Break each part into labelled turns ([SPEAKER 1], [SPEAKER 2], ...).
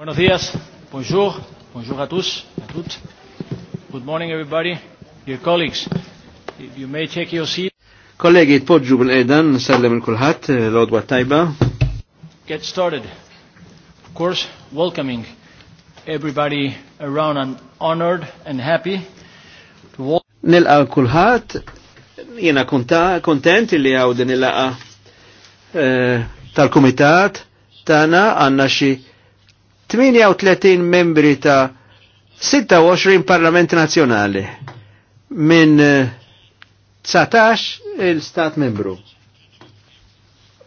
[SPEAKER 1] Buenos días, bonjour, bonjour a tous, a toutes. Good morning everybody, dear colleagues. If you may take your seat. Kollegi, tpoġġu bil-edan, nsellem il-kulħat, eh, l-odwa tajba. Get started. Of course, welcoming everybody around and honored and happy. Nilqa kulħat, jena kontent li għaw din il-laqa eh, tal-komitat, tana għanna xie 38 membri ta' 26 Parlament Nazzjonali minn 19 eh, il-Stat membru.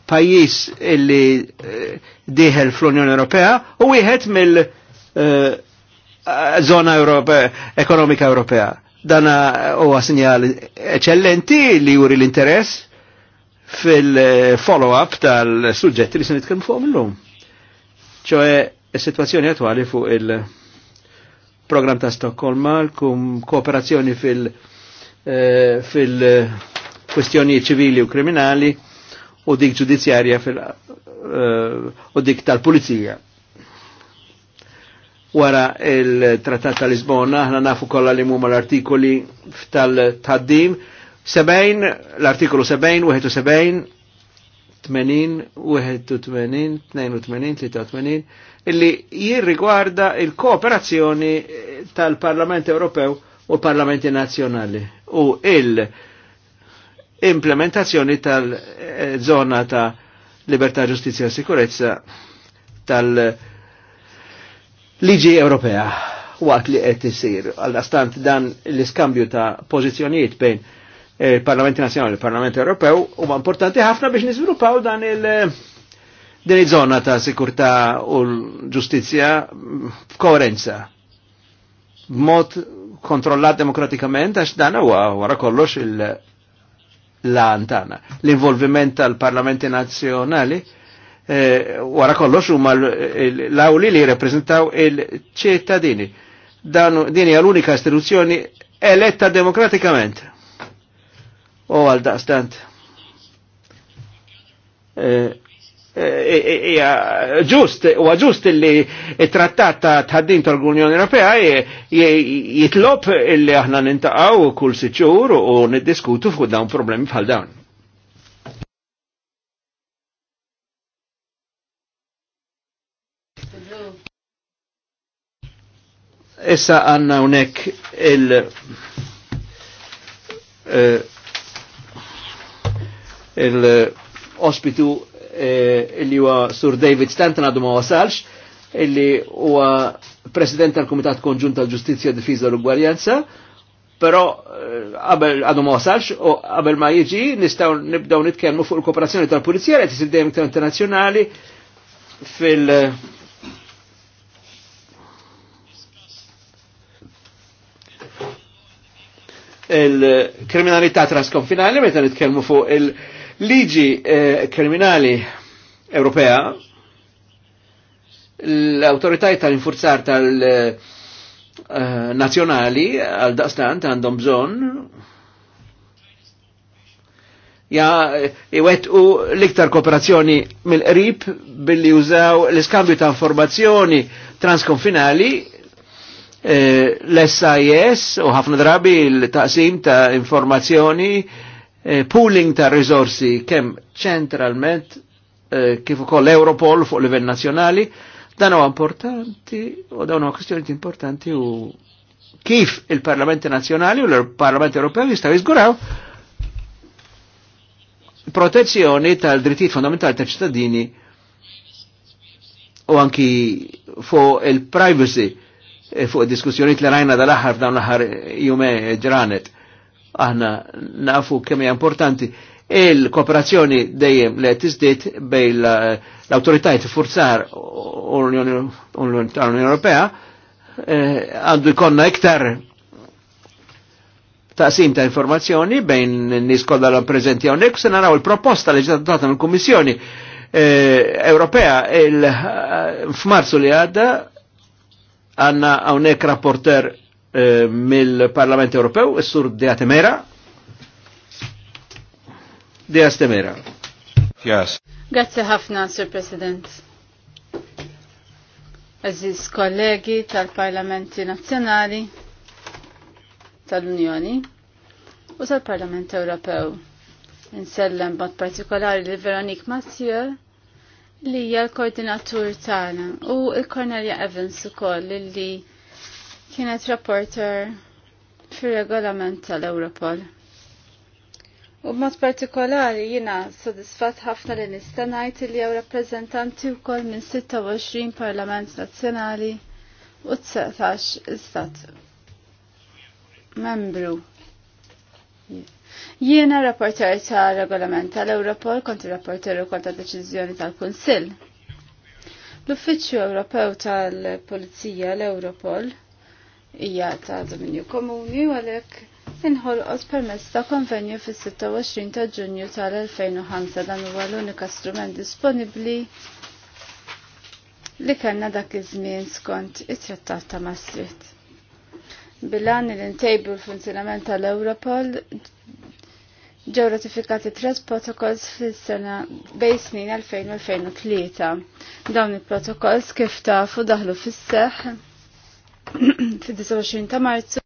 [SPEAKER 1] Pajis illi eh, diħel fl-Unjoni Ewropea u wieħed mill-Zona eh, Ekonomika Ewropea. Dana huwa sinjal eccellenti li juri l-interess fil-follow-up tal-suġġetti li se nitkellmu fuq illum. ċoe Is-sitwazzjoni attwali fuq il-programm ta' Stokkolma, kooperazzjoni fil- eh, kwestjoni fil ċivili u kriminali u dik ġudizzjarja fil- eh, u dik tal-pulizija. Wara il-Trattat ta' Lisbona, aħna nafu kollha li mumma l-artikoli tal-taddim, l-artikolu 70, 71, 80, 81, 83, illi jirrigwarda il-kooperazzjoni eh, tal-Parlament Ewropew u Parlamenti Nazzjonali u il-implementazzjoni tal-zona eh, ta' libertà, ġustizja e sikurezza tal-liġi Ewropea waqt li qed isir. Għal-dastant dan l-iskambju ta' pożizzjonijiet bejn il parlament Nazjonali, il-Parlament Ewropew, u importanti ħafna biex niżviluppaw dan il- din iż-żona ta' sikurtà u l-ġustizzja f'koerenza. B'mod kontrollat demokratikament għax dan huwa wara kollox il- l L-involviment tal-Parlamenti Nazjonali eh, wara kollox huma l-awli li jirrappreżentaw il-ċittadini. Dan din hija l-unika istituzzjoni eletta demokratikament u għal daqstant eh, eh, eh, ġust, u ġust li trattat ta' tħaddin tal-Unjoni Ewropea jitlop illi aħna nintaqaw kull siċur u niddiskutu fuq dawn problemi bħal dawn. Issa għanna unek il- uh, l ospitu eh, illi huwa Sur David Stanton għadu ma wasalx, illi huwa President tal komitat Konġunt tal ġustizja Difiża l-Ugwarjanza, però eh, qabel għadu ma wasalx u qabel ma jiġi nistgħu nibdew nitkellmu fuq il-kooperazzjoni tal-Pulizija qed isir dejjem internazzjonali fil- il-kriminalità trasconfinali meta nitkellmu fuq il- Liġi eh, kriminali Ewropea l-autoritajt tal-infurzar tal-nazjonali eh, eh, għal daqstant għandhom bżon ja iwetqu u liktar kooperazzjoni mill-qrib billi użaw l-iskambju ta' informazzjoni transkonfinali l-SIS u ħafna drabi l-taqsim ta' informazzjoni Eh, pooling ta' risorsi kemm ċentralment eh, kif ukoll Europol fuq livell nazzjonali, dan huwa importanti u dawn huwa kwestjoni importanti u kif il-Parlamenti Nazzjonali u l parlamenti Ewropew jistgħu jiżguraw protezzjoni tal-drittijiet fondamentali ta' ċittadini u anki fuq il-privacy eh, fuq diskussjoniet li rajna dal-aħħar dawn l-aħħar jume ġranet aħna nafu kemm hija importanti il-kooperazzjoni dejjem li tiżdied bej l-autoritajiet forzar u l-Unjoni Ewropea eh, għandu jkollna iktar taqsim ta' informazzjoni bejn n-nies kollha l preżenti hawnhekk se naraw il-proposta li ġiet data mill-Kummissjoni eh, Ewropea f'Marzu li għadda għanna hawnhekk rapporter Eh, mill-Parlament Ewropew, is-sur Dea Temera. Dea Temera. Yes.
[SPEAKER 2] Grazie ħafna, Sir President. Aziz kollegi tal-Parlamenti Nazzjonali, tal-Unjoni u tal-Parlament Ewropew. Insellem bat partikolari li Veronique Mathieu li hija l-koordinatur tagħna u l-Cornelia Evans ukoll li kienet rapporter fil-regolament tal-Europol. U b'mod partikolari jina sodisfat ħafna li nista' ngħid li jew rappreżentanti wkoll minn 26 Parlament Nazzjonali u 19 istat membru. Jiena rapporter tal regolament tal-Europol kont rapporter ukoll ta' deċiżjoni tal-Kunsill. L-Uffiċċju Ewropew tal-Pulizija l-Europol hija ta' dominju komuni u għalhekk inħolqot permess ta' konvenju fis-26 ta' Ġunju tal-2005 dan huwa l-unika strument disponibbli li kellna dak iż-żmien skont it-Trattat ta' Maastricht. Bilan il-intejbu l-funzjonament tal-Europol ġew ratifikati tres protokolls fis-sena bej snin 2000-2003. Dawn il-protokolls kif tafu daħlu fis-seħħ fid-29 ta' Marzu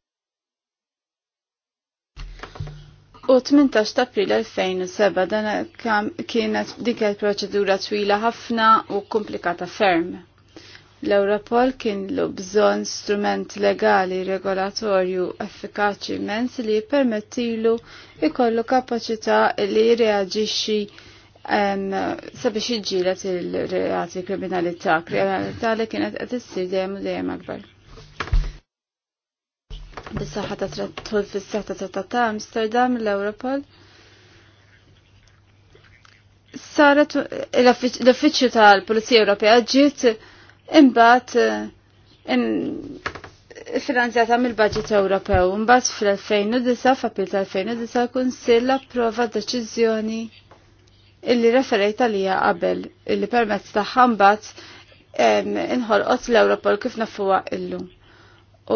[SPEAKER 2] u 18 ta' April 2007 dan kienet dik il-proċedura twila ħafna u komplikata ferm. L-Europol kien lu bżon strument legali regolatorju effikaċi mens li permettilu ikollu kapacità li reagixxi sabiex iġġielet il-reati kriminalità. Kriminalità li kienet qed issir dejjem u dejjem akbar bis-saħħa ta' tħol fis-saħħa ta' trattat ta' Amsterdam l-Europol. Saret l-uffiċċju tal-Pulizija Ewropea ġiet imbagħad eh, finanzjata mill-Baġit Ewropew. Imbagħad fl-2009 f'April tal-2009 kunsill approva deċiżjoni illi referejt għalija qabel illi permezz tagħha mbagħad inħolqot l-Europol kif nafuha illum. U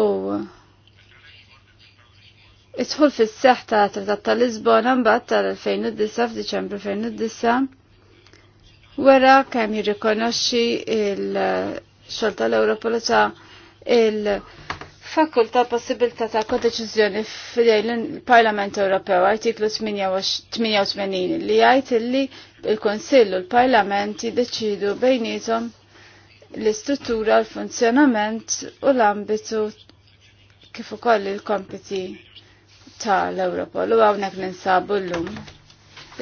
[SPEAKER 2] Isħul fis seħħ ta' Tratat ta' Lisbona mbagħad tal-2009 f'Diċembru 2009 wara kemm jirrikonoxxi l xogħol tal-Ewropa ta' il-fakultà possibilità ta' kodeċiżjoni f'dejn il-Parlament Ewropew artiklu 88 li jgħid illi il-Konsill u l-Parlament jiddeċidu bejniethom l-istruttura, l-funzjonament u l-ambitu kif ukoll il-kompiti tal-Europol u hawnhekk ninsabu llum.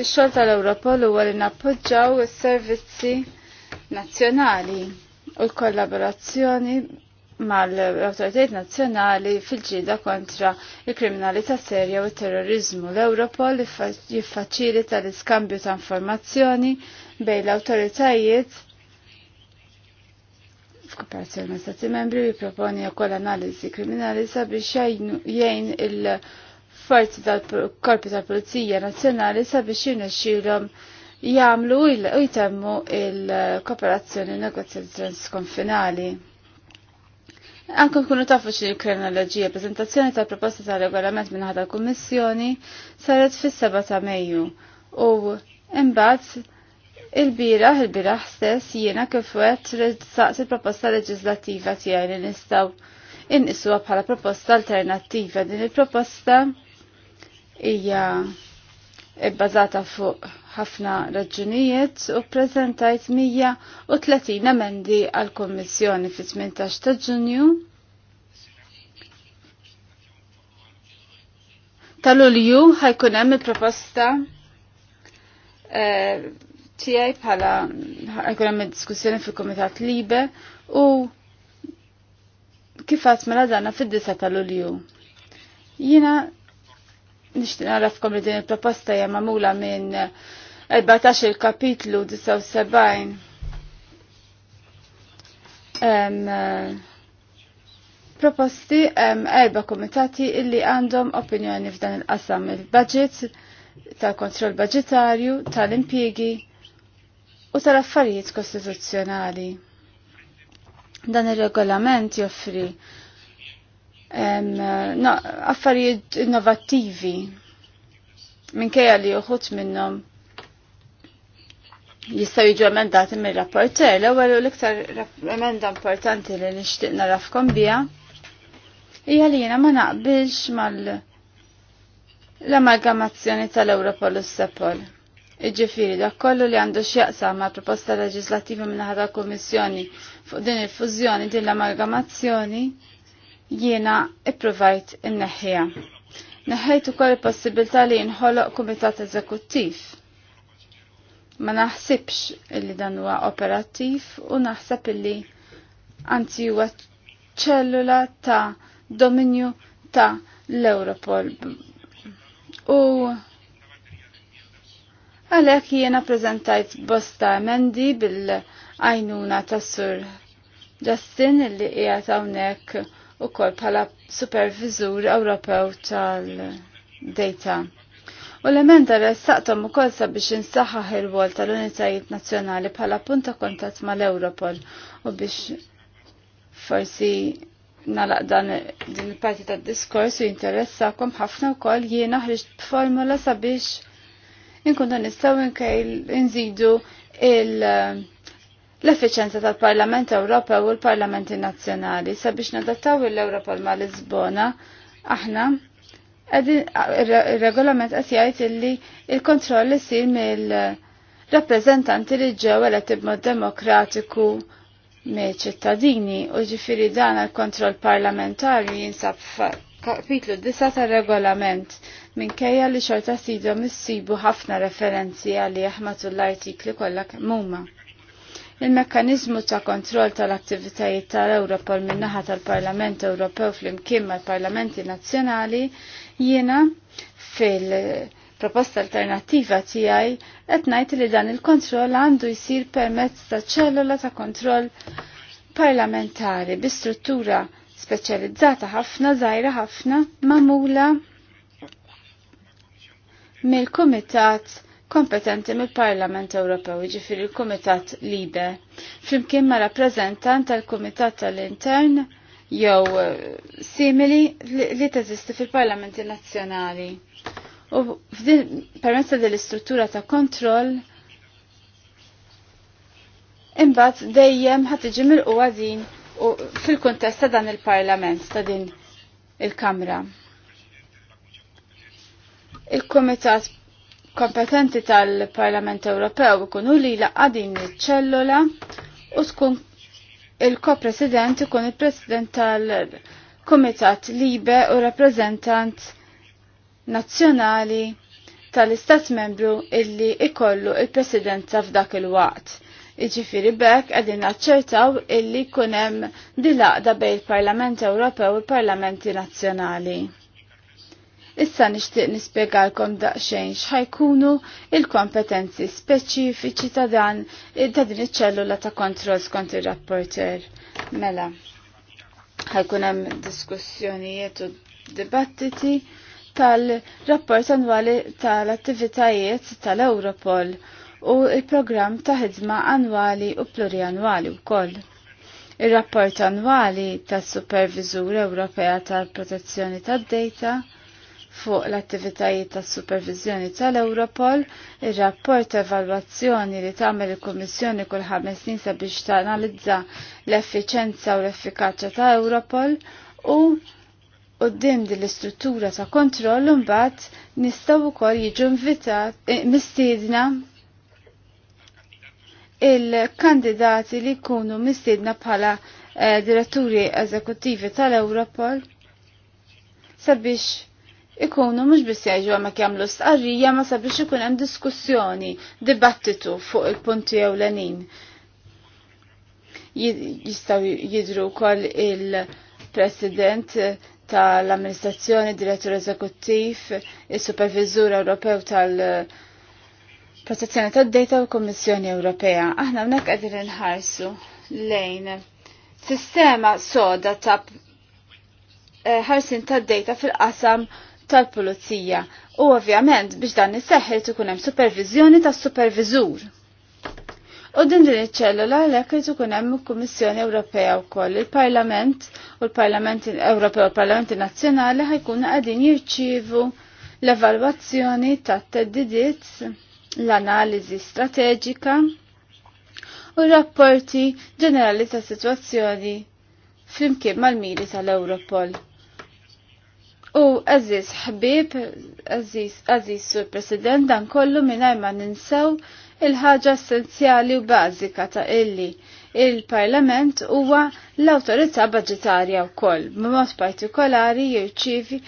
[SPEAKER 2] Ix-xogħol tal-Europol huwa li nappoġġaw is-servizzi nazzjonali u l-kollaborazzjoni mal-autoritajiet nazzjonali fil-ġida kontra il-kriminalità serja u terrorizmu. L-Europol jiffaċilita l-iskambju ta' informazzjoni bejn l-autoritajiet f'kooperazzjoni ma' stati membri u jipproponi wkoll analiżi kriminali sabiex jgħin il- Forzi tal-Korpi tal-Pulizija Nazzjonali sabiex jinexxilhom jagħmlu u jtemmu l kooperazzjoni negozjati transkonfinali. Anke nkunu tafu xi l-kronoloġija preżentazzjoni tal-proposta tal-regolament minn ħadha l-Kummissjoni saret fis-7 ta' Mejju u imbagħad Il-biraħ, il-biraħ stess jiena kif għet saqs il-proposta leġislativa tiegħi li nistgħu inqisuha bħala proposta alternattiva din il-proposta hija bbażata fuq ħafna raġunijiet u prezentajt 130 emendi għal kommissjoni fi 18 ta' Ġunju. Tal-Ulju ħajkun hemm il-proposta eh, tiegħi bħala ħajkun hemm diskussjoni fil-Kumitat Libe u kif għatmela mela danna fid-disa tal-Ulju. Jina nixtieq narafkom li din il-proposta hija magħmula minn 14 il-kapitlu 79. Eh, proposti hemm erba' komitati illi għandhom opinjoni f'dan il-qasam il-budget tal-kontroll budgetarju, tal-impjiegi u tal-affarijiet kostituzzjonali. Dan ir-regolament joffri Eh, no, affarijiet innovattivi minkejja li uħut minnhom jistaw jiġu emendati mir rapporter L-ewwel u l-iktar emenda importanti li nixtieq narafkom biha hija li jiena ma naqbilx mal l-amalgamazzjoni tal ewropol u Sepol. Iġifiri, dak kollu li għandu xieqsa ma' proposta leġislattiva minna ħada kummissjoni fuq din il-fużjoni din l-amalgamazzjoni jiena ippruvajt inneħħija. Neħħejt ukoll il-possibilità li jinħoloq kumitat eżekuttiv. Ma naħsibx illi dan huwa operattiv u naħseb illi anzi huwa ċellula ta' dominju ta' l-Europol. U għalhekk jiena preżentajt bosta emendi bil-għajnuna ta' sur Justin illi qiegħed hawnhekk ukoll bħala supervizur Ewropew tal-data. U l-emenda ressaqtom u kol sabiex insaħħaħ il-wol tal-unitajiet nazzjonali bħala punta kontat mal-Europol u biex forsi nalaq dan din il-parti tad diskors u kom ħafna kol jiena ħriġt b'formula sabiex inkunu nistgħu nkejl nżidu il- l-effiċenza tal-Parlament Ewropew u l-Parlamenti Nazzjonali sabiex nadattaw l ewropa ma' Lisbona aħna il-regolament qed jgħid illi il-kontroll isir mill-rappreżentanti li ġew eletti b'mod demokratiku mill ċittadini u ġifiri dan il-kontroll parlamentari jinsab kapitlu 9 tar regolament minkejja li xorta sidhom issibu ħafna referenzi għalih matul l-artikli kollha kemm huma. Il-mekkanizmu ta' kontroll tal-attivitajiet tal-Europol minnaħa tal-Parlament Ewropew fl-imkien mal-Parlamenti Nazzjonali jiena fil-proposta alternativa tiegħi qed ngħid li dan il-kontroll għandu jsir permezz ta' ċellula ta' kontroll parlamentari bi struttura speċjalizzata ħafna, żgħira ħafna, magħmula mill-Kumitat kompetenti mill-Parlament Ewropew, ġifiri l-Kumitat Libe, flimkien ma' rappreżentant tal-Kumitat tal-Intern jew eh, simili li teżisti fil-Parlamenti Nazzjonali. U permezz din istruttura ta' kontroll imbagħad dejjem ħad tiġi milquwa din fil-kuntest ta' dan il-Parlament ta' din il-Kamra. Il-Kumitat kompetenti tal-Parlament Ewropew ikunu li laqqa din iċ-ċellula u tkun il-ko-president ikun il-president tal kumitat Libe u rappresentant nazzjonali tal-istat membru illi ikollu il-presidenza f'dak il-waqt. Iġifiri bekk għedin naċċertaw illi kunem dilaqda bej il-Parlament Ewropew u il-Parlamenti Nazzjonali. Issa nixtieq nispjegalkom daqsxejn x'ħajkunu il-kompetenzi speċifiċi ta' dan ta' din iċ-ċellula ta' kontroll skont ir-rapporter. Mela, ħajkun hemm diskussjonijiet u dibattiti tal-rapport annwali tal-attivitajiet tal-Europol u il-programm ta' ħidma annwali u pluriannwali wkoll. Ir-rapport annwali tas-Supervisur Ewropea tal-Protezzjoni tad-Data fuq l-attivitajiet tas supervizjoni tal-Europol, ir-rapport ta' evalwazzjoni li tagħmel il-Kummissjoni kull ħames snin sabiex tanalizza l-effiċenza u l-effikaċja ta' Europol u Uddim din l-istruttura ta' kontroll mbagħad nistgħu wkoll jiġu invitat eh, mistiedna il-kandidati li jkunu mistiedna bħala eh, diretturi eżekuttivi tal-Europol sabiex ikunu mhux biss jgħidu hemmhekk jagħmlu stqarrija ma sabiex ikun hemm diskussjoni, dibattitu fuq il-punti ewlenin. Jistgħu jidru wkoll il-President tal-Amministrazzjoni, Direttur Eżekuttiv, il-Supervizur Ewropew tal- Protezzjoni tad-Data u Kommissjoni Ewropea. Aħna hawnhekk qegħdin inħarsu lejn sistema soda ta' eh, ħarsin tad-data fil-qasam tal-pulizija u ovvjament biex dan isseħħel tkun hemm supervizjoni tas-supervizur. U din din iċ-ċellula għalhekk li tkun hemm Kummissjoni Ewropea wkoll. Il-Parlament u l-Parlament Ewropew u l-Parlament Nazzjonali ħajkunu qegħdin jirċievu l-evalwazzjoni tat-teddidiet, l-analiżi strateġika u rapporti ġenerali tas-sitwazzjoni flimkien mal-miri tal-Europol. U għaziz ħbib, għaziz sur president dan kollu minnaj ma ninsew il-ħaġa essenzjali u bażika ta' illi il-parlament huwa l-autorità budgetarja u koll, b'mod partikolari jirċivi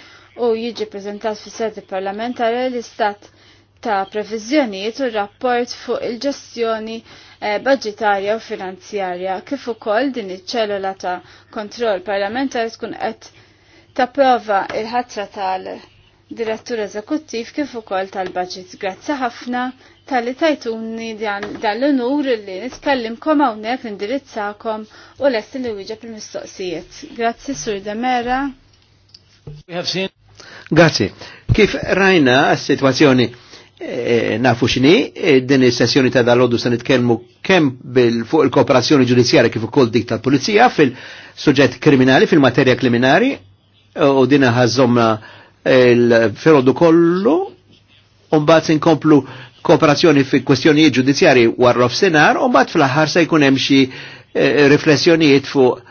[SPEAKER 2] u jiġi prezentat fi sedi parlamentari l-istat ta' previżjonijiet u rapport fuq il-ġestjoni eh, budgetarja u finanzjarja, kif ukoll din iċ-ċellula ta' kontroll parlamentari tkun qed tapprova il-ħatra tal-direttur eżekuttiv kif ukoll tal-budget. Grazzi ħafna tal-li tajtuni dan l-onur li nitkellimkom hawnhekk indirizzakom u lest li wieġeb il-mistoqsijiet. Grazzi Sur Demera.
[SPEAKER 1] Grazzi. Kif rajna s-situazzjoni eh, nafu xini, eh, din is-sessjoni ta' dal-ħodu se nitkellmu kemm fuq il-kooperazzjoni ġudizzjarja kif ukoll dik tal-pulizija fil-suġġett kriminali, fil-materja kriminali, u dina ħazzomna il-ferodu kollu un bat inkomplu kooperazzjoni fi kwestjonijiet ġudizzjari warra senar un bat fl-aħħar se jkun hemm xi eh, riflessjonijiet fuq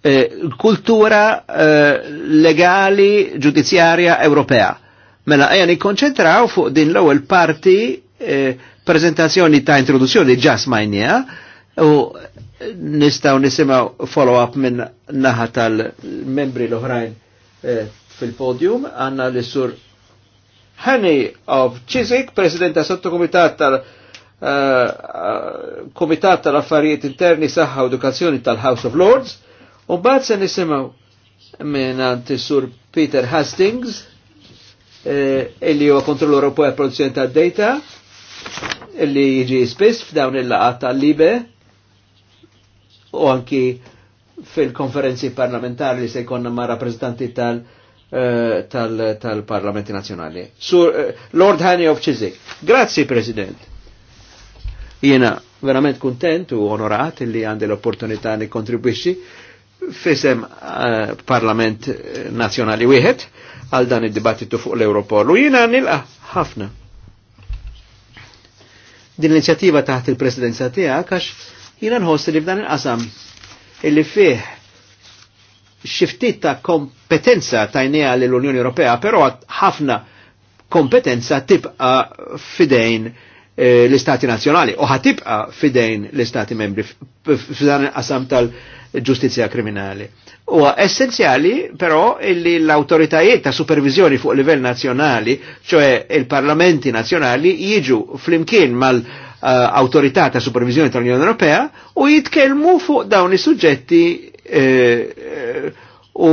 [SPEAKER 1] eh, kultura eh, legali ġudizjarja Ewropea. Mela għajan ikkonċentraw fuq din l-ewwel parti eh, prezentazzjoni ta' introduzzjoni ġas smajnija u nistaw nisimaw follow-up minn naħa tal-membri l-oħrajn Eh, fil-podium għanna l sur Hani of Chizik, President ta' Sottokomitat tal- eh, Komitat tal-Affarijiet Interni Saħħa u Edukazzjoni tal-House of Lords, u bat se nisimgħu minn sur Peter Hastings, eh, illi huwa kontrollur Ewropew produzzjoni tad-Data, illi jiġi spiss f'dawn il laqgħa tal-Libe, u anki fil-konferenzi parlamentari li se jkonna ma' rappresentanti eh, tal- tal-Parlamenti Nazjonali. Sur eh, Lord Hani of Chiswick. Grazzi, President. Jena verament kontent u onorat li għandi l-opportunità li kontribwixxi fisem uh, Parlament Nazjonali wieħed għal dan id-dibattitu fuq l-Europol u jena nilqa ħafna. Din l inizjattiva taħt il-presidenza tiegħek għax jiena nħossi li f'dan il-qasam illi fih xiftit ta' kompetenza tajnija l-Unjoni Ewropea, però ħafna kompetenza tibqa fidejn eh, l-Istati Nazjonali u ħatibqa fidejn l-Istati Membri f'dan qasam tal-ġustizja kriminali. U essenzjali però illi l-autoritajiet ta' supervizjoni fuq livell nazjonali, ċoħe il-parlamenti nazjonali, jiġu flimkien mal- Eh, autorità ta' supervizjoni tal-Unjoni Ewropea u jitkellmu fuq dawn is-suġġetti eh, eh, u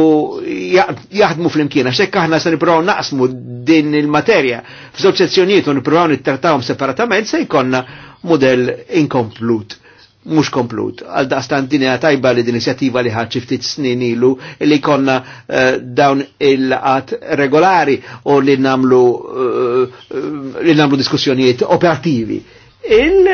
[SPEAKER 1] jaħdmu fl imkiena xekk aħna se niprofaw naqsmu din il-materja f'żewġ sezzjonijiet u niprofaw nittrattawhom separatament se jkollna model inkomplut mux komplut. Għal daqstan din tajba li din inizjattiva li ħadċi ftit snin ilu li konna uh, dawn il-qat regolari u li namlu uh, li namlu diskussjonijiet operativi. Il-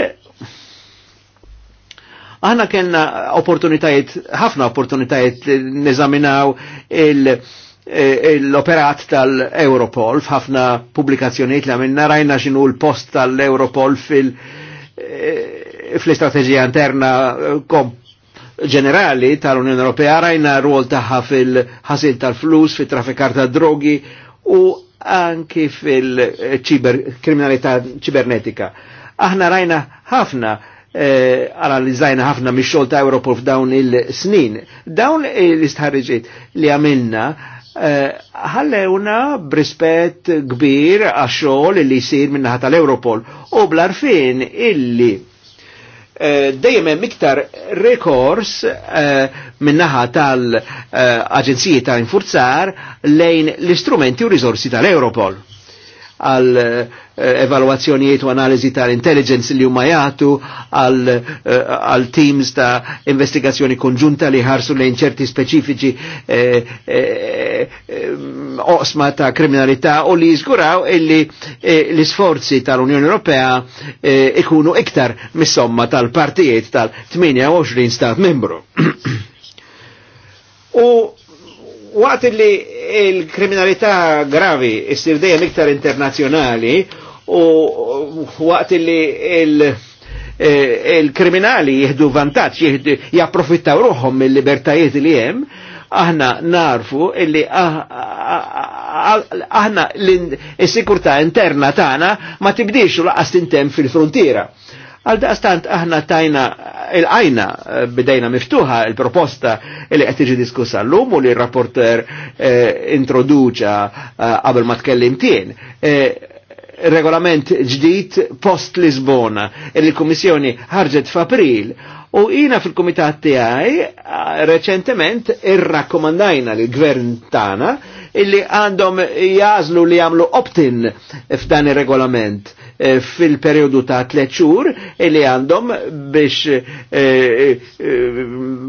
[SPEAKER 1] Aħna kellna opportunitajiet, ħafna opportunitajiet neżaminaw eh, l-operat tal-Europol, f'ħafna pubblikazzjonijiet li għamilna rajna xinu l-post tal-Europol fil- eh, fl-istrateġija interna eh, ġenerali tal-Unjoni Ewropea rajna rwol taħħa fil-ħasil tal-flus, fil-trafikar ta' drogi u anki fil-kriminalità ċibernetika. Aħna rajna ħafna eh, li zajna ħafna mix ta' Europol f'dawn il-snin. Dawn l-istħarriġiet li għamilna eh, ħallewna brispet kbir għax xogħol li jsir minnaħat tal-Europol u blarfin illi eh, dejjem hemm iktar rekors minnaħa tal-aġenziji ta' infurzar lejn l-istrumenti u riżorsi tal-Europol għal eh, evalwazzjonijiet u analiżi tal-intelligence li huma jagħtu eh, għal teams ta' investigazzjoni konġunta li ħarsu lejn ċerti speċifiċi eh, oqsma ta' kriminalità u li jiżguraw illi l-isforzi tal-Unjoni Ewropea ikunu iktar mis-somma tal-partijiet tal-28 stat membru. U Waqt li il-kriminalità gravi issir dejjem iktar internazzjonali u waqt li il- eh, il-kriminali jihdu vantaġġ, japprofittaw ruħom mill-libertajiet li hemm, aħna narfu illi ah- ah- ah- aħna l-sikurta interna tagħna ma tibdix laqas tintem fil-frontiera. Għal daqstant aħna tajna il-għajna eh, bidejna miftuħa il-proposta li qed tiġi diskussa l-lum u li r-rapporter eh, introduċa eh, qabel eh, ma regolament ġdid post Lisbona li l-Kummissjoni ħarġet f'April u jina fil-Kumitat tiegħi reċentement irrakkomandajna l gvern tagħna illi għandhom jażlu li jagħmlu opt-in f'dan ir-regolament Eh, fil-periodu ta' tliet xhur li għandhom biex eh, eh,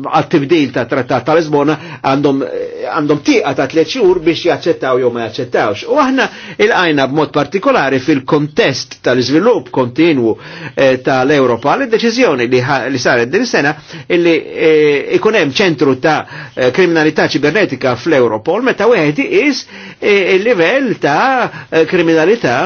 [SPEAKER 1] għattibdil ta' trattat ta' Lisbona għandhom tieqa ta' tliet xhur biex jaċċettaw jew ma jaċċettawx. U aħna il-għajna b'mod partikolari fil-kontest tal-iżvilupp kontinwu tal-Europa l deċiżjoni li saret din sena illi ikun hemm ċentru ta' kriminalità ċibernetika fl-Europol meta wieħed is il-livell ta' kriminalità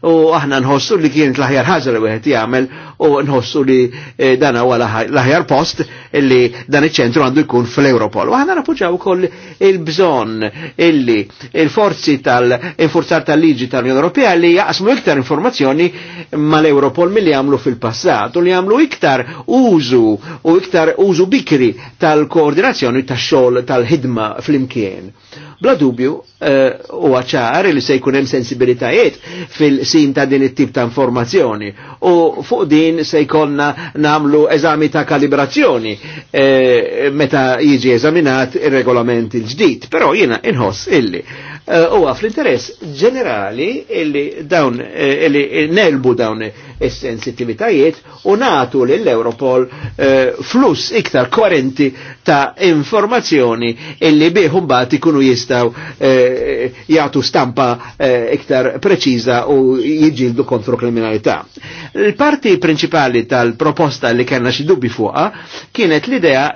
[SPEAKER 1] u aħna nħoss nħossu li kienet l-aħjar ħaġa u wieħed jagħmel u nħossu li eh, dana għu l-aħjar post illi dan iċ-ċentru għandu jkun fl-Europol. U aħna napoġġaw ukoll il-bżonn illi il-forzi tal-infurzar tal-liġi tal-Unjoni Ewropea li jaqsmu iktar informazzjoni mal-Europol milli jagħmlu fil-passat u li jagħmlu iktar użu u iktar użu bikri tal-koordinazzjoni tax-xogħol tal-ħidma fl-imkien. Bla dubju, eh, u għacħar li se jkun hemm sensibilitajiet fil-sin ta' din it-tip ta' informazzjoni u fuq din se jkollna namlu eżami ta' kalibrazzjoni Eh, meta jiġi eżaminat il-regolament il-ġdid, però jiena inħoss illi eh, huwa għaf fl-interess ġenerali illi dawn eh, illi nelbu dawn is-sensitivitajiet u natu lill-Europol eh, flus iktar korenti ta' informazzjoni illi biħum bat ikunu jistgħu eh, jagħtu stampa eh, iktar preċiża u jiġildu kontru kriminalità. Il-parti principali tal-proposta li kellna xi dubbi fuqha kienet l-idea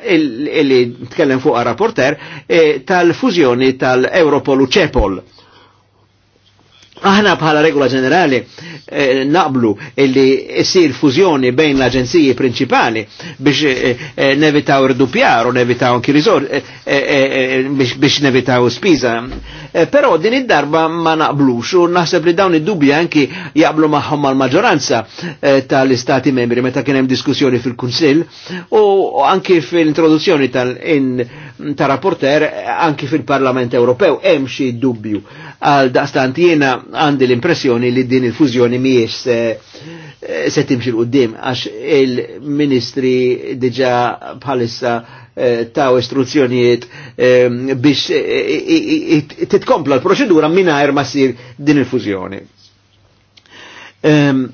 [SPEAKER 1] li tkellem fuqha rapporter eh, tal-fużjoni tal-Europol u ċepol Aħna bħala regola ġenerali eh, naqblu illi sir fużjoni bejn l-aġenziji principali biex eh, eh, nevitaw irdupjar u nevitaw anki eh, eh, eh, biex, biex nevitaw Eh, Però din id-darba ma naqblux u naħseb li dawn id-dubja anki jaqblu magħhom mal-maġġoranza eh, tal-istati membri meta kien hemm diskussjoni fil-Kunsill u anki fil-introduzzjoni tal-rapporter anki fil-Parlament Ewropew hemm xi dubju Għal daqstant jiena għandi l-impressjoni li din il-fużjoni miex se, se timxil qoddim għax il-ministri diġa bħalissa eh, ta'w istruzzjonijiet eh, biex eh, titkompla l-proċedura minna ma sir din il-fużjoni. Ehm,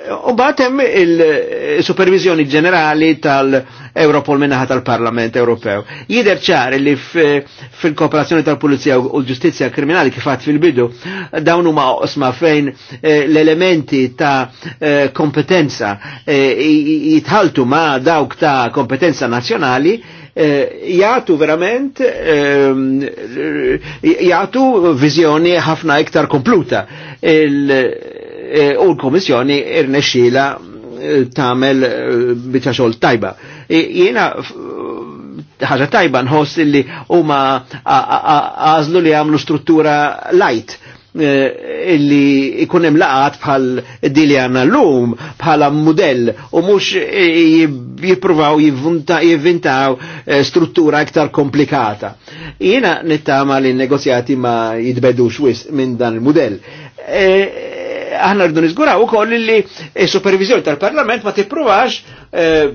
[SPEAKER 1] U batem il-supervizjoni ġenerali tal-Europol minnaħa tal-Parlament Ewropew. Jider ċar li fil-kooperazzjoni tal polizija u l-Ġustizja Kriminali kifat fil-bidu dawn huma osma fejn eh, l-elementi ta' eh, kompetenza eh, jitħaltu ma' dawk ta' kompetenza nazjonali jgħatu verament jgħatu vizjoni ħafna iktar kompluta. Eh, u l-Komissjoni irnexxila eh, tamel eh, biċa xogħol tajba. Jiena ħaġa tajba nħoss li huma għażlu li għamlu struttura light illi ikun hemm laqat bħal dili l-lum bħala mudell u mhux jippruvaw jivvintaw struttura iktar komplikata. Jiena nittama li n-negozjati ma jitbedux xwis minn dan il-mudell aħna rridu niżguraw ukoll li supervizjoni tal-Parlament ma tippruvax eh,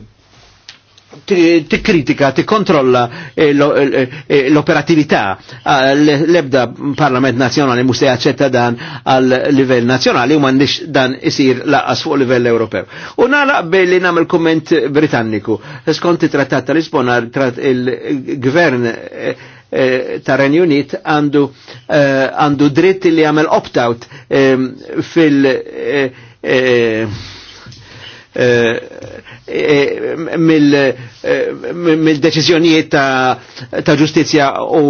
[SPEAKER 1] tikkritika, kontrolla eh, eh, l-operatività ah, l-ebda Parlament Nazjonali mu se jaċċetta dan għal livell nazzjonali u mandiċ dan isir laqas fuq livell Ewropew. U nagħlaq billi nagħmel komment Britanniku. Skont it-Trattat tal-Lisbona il-Gvern Eh, ta' Renjunit għandu eh, għandu dritt li għamel opt-out eh, fil- eh, Eh, mill-deċizjonijiet ta' ġustizja u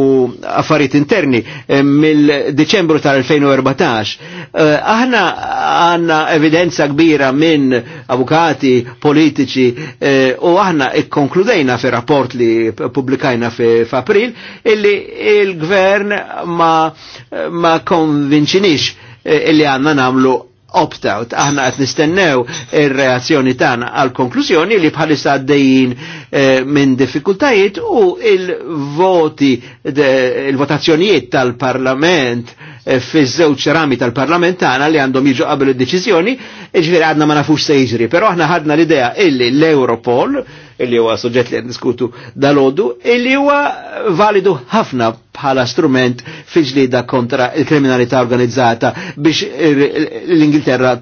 [SPEAKER 1] affarijiet interni eh, mill-Deċembru tal-2014. Eh, aħna għanna evidenza kbira minn avukati, politiċi u aħna ikkonkludejna fi rapport li publikajna april illi il-gvern ma konvinċinix illi għanna namlu opt-out. Aħna qed nistennew il reazzjoni tagħna għal konklużjoni li bħalissa għaddejjin eh, minn diffikultajiet u il-voti il-votazzjonijiet tal-Parlament eh, fi fiż-żewġ rami tal-Parlament tagħna li għandhom jiġu qabel id-deċiżjoni, iġveri għadna ma nafux se jiġri, però aħna ħadna l-idea illi l-Europol illi huwa suġġett li qed niskutu dal-għodu, illi huwa validu ħafna bħala strument fil-ġlida kontra il-kriminalità organizzata biex l-Ingilterra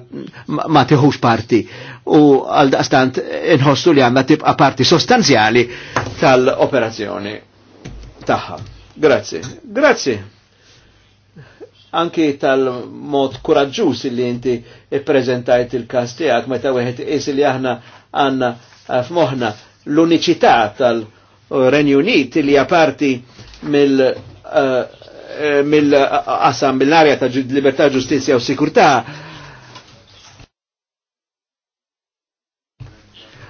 [SPEAKER 1] ma tieħux parti. U għal daqstant inħossu li għandha tibqa parti sostanzjali tal-operazzjoni tagħha. Grazzi. Grazzi anki tal-mod kuraġġuż li inti ippreżentajt il-kas tiegħek meta wieħed is li aħna għandna Eh, f'moħna l unicità tal-Renju eh, Unit li hija parti mill- eh, mill-qasam mill-arja ta' libertà, ġustizja u sikurtà.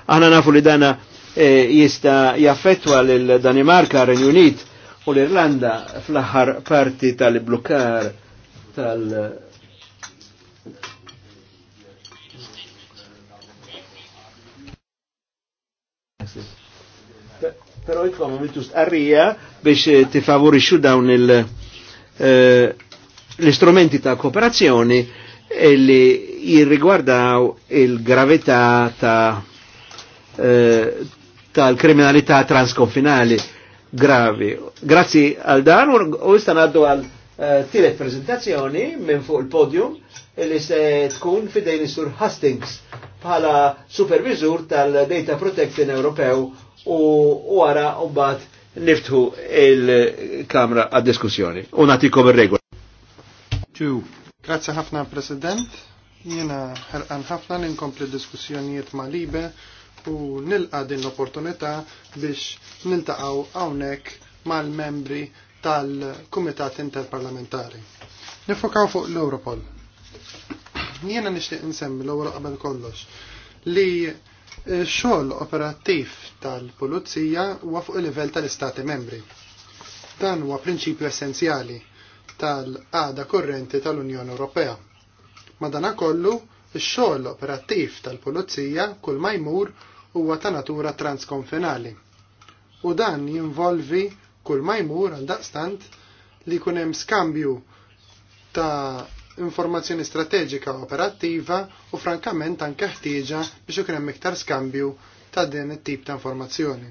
[SPEAKER 1] Aħna nafu li dana jista jaffetwa lil danimarka Renju Unit u l-Irlanda fl-aħħar parti tal-blokkar tal-, -blokkar, tal Pero jitkom għamiltu stqarrija biex tifavorixxu dawn eh, l-istrumenti ta' kooperazzjoni e li jirrigwardaw il-gravità ta' eh, tal-kriminalità transkonfinali gravi. Grazzi għal dan u istan għaddu għal eh, tielet prezentazzjoni minn fuq il-podium e li se tkun fidejn sur Hastings bħala supervisur tal-Data Protection Ewropew u għara u bat niftħu il-kamra għad-diskussjoni. U natikom il-regola.
[SPEAKER 3] Grazie ħafna, President. Jena ħerqan ħafna l-inkompli diskussjonijiet ma' libe u nilqa din l-opportunità biex niltaqaw hawnhekk mal-membri tal-Kumitat Interparlamentari. Nifokaw fuq l-Europol. Jiena nixtieq insemmi l-ewwel qabel kollox li Xogħol operattiv tal-Pulizija huwa fuq il-livell tal-Istati membri. Dan huwa prinċipju essenzjali tal-għada korrenti tal-Unjoni Ewropea. Madanakollu, ix-xogħol operattiv tal-Pulizija kull ma jmur huwa ta' natura transkonfinali. U dan jinvolvi kull ma jmur għal daqstant li kunem hemm skambju ta' informazzjoni strateġika operattiva u frankament anke ħtieġa biex ikun hemm iktar skambju ta' din it-tip ta' informazzjoni.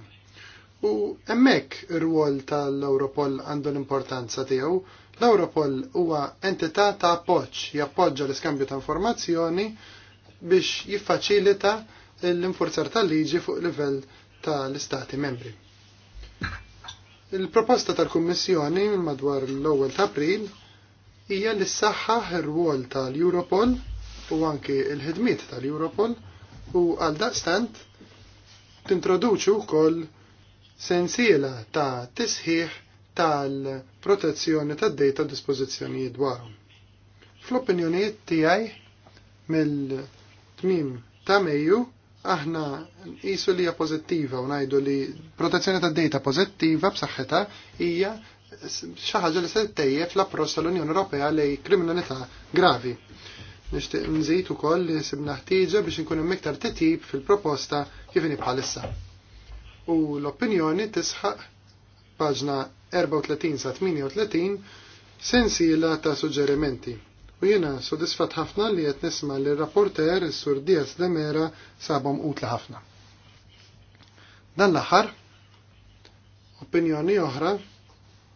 [SPEAKER 3] U hemmhekk ir-rwol tal-Europol għandu l-importanza tiegħu. L-Europol huwa entità ta' appoġġ jappoġġa l-iskambju ta' informazzjoni biex jiffaċilita l-infurzar tal-liġi fuq livell tal-istati membri. Il-proposta tal-Kummissjoni madwar l-ewwel ta' April hija li s-saħħaħ ir wol tal-Europol u anke il-ħidmiet tal-Europol u għal daqstant tintroduċu wkoll sensiela ta' tisħiħ tal-protezzjoni tad-dejta dispożizzjonijiet dwarhom. Fl-opinjonijiet tiegħi mill-tmim ta' Mejju aħna jisu li hija pożittiva u ngħidu li protezzjoni tad-dejta pożittiva b'saħħitha hija xaħġa ħaġa li se tejjeb l-approċċ tal-Unjoni Ewropea lej kriminalità gravi. Nixtieq nżid ukoll li sibna ħtieġa biex inkun hemm iktar titjib fil-proposta kif inhi bħalissa. U l-opinjoni tisħaq paġna 34 sa 38 l ta' suġġerimenti. U jiena sodisfat ħafna li qed nisma' li rapporter is-Sur Diaz de Mera sabhom utla ħafna. Dan l-aħħar opinjoni oħra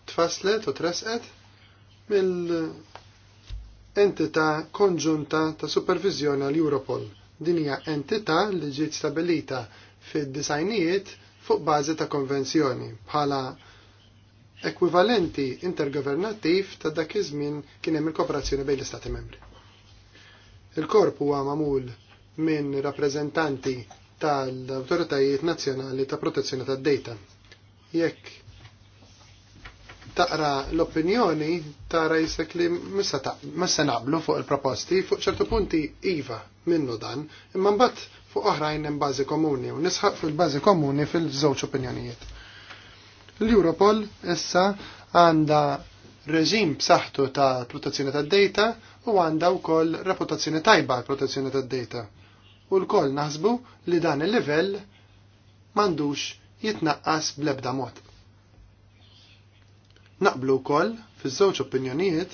[SPEAKER 3] tfaslet u tresqet mill-entità konġunta ta' supervizjoni għal Europol. Din hija entità li ġiet stabilita fid-disajnijiet fuq bażi ta' konvenzjoni bħala ekwivalenti intergovernattiv ta' dak iż-żmien kien hemm il-kooperazzjoni bejn l-Istati membri. Il-korp huwa mamul minn rappreżentanti tal-Awtoritajiet Nazzjonali ta' Protezzjoni tad-Dejta. Jekk taqra l-opinjoni tara jisek li se naqblu fuq il-proposti fuq ċertu punti iva minnu dan imma mbagħad fuq oħrajn hemm bażi komuni u nisħaq fil-bażi komuni fil-żewġ opinjonijiet. L-Europol issa għandha reġim b'saħħtu ta' protezzjoni tad-data u għandha wkoll reputazzjoni tajba għal protezzjoni tad-data. U l-koll naħsbu li dan il-livell m'għandux jitnaqqas blebda mod. Naqblu wkoll fiż-żewġ opinjonijiet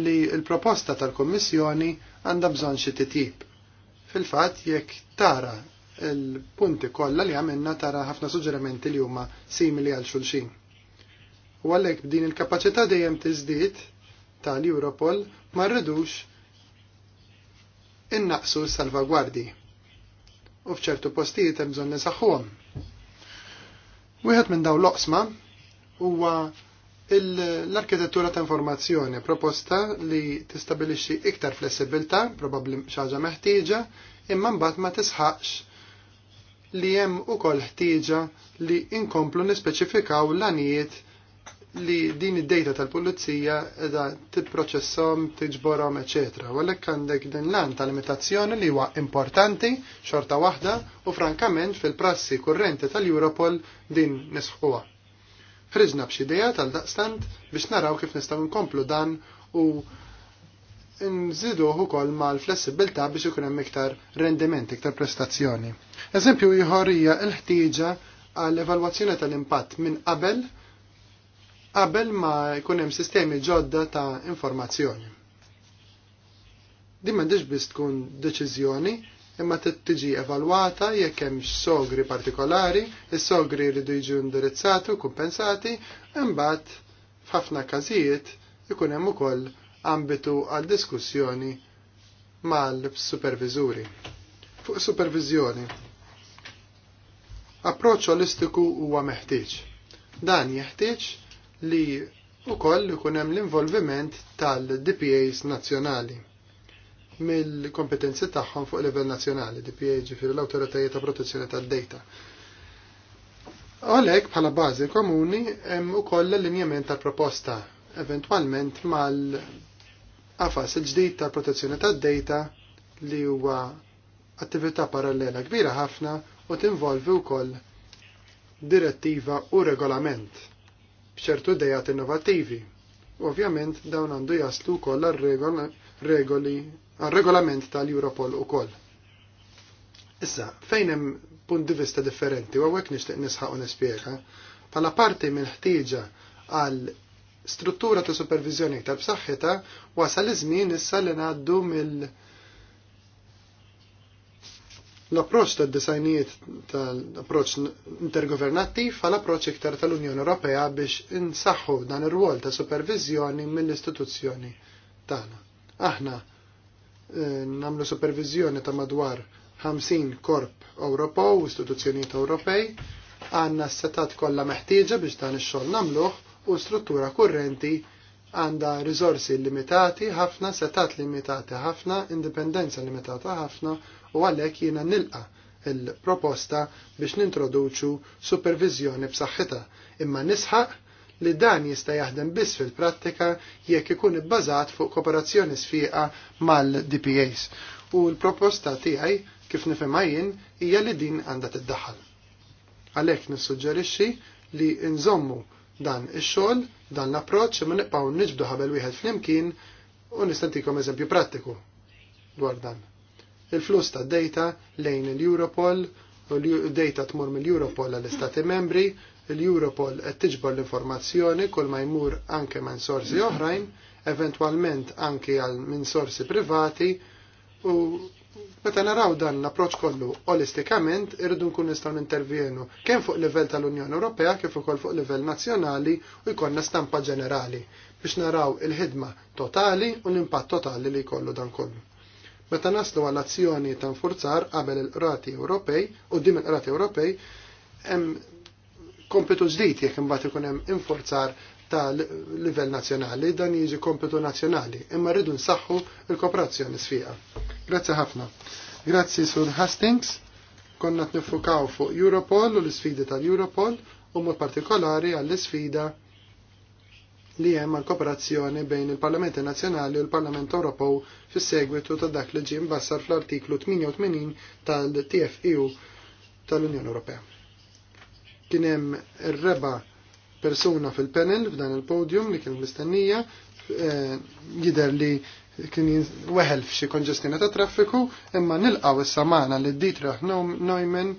[SPEAKER 3] li l-proposta tal-Kommissjoni għandha bżonn xi titjib. Fil-fatt jekk tara il-punti kollha li għamilna tara ħafna suġġerimenti li huma simili għal xulxin. U għalhekk b'din il-kapaċità dejjem tiżdied tal-Europol ma rridux innaqsu s-salvagwardi. U f'ċertu postijiet hemm bżonn nisaħħuhom. Wieħed minn dawn l-oqsma huwa l-arkitettura ta' informazzjoni proposta li tistabilixxi iktar flessibilità, probabbli xaġa meħtieġa, imma mbagħad ma tisħaqx li hemm ukoll ħtieġa li inkomplu nispeċifikaw l-anijiet li din id-data tal-pulizija edha tipproċessom, tiġborhom, eċetera. U għalhekk għandek din lan tal limitazzjoni li huwa importanti xorta waħda u frankament fil-prassi kurrenti tal-Europol din nisħuha. Ħriġna b'xi idea tal-daqstant biex naraw kif nistgħu nkomplu dan u nżiduh ukoll mal-flessibilità biex ikun hemm iktar rendiment, iktar prestazzjoni. Eżempju ieħor hija l-ħtieġa għall evalwazzjoni tal-impatt minn qabel qabel ma jkun hemm sistemi ġodda ta' informazzjoni. Din m'għandix biss tkun deċiżjoni, imma tiġi evalwata jekk hemm sogri partikolari, is-sogri jridu jiġu indirizzati u kumpensati, imbagħad f'ħafna każijiet ikun hemm ukoll ambitu għal diskussjoni mal-supervizuri. Fuq supervizjoni. Approċċ olistiku huwa meħtieġ. Dan jeħtieġ li ukoll ikun hemm l-involviment tal-DPAs nazzjonali mill-kompetenzi tagħhom fuq livell nazzjonali, DPA ġifieri l-Awtoritajiet ta' Protezzjoni tad-Data. Għalhekk bħala bażi komuni hemm ukoll l-linjament tal-proposta eventwalment mal-qafas il-ġdid tal-protezzjoni tad-data li huwa attività parallela kbira ħafna u tinvolvi wkoll direttiva u regolament b'ċertu dejat innovativi. Ovvjament dawn għandu jaslu wkoll regoli għal-regolament tal-Europol u koll. Issa, fejn hemm punt di vista differenti, u għek nishtiq nisħaq u nispiega, pala parti minn ħtieġa għal struttura ta' supervizjoni iktar b'saħħitha wasal iż-żmien issa li ngħaddu mill l-approċ tad disajnijiet tal-approċ intergovernattiv għal approċ iktar tal-Unjoni Ewropea biex insaħħu dan ir-rwol ta' supervizjoni mill-istituzzjoni tagħna. Aħna Eh, namlu supervizjoni ta' madwar 50 korp Ewropew u istituzzjonijiet Ewropej għandna s-setat kollha meħtieġa biex dan ix-xogħol nagħmluh u struttura kurrenti għandha riżorsi limitati ħafna, setat limitati ħafna, indipendenza limitata ħafna u għalhekk jiena nilqa il-proposta biex nintroduċu supervizjoni b'saħħitha imma nisħaq li dan jista' jaħdem biss fil-prattika jekk ikun ibbażat fuq kooperazzjoni sfiqa mal-DPAs. U l-proposta tiegħi kif nifhimha jien hija li din għandha tiddaħħal. Għalhekk nissuġġerixxi li nżommu dan ix-xogħol, dan l-approċċ ma nibqgħu niġbdu ħabel wieħed flimkien u nistentikom eżempju prattiku dwar dan. Il-flus ta' data lejn il europol u l-data tmur mill-Europol għall-Istati membri l-Europol qed tiġbor l-informazzjoni kull ma jmur anke minn sorsi oħrajn, eventwalment anke għal minn sorsi privati u meta naraw dan l-approċ kollu olistikament irridu nkun nistgħu nintervjenu kemm fuq livell tal-Unjoni Ewropea kif ukoll fuq livell nazzjonali u jkollna stampa ġenerali biex naraw il-ħidma totali u l-impatt totali li jkollu dan kollu. Meta naslu għal azzjoni ta' nfurzar qabel il-qrati Ewropej u dim il-qrati Ewropej, hemm kompetu ġdid jekk imbagħad ikun hemm inforzar ta' livell nazzjonali, dan jiġi kompetu nazzjonali, imma rridu nsaħħu l-kooperazzjoni sfiqa. Grazzi ħafna. Grazzi Sur Hastings, konna t-nifukaw fuq Europol u l-sfidi tal-Europol u mod partikolari għall-sfida li hemm għal kooperazzjoni bejn il-Parlamenti Nazzjonali u l-Parlament Ewropew fis-segwitu ta' dak li ġie mbassar fl-artiklu 88 tal-TFEU tal-Unjoni Ewropea kien hemm reba persuna fil-panel f'dan il-podium li kien mistennija eh, jider li kien weħel f'xi konġestjoni ta' traffiku imma nilqaw issa magħna li d-ditra Neumann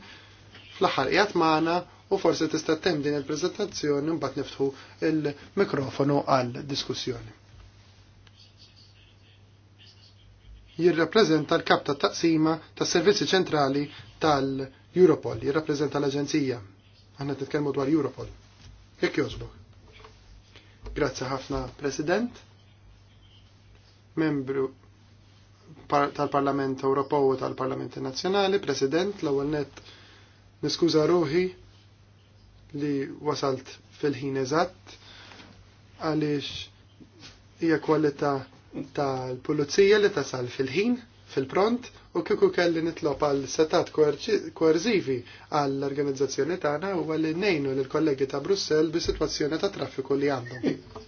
[SPEAKER 3] fl-aħħar qiegħed magħna u forsi tista' tem din il-preżentazzjoni mbagħad niftħu il-mikrofonu għal diskussjoni. Jirrappreżenta l-kap ta' taqsima tas servizzi ċentrali tal-Europol, jirrappreżenta l-Aġenzija Għanna titkellmu dwar Europol. Jekk jogħġbok. Grazzi ħafna, President. Membru tal-Parlament Ewropew u tal-Parlamenti Nazzjonali, President, l-ewwel nett niskuża ruħi li wasalt fil-ħin eżatt għaliex hija kwalità tal-pulizija li tasal fil-ħin fil-pront u kiku kelli nitlob għal setat koerzivi għall organizzazzjoni tagħna u għalli nejnu l kollegi ta' Brussel bi situazzjoni ta' traffiku li għandhom.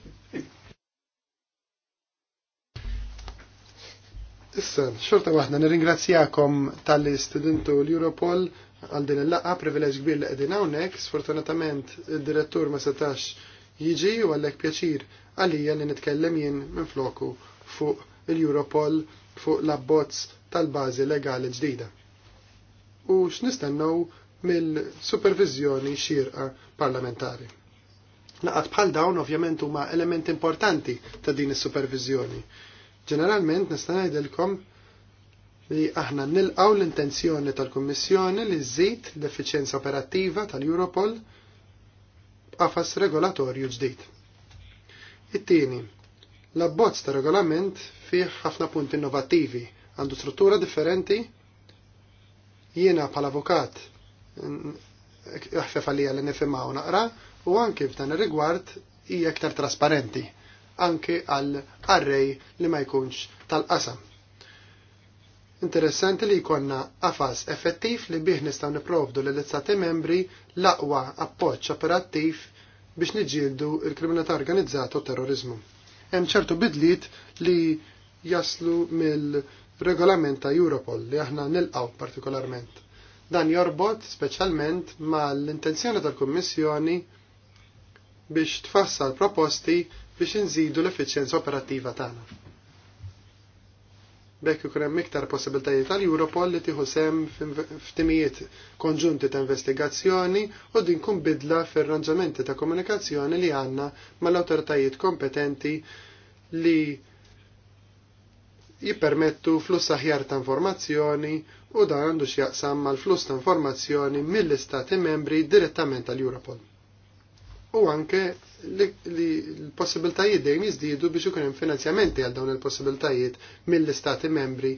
[SPEAKER 3] Issa, xorta waħda nirringrazzjakom tal-li studentu l-Europol għal din il-laqqa privileġ kbir li qegħdin hawnhekk. Sfortunatament id-direttur ma setax jiġi u għalhekk pjaċir għalija li nitkellem jien minn floku fuq il-Europol fuq l-abbozz tal-bażi legali ġdida. U x'nistennew mill-supervizjoni xirqa parlamentari. Laqat bħal dawn ovvjament huma element importanti ta' din is-supervizjoni. Ġeneralment nista' ngħidilkom li aħna nilqaw l-intenzjoni tal-Kummissjoni li żżid l-effiċjenza operattiva tal-Europol b'qafas regolatorju ġdid. It-tieni, L-abbozz ta' regolament fih ħafna punti innovattivi, għandu struttura differenti. Jiena pal avukat ħfef għalija li nifimha u naqra u anke f'dan ir-rigward hija aktar trasparenti anke għal arrej li ma jkunx tal-qasam. Interessanti li jkonna għafas effettiv li bih nistgħu niprovdu l izzati membri l-aqwa appoġġ operattiv biex niġġieldu il-kriminalità organizzata u terrorizmu hemm ċertu bidliet li jaslu mill-regolament ta' Europol li aħna nilqaw partikolarment. Dan jorbot speċjalment mal-intenzjoni tal-Kummissjoni biex tfassal proposti biex inżidu l-effiċjenza operattiva tagħna. Bekk ikun hemm iktar possibiltajiet tal Europol li tieħu sem f'timijiet konġunti ta' investigazzjoni u din kun bidla fir-ranġamenti ta' komunikazzjoni li għandna mal-awtoritajiet kompetenti li jippermettu fluss aħjar ta' informazzjoni u dan għandu x'jaqsam mal-fluss ta' informazzjoni mill-istati membri direttament tal Europol. U anke li l-possibiltajiet dejjem jiżdiedu biex ikun hemm finanzjamenti għal dawn il-possibiltajiet mill-istati membri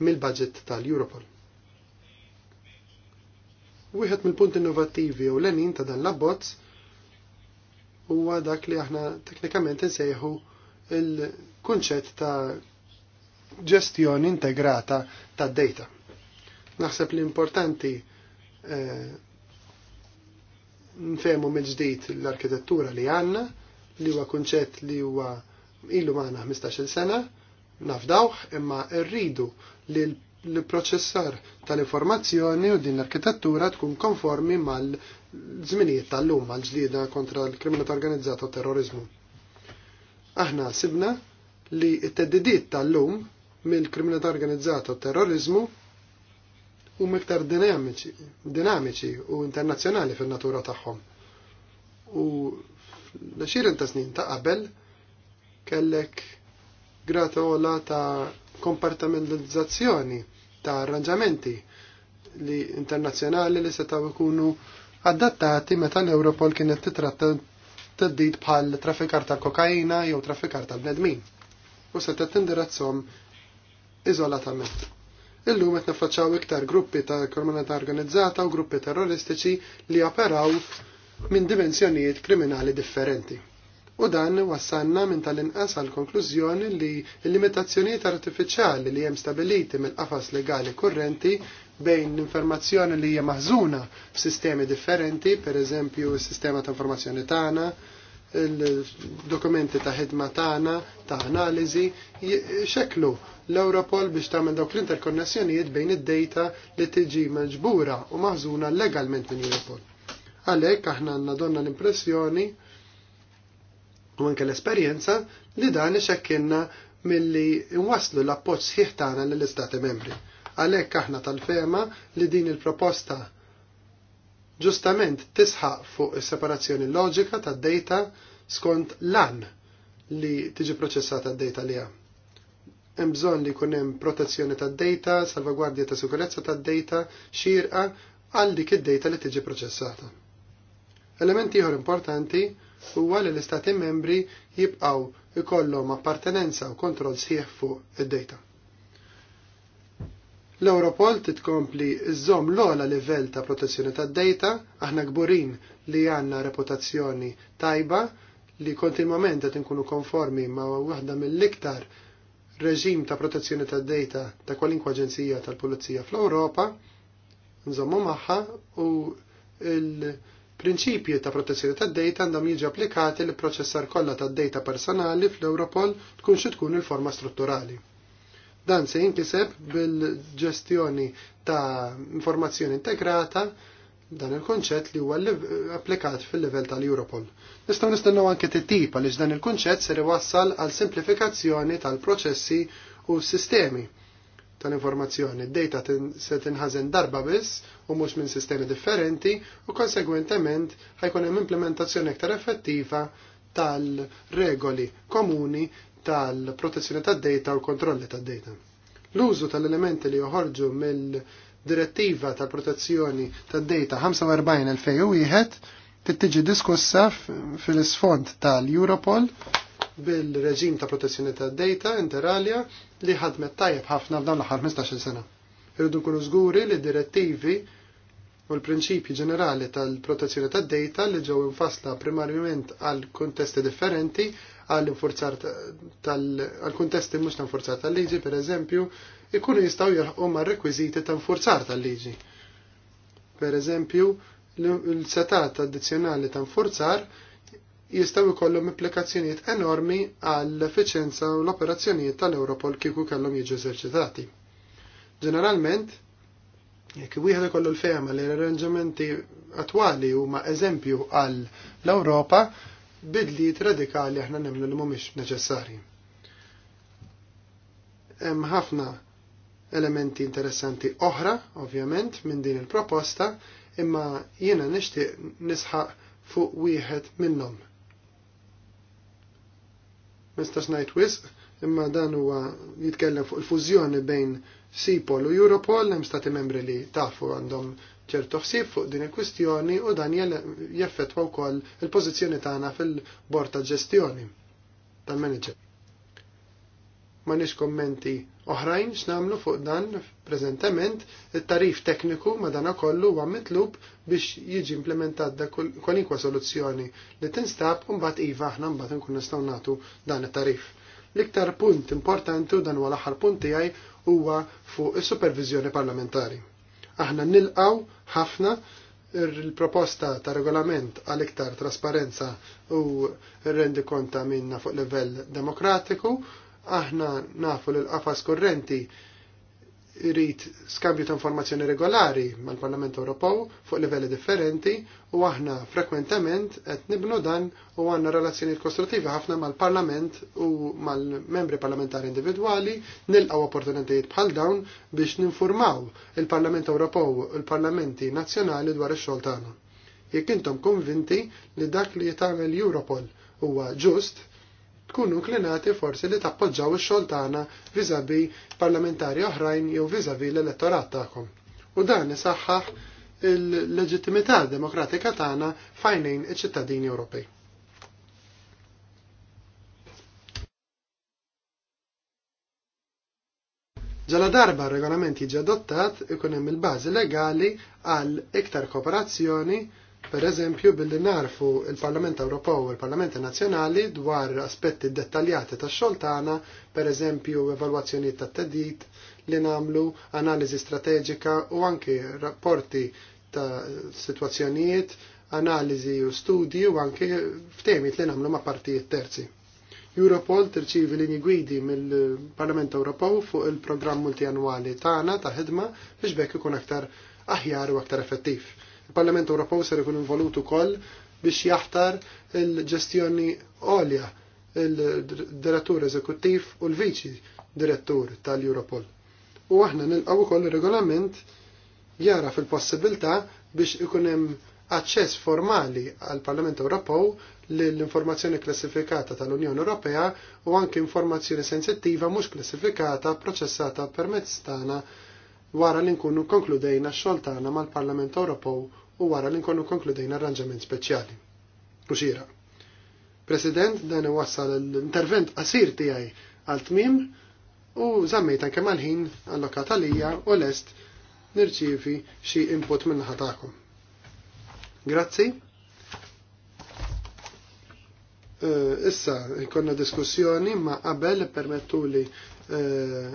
[SPEAKER 3] mill-budget tal-Europol. Wieħed mill-punt innovattivi u lenin ta' dan l-abbozz huwa dak li aħna teknikament insejħu il-kunċett ta' ġestjoni integrata ta' data. Naħseb li importanti eh, nfemu mill-ġdid l-arkitettura li għanna, li huwa kunċett li huwa ilu maħna 15 sena, nafdawħ imma rridu li l-proċessar tal-informazzjoni u din l-arkitettura tkun konformi mal-żminijiet tal-lum mal ġdida kontra l kriminat Organizzat u terrorizmu. Aħna sibna li t-teddidiet tal-lum mill kriminat Organizzat u terrorizmu huma miktar dinamiċi u internazzjonali fin-natura tagħhom. U l-xirin ta' snin ta' qabel kellek gratola ta' kompartamentalizzazzjoni ta' arranġamenti li internazzjonali li setaw ikunu adattati meta l-Europol kienet titratta teddid bħal trafikar ta' kokaina jew trafikar ta' bnedmin. U setet tindirazzhom iżolatament. Illum qed naffaċċaw iktar gruppi ta' kriminalità organizzata u gruppi terroristiċi li operaw minn dimensjonijiet kriminali differenti. U dan wassanna minn tal-inqas għal konklużjoni li l-limitazzjonijiet artifiċjali li hemm stabiliti mill-qafas legali kurrenti bejn l-informazzjoni li hija maħżuna f'sistemi differenti, per eżempju s-sistema ta' informazzjoni tagħna, il-dokumenti ta' ħidma tagħna ta' analiżi xeklu l-Europol biex tagħmel dawk l-interkonnessjonijiet bejn id-data li tiġi maġbura u maħżuna legalment minn Europol. Għalhekk aħna għandna donna l-impressjoni u anke l-esperjenza li dan ixekkinna milli nwaslu l-appoġġ sħiħ tagħna lill-Istati Membri. Għalhekk aħna tal-fema li din il-proposta ġustament tisħaq fuq is-separazzjoni loġika tad-data skont lan li tiġi proċessata d-data li hemm. bżonn li jkun hemm protezzjoni tad-data, salvagwardja ta' sikurezza tad-data, xirqa għal dik id-data li tiġi proċessata. Elementi ieħor importanti huwa li l-istati membri jibqgħu ikollhom appartenenza u kontroll sħiħ fuq id-data. L-Europol titkompli iżom l-ola livell ta' protezzjoni tad data, aħna gburin li għanna reputazzjoni tajba, li kontinuament qed inkunu konformi ma' waħda mill-iktar reġim ta' protezzjoni tad data ta' kwalinkwa aġenzija tal-Pulizija fl-Ewropa, nżommu magħha u il-prinċipji ta' protezzjoni tad data għandhom jiġi applikati l-proċessar kollha tad data personali fl-Europol tkun xi tkun il-forma strutturali. Dan se jinkiseb bil-ġestjoni ta' informazzjoni integrata dan il-konċett li huwa applikat fil-level tal-Europol. Nistgħu nistennew anke titip għaliex dan il-konċett se iwassal għal simplifikazzjoni tal-proċessi u sistemi tal-informazzjoni. Data se tinħażen darba biss u mhux minn sistemi differenti u konsegwentement ħajkun hemm implementazzjoni aktar effettiva tal-regoli komuni tal-protezzjoni tad-data u kontrolli tad-data. L-użu tal-elementi li joħorġu mill-direttiva tal-protezzjoni tad-data 45-2001 tittiġi diskussa fil-sfond tal-Europol bil-reġim ta' protezzjoni tad-data interalja li ħadmet tajjeb ħafna f'dawn l-aħħar 15 sena. Irridu nkunu żguri li direttivi u l-prinċipji ġenerali tal-protezzjoni tad-data li ġew infasla primarjament għal kontesti differenti għall-infurzar tal-kuntesti mhux tal-infurzar tal-liġi, per eżempju, ikunu jistgħu jirħu mar-rekwiżiti tal-infurzar tal-liġi. Per eżempju, l-setat addizzjonali tal-infurzar jistaw jkollhom implikazzjonijiet enormi għall efficienza u l-operazzjonijiet tal-Europol kieku kellhom jiġu eżerċitati. Ġeneralment, jekk wieħed ikollu l fema li l-arranġamenti attwali huma eżempju għall l-Ewropa, bidliet radikali aħna nemlu li mhumiex neċessarji. Hemm ħafna elementi interessanti oħra, ovvjament, minn din il-proposta, imma jiena nixtieq nisħaq fuq wieħed minnhom. Mistax ngħid wisq, imma dan huwa jitkellem fuq il-fużjoni bejn Sipol u Europol, hemm stati membri li tafu għandhom ċertu ħsieb fuq din il-kwistjoni u dan jaffetwa wkoll il-pożizzjoni tagħna fil-bord ta' ġestjoni tal-manager. Ma nix kommenti oħrajn x'namlu fuq dan preżentament it-tarif tekniku madana kollu huwa mitlub biex jiġi implementat da kwalinkwa soluzzjoni li tinstab u mbagħad iva aħna mbagħad nkun nistgħu nagħtu dan it-tarif. L-iktar punt importanti u dan huwa l-aħħar punt tiegħi huwa fuq is-supervizjoni parlamentari. Aħna nilqaw ħafna il-proposta ta' regolament għal iktar trasparenza u rendi konta minna fuq livell demokratiku, aħna nafu l-qafas kurrenti irrit skambju ta' informazzjoni regolari mal-Parlament Ewropew fuq livelli differenti u aħna frekwentament qed nibnu dan u għandna relazzjonijiet kostruttivi ħafna mal-Parlament u mal-membri parlamentari individwali nilqgħu opportunitajiet bħal dawn biex ninformaw il-Parlament Ewropew u l-Parlamenti Nazzjonali dwar ix-xogħol tagħna. Jekk intom konvinti li dak li jitagħmel Europol huwa ġust, tkunu klinati forsi li tappoġġaw ix-xogħol tagħna parlamentari oħrajn jew viżabi l-elettorat tagħkom. U dan isaħħaħ il-leġittimità demokratika tagħna fajnejn iċ-ċittadini Ewropej. Ġala darba regolament jiġi adottat ikun hemm il-bażi legali għal iktar kooperazzjoni Per eżempju, billi narfu il-Parlament Ewropew u il parlament Nazzjonali dwar aspetti dettaljati ta' xoltana, per eżempju, evalwazzjoni ta' tedit li namlu, analizi strateġika u anke rapporti ta' situazzjonijiet, analizi u studji u anke ftemit li namlu ma' partijiet terzi. Europol tirċivi linji gwidi mill-Parlament Ewropew fuq il-programm multianwali tagħna ta' ħidma biex bekk ikun aktar aħjar u aktar effettiv. Il-Parlament Ewropew ser ikun involut ukoll biex jaħtar il-ġestjoni għolja il-direttur eżekuttiv u l-viċi direttur tal-Europol. U aħna nilqaw ukoll regolament jara fil-possibilità biex ikun hemm aċċess formali għal Parlament Ewropew l-informazzjoni klassifikata tal-Unjoni Ewropea u anke informazzjoni sensittiva mhux klassifikata proċessata permezz tagħna wara li nkunu konkludejna x-xogħol tagħna mal-Parlament Ewropew u wara li nkunu konkludejna arranġament speċjali. U President, dan wassal l-intervent qasir tiegħi għal tmim u żammejt anke mal-ħin allokat għalija u lest nirċievi xi input minn ħatakom. Grazzi. Eh, issa, konna diskussjoni ma qabel permettu li eh,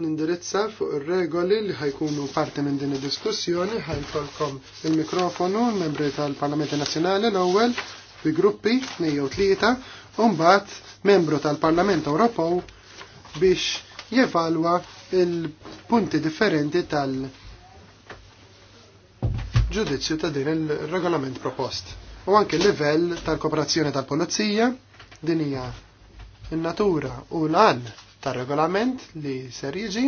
[SPEAKER 3] nindirizza fuq ir-regoli li ħajkunu parti minn din id-diskussjoni ħajkolkom il-mikrofonu membri tal-Parlamenti Nazzjonali l-ewwel bi gruppi nejjew tlieta u mbagħad membru tal-Parlament Ewropew biex jevalwa il-punti differenti tal- ġudizzju ta' din il-regolament propost. U anke l-livell tal-kooperazzjoni tal-polizija, din hija in-natura u l għal tar-regolament li ser jiġi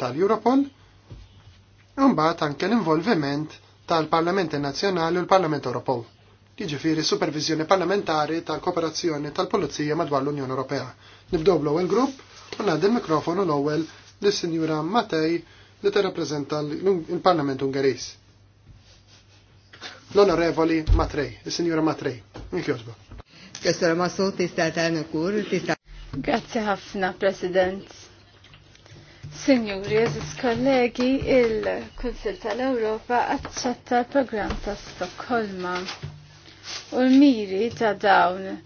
[SPEAKER 3] tal-Europol mbagħad anke l-involviment tal-Parlamenti Nazzjonali u l-Parlament Ewropew. Jiġifieri supervizjoni parlamentari tal-kooperazzjoni tal-Pulizija madwar l-Unjoni Ewropea. Nibdew l-ewwel grupp u ngħaddi l-mikrofonu l-ewwel lis-Sinjura Matej li tirrappreżenta l-Parlament Ungeriż. L-Onorevoli Matrej, is-Sinjura Matrej. Inkjosba.
[SPEAKER 2] Köszönöm a szót, tisztelt elnök úr, tista Grazzi ħafna, President. Signori, eżis kollegi, il-Kunsil tal-Europa aċċetta l-programm ta' Stokholma. U l-miri ta' dawn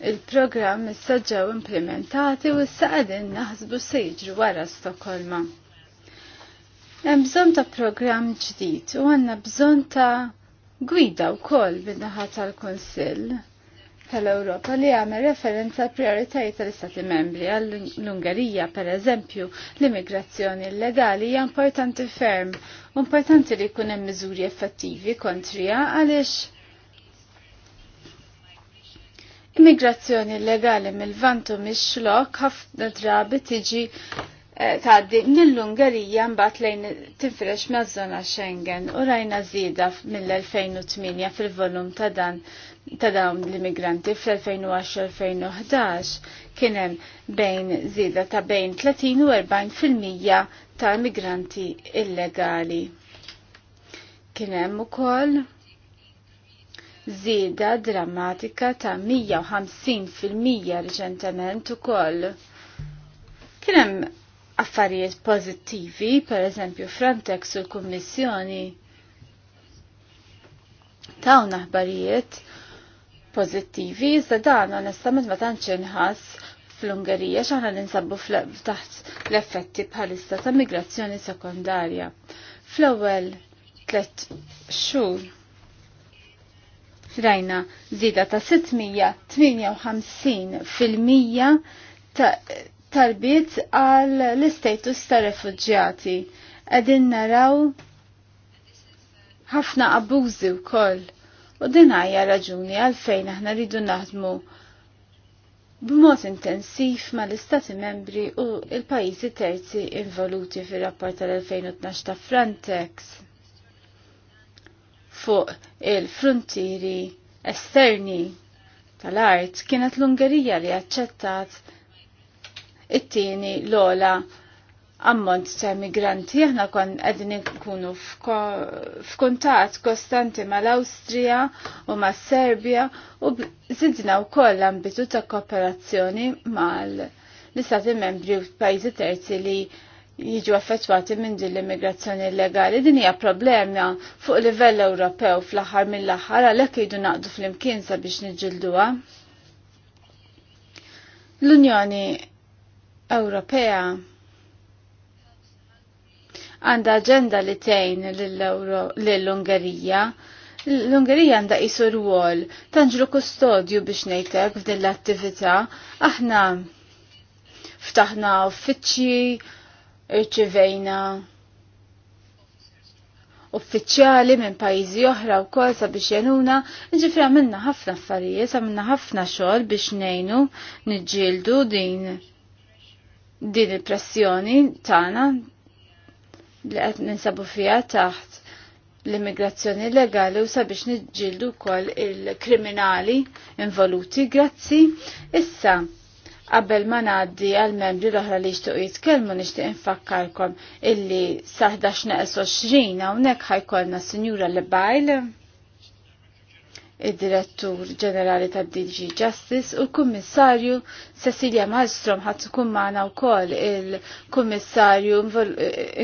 [SPEAKER 2] il program issa ġew implementati u s qegħdin naħsbu sejġru wara Stokkolma. Hemm bżonn ta' programm ġdid u għandna bżonn ta' gwida wkoll bin naħa tal-Kunsill tal-Europa li għamel referenza prioritajiet tal-Istati membri għall-Ungarija, per eżempju, l-immigrazzjoni illegali hija importanti ferm, importanti li jkun hemm miżuri effettivi kontrija għaliex immigrazzjoni illegali mill-vantu mix-xlok ħafna drabi tiġi eh, tgħaddi mill-Ungerija mbagħad lejn tinfresh maż-żona Schengen u rajna żieda mill-2008 fil-volum ta' dan ta' dawn l-immigranti fl-2010-2011 kienem bejn zida ta' bejn 30 u 40 fil ta' immigranti illegali. Kienem u koll zida drammatika ta' 150 fil reċentament u koll. Kienem affarijiet pozittivi, per eżempju Frontex u l-Kommissjoni ta' naħbarijiet pozittivi, iżda dan onestament ma tantx inħass fl-Ungerija xaħna ninsabu taħt l-effetti bħalissa ta' migrazzjoni sekundarja. Fl-ewwel tlet xhur rajna zida ta' 658 fil-mija ta' tarbit għal l-istatus ta' refugġjati. Għedin naraw ħafna abbużi wkoll. koll U din hija raġuni għalfejn aħna rridu naħdmu b'mod intensiv mal-Istati membri u l-pajjiżi terzi involuti fir-rapport tal-2012 ta' Frontex fuq il-frontieri esterni tal-art kienet l-Ungerija li aċċettat it-tieni l-ola ammont ta' migranti, aħna kon għedin kunu f'kuntat kostanti ma' l-Austria u ma' Serbia u zidna u koll ambitu ta' kooperazzjoni ma' l-istati membri u pajzi terzi li jiġu affettwati minn din l-immigrazzjoni illegali. Din hija problema fuq livell Ewropew fl-aħħar mill-aħħar għalhekk jgħidu naqdu fl-imkien sabiex niġġilduha. L-Unjoni Ewropea għandha aġenda li tejn lill-Ungerija. L-Ungerija għandha qisu rwol tanġlu kustodju biex ngħidlek f'din l-attività aħna ftaħna uffiċċji, irċivejna uffiċjali minn pajjiżi oħra wkoll sabiex jenuna, jiġifieri għamilna ħafna affarijiet, għamilna ħafna xogħol biex ngħinu niġġieldu din din il-pressjoni tagħna li qed ninsabu fiha taħt l-immigrazzjoni legali u sabiex niġġieldu wkoll il-kriminali involuti. Grazzi. Issa, qabel ma ngħaddi għal membri l-oħra li xtuq jitkellmu nixtieq infakkarkom illi saħdax 11 20 hawnhekk ħajkollna Sinjura Lebajl id-direttur ġenerali tad DG Justice u l-kummissarju Cecilia Malmstrom ħadd tkun magħna wkoll il-kummissarju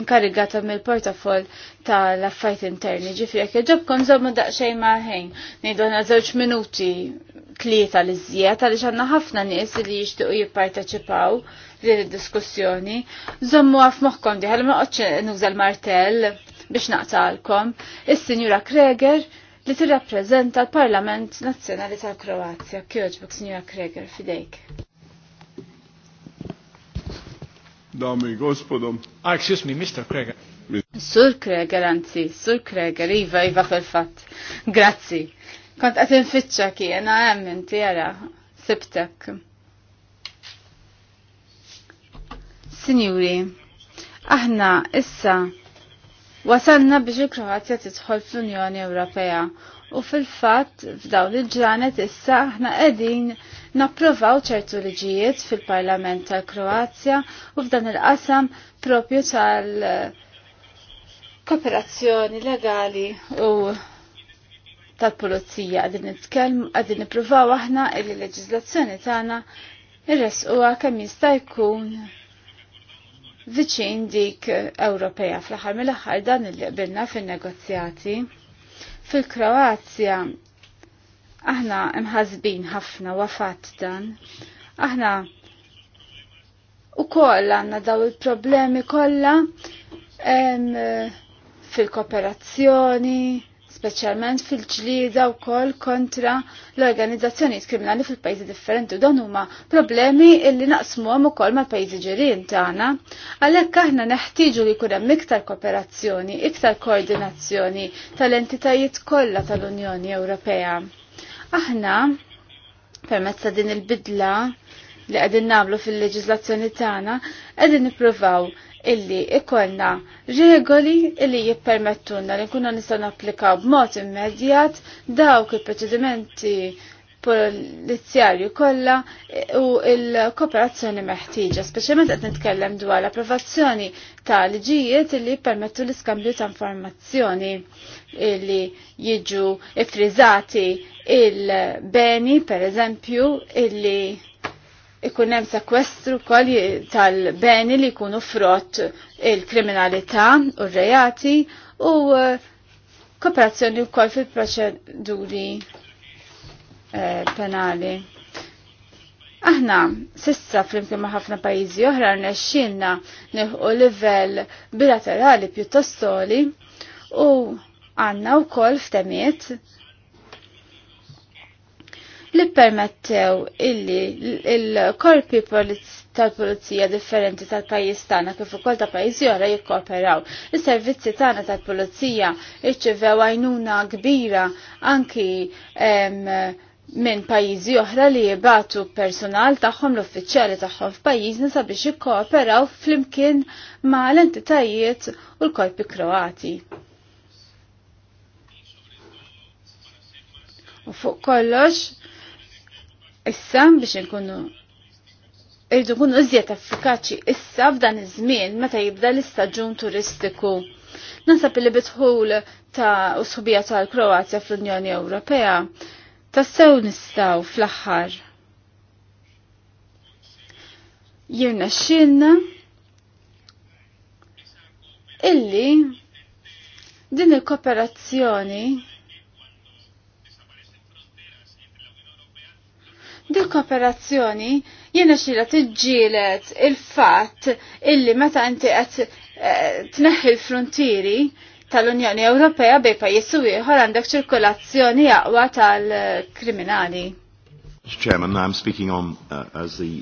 [SPEAKER 2] inkarigata mill-portafol tal-affajt interni ġifri jekk iġobkom żommu daqsxejn ma' ħejn. ngħidu żewġ minuti tlieta li żjed għaliex għandna ħafna nies li jixtiequ jipparteċipaw lil id-diskussjoni. Żommu għaf moħħkom diħel ma qoċċ nuża l-martell biex naqtalkom. Is-Sinjura Kreger li tirrappreżenta l-Parlament Nazzjonali tal-Kroazja. Kjoġbuk, Signora Kreger, fidejk.
[SPEAKER 1] Dami, gospodom. Ah, excuse me, Mr. Kreger.
[SPEAKER 2] Sur Kreger, anzi, Sur Kreger, Iva, Iva fil-fat. Grazzi. Kont għat nfittxa ki, jena għemmin, tijara, sibtek. Signori, aħna issa Wasanna biex il-Kroazja tidħol fl-Unjoni Ewropea u fil-fatt f'dawn il-ġranet issa aħna qegħdin napprovaw ċertu liġijiet fil-Parlament tal-Kroazja u f'dan il-qasam propju tal- kooperazzjoni legali u tal-pulizija għadin nitkellmu għadin nippruvaw aħna il-leġiżlazzjoni tagħna ir-resquha kemm jista' jkun viċin dik Ewropea fl-aħħar mill-aħħar dan il qbilna fin-negozjati. Fil-Kroazja aħna imħazbin ħafna wafat dan. Aħna u koll għanna daw il-problemi kollha fil-kooperazzjoni, speċjalment fil-ġlieda wkoll kontra l-organizzazzjonijiet kriminali fil-pajjiżi differenti u dawn huma problemi illi naqsmuhom ukoll mal-pajjiżi ġirien tagħna. Għalhekk aħna neħtieġu li jkun hemm iktar kooperazzjoni, iktar koordinazzjoni tal-entitajiet kollha tal-Unjoni Ewropea. Aħna permezz din il-bidla li qegħdin nagħmlu fil-leġiżlazzjoni tagħna qegħdin nippruvaw illi ikollna regoli illi jippermettuna li nkunu nistgħu napplikaw b'mod immedjat dawk il-proċedimenti polizjarju kollha u l-kooperazzjoni meħtieġa, speċjalment qed nitkellem dwar l-approvazzjoni ta' liġijiet li jippermettu l-iskambju ta' informazzjoni li jiġu ifriżati il-beni, per eżempju, illi ikun hemm sekwestru wkoll tal-beni li jkunu frott il-kriminalità u r-rejati u eh, kooperazzjoni wkoll fil-proċeduri eh, penali. Aħna, sissa flimkien ma' ħafna pajjiżi oħra rnexxinna neħu livell bilaterali pjuttost soli u għandna wkoll ftemiet li permettew illi il-korpi tal-pulizija differenti tal-pajjiż tagħna kif ukoll ta' pajjiżi oħra jikkooperaw. Is-servizzi tagħna tal-pulizija rċevew għajnuna kbira anki minn pajjiżi oħra li jibatu personal tagħhom l-uffiċjali tagħhom f'pajjiżna sabiex jikkooperaw flimkien ma' l-entitajiet u l-korpi Kroati. U fuq kollox, Issa biex nkunu irridu nkunu iżjed effikaċi issa f'dan iż-żmien meta jibda l-istaġun turistiku. Nasab li bitħul ta' usħubija tal-Kroazja fl-Unjoni Ewropea tassew nistaw fl-aħħar. Jirna xinna illi din il-kooperazzjoni Dil kooperazzjoni jena xira tiġġielet il-fat illi meta inti qed eh, tneħħi l-frontieri tal-Unjoni Ewropea bej pajjiż ieħor għandek ċirkolazzjoni jaqwa tal-kriminali. Chairman, I'm speaking on uh, as the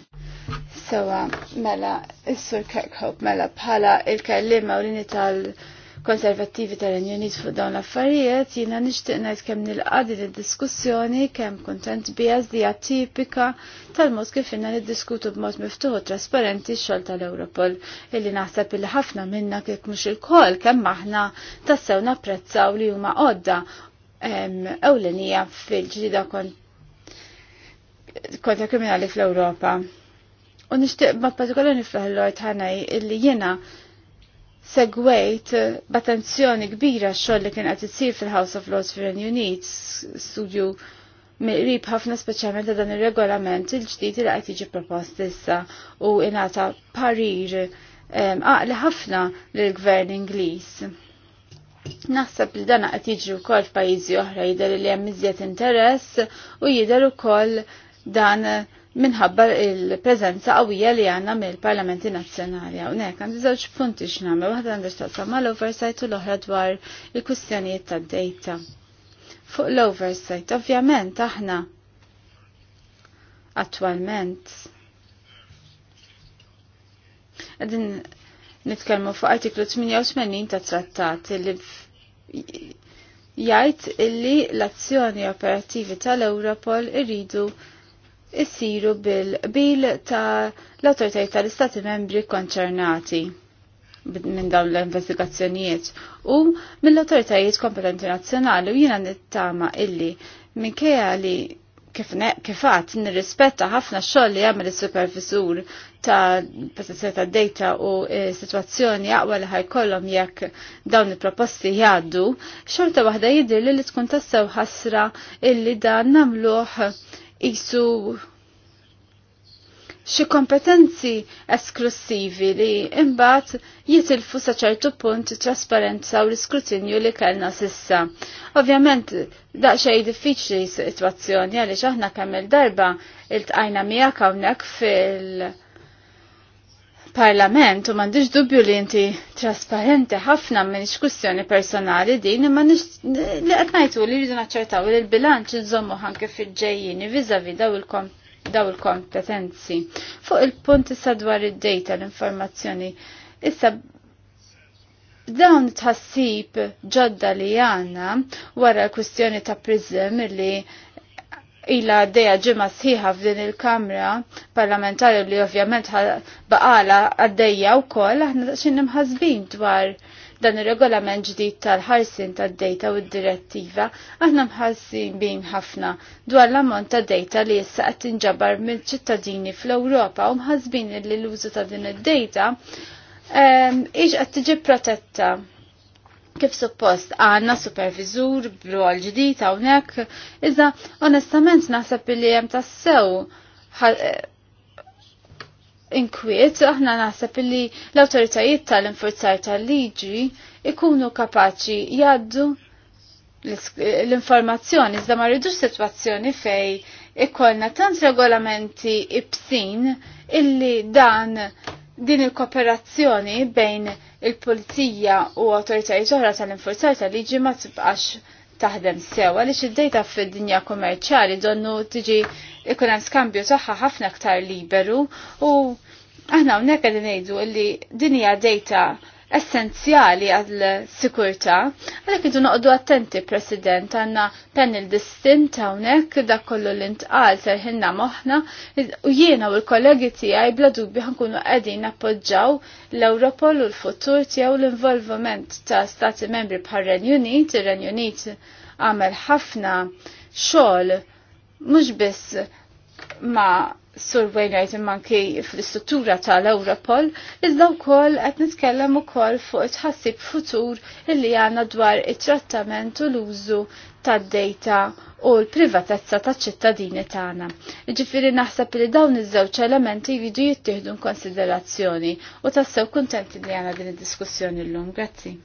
[SPEAKER 2] Sewa, mela, is-Sur Kirkhope, mela, bħala il-kellima u l tal- konservativi tal-Renju fuq dawn l-affarijiet, jiena nixtieq ngħid kemm nilqadi lid-diskussjoni kemm kuntent biha li tipika tal-mod kif inna niddiskutu b'mod miftuħ u trasparenti x-xogħol tal-Europol illi naħseb illi ħafna minna kif mhux il-koll kemm aħna tassew napprezzaw li huma għodda ewlenija fil ġdida kontra kriminali fl-Ewropa. U nixtieq ma' partikolari fl Lord ħanaj illi jiena segwejt eh, b'attenzjoni kbira x-xogħol li kien qed isir fil-House of Lords fir Unit, studju miqrib ħafna speċjalment ta' dan ir-regolament il-ġdid li qed jiġi propost issa u ingħata parir għaqli ħafna lill-Gvern Ingliż. Naħseb li dan qed jiġri wkoll f'pajjiżi oħra jidher li hemm iżjed interess u jidher ukoll dan uh, minħabba il-prezenza qawwija li għanna mill-parlamenti nazzjonali hawnhekk għandi żewġ punti għadda waħda xtaqsa ma l oversight u l-oħra dwar il-kwistjonijiet tad-dejta. Fuq l-oversight, ovvjament aħna attwalment għadin nitkellmu fuq artiklu 88 ta' trattat li jgħid illi l-azzjoni operattivi tal-Europol irridu issiru bil-qbil ta' l-autoritajiet tal-istati membri konċernati minn dawn l-investigazzjonijiet u mill-autoritajiet kompetenti nazzjonali u jiena nittama illi minkejja li kif kifat nirrispetta ħafna xogħol li jagħmel is-supervisur ta' protezzjoni ta' data u e, situazzjoni aqwa li ħajkollhom jekk dawn il-proposti jgħaddu, xorta waħda jidhir li tkun tassew ħasra illi dan nagħmluh jisu xi kompetenzi esklusivi li imbagħad jitilfu sa ċertu punt trasparenza u l-iskrutinju li kellna sissa. Ovvjament daqsxejn diffiċli sitwazzjoni għaliex aħna kemm il-darba iltqajna miegħek hawnhekk fil- parlament u mandiġ dubju li inti trasparenti ħafna minn kwistjoni personali din imma li qed ngħidu li rridu naċċertaw li l-bilanċ nżommu ħanke fil-ġejjini vizavi daw il-kompetenzi. Fuq il-punt issa dwar id-data l-informazzjoni issa dawn tħassib ġodda li għanna wara l-kwistjoni ta' prizm li ila għaddeja ġimma sħiħa f'din il-Kamra parlamentari li ovvjament baqala għaddeja u koll, aħna xin nimħazbin dwar dan il-regolament ġdid tal-ħarsin tad-data u d-direttiva, aħna mħassibin ħafna dwar l-ammont ta' data li issa qed tinġabar mill-ċittadini fl-Ewropa u mħassbin li l-użu ta' din id-data ehm, iġ qed tiġi protetta kif suppost għanna supervizur b'rol ġdid hawnhekk, iżda onestament naħseb li hemm tassew inkwiet aħna naħseb li l-awtoritajiet tal-infurzar tal-liġi ikunu kapaċi jgħaddu l-informazzjoni iżda ma rridux sitwazzjoni fej ikollna tant regolamenti ibsin illi dan din il-kooperazzjoni bejn il-polizija u autoritajiet oħra tal-infurzar tal-liġi ma tibqax taħdem sew għaliex id-dejta fid-dinja kommerċjali donnu tiġi ikun skambju tagħha ħafna aktar liberu u aħna hawnhekk qegħdin ngħidu li din hija dejta essenzjali għal sikurta għalek idu noqdu attenti, President, għanna panel distint hawnhekk da kollu l-intqal serħinna moħna u jiena u l-kollegi tiegħi bla dubbi ħankunu qegħdin appoġġaw l-Europol u l-futur tiegħu l-involvament ta' Stati Membri bħal Renju Unit, ir-Renju Unit għamel ħafna xogħol mhux biss ma' Sur Wainwright manki fl-istruttura tal-Europol, iżda wkoll qed nitkellem ukoll fuq it-ħassib futur illi għandna dwar it-trattament u l-użu tad-data u l-privatezza taċ-ċittadini tagħna. Ġifieri naħseb li dawn iż-żewġ elementi jridu jittieħdu konsiderazzjoni u tassew kuntenti li għandna din id-diskussjoni llum. Grazzi.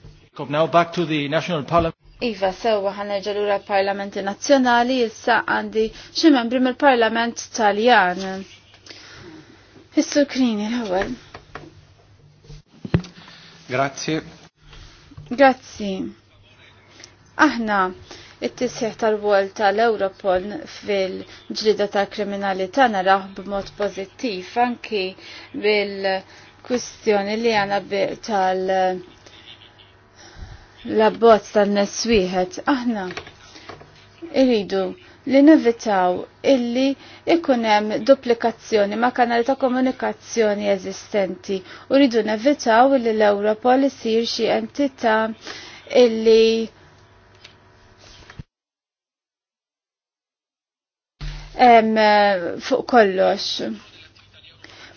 [SPEAKER 1] Now back to the National Parliament.
[SPEAKER 2] Iva, sewa ħanerġa lura parlamenti nazzjonali, issa għandi xi membri mill-Parlament Taljan. Issu Krini l-ewwel. Grazzi. Grazie. Aħna it-tisħiħ tal-wol tal-Europol fil-ġlida tal-kriminalità naraħ b'mod pozittiv anki bil kustjoni li għana tal- l-abbozz tan-nes wieħed aħna irridu li nevitaw illi ikun hemm duplikazzjoni ma' kanali ta' komunikazzjoni eżistenti u rridu nevitaw illi l-Europol isir xi entità illi fuq kollox.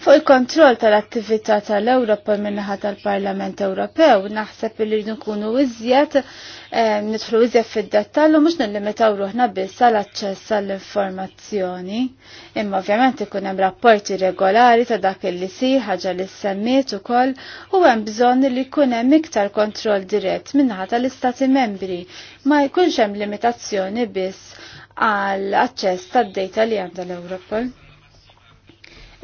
[SPEAKER 2] Fuq il-kontroll tal-attività tal-Ewropa minnaħa tal-Parlament Ewropew, naħseb li nkunu iżjed eh, nidħlu iżjed fid-dettall u mhux nillimitaw ruħna biss għall-aċċess għall-informazzjoni. Imma ovvjament ikun hemm rapporti regolari ta' dak li si ħaġa li semmiet ukoll u hemm bżonn li jkun hemm iktar kontroll dirett minnaħa tal-Istati membri. Ma jkunx hemm limitazzjoni biss għall-aċċess tad-data li għandha l-Ewropol.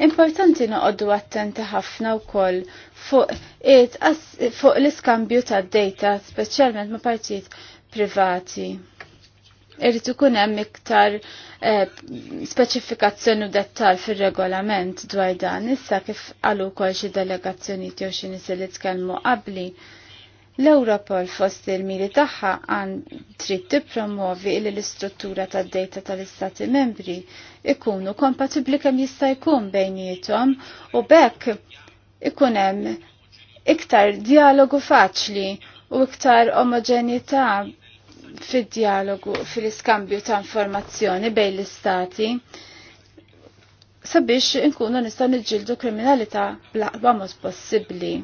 [SPEAKER 2] Importanti noqoddu attenti ħafna koll fuq fuq l-iskambju ta' data speċjalment ma' partijiet privati. Irritu ikun hemm iktar eh, speċifikazzjoni u dettal fir-regolament dwar dan issa kif qalu wkoll xi delegazzjonijiet jew xi nisil li tkellmu qabli L-Europol fost il-miri tagħha għan trid tippromovi li l-istruttura tad-data tal-Istati membri ikunu kompatibbli kemm jista' jkun bejniethom u bekk ikunem hemm iktar dialogu faċli u iktar omogenità fid-dialogu fil-iskambju ta' informazzjoni bejn l-istati sabiex inkunu nistgħu niġġieldu kriminalità bl-aqwa mod possibbli.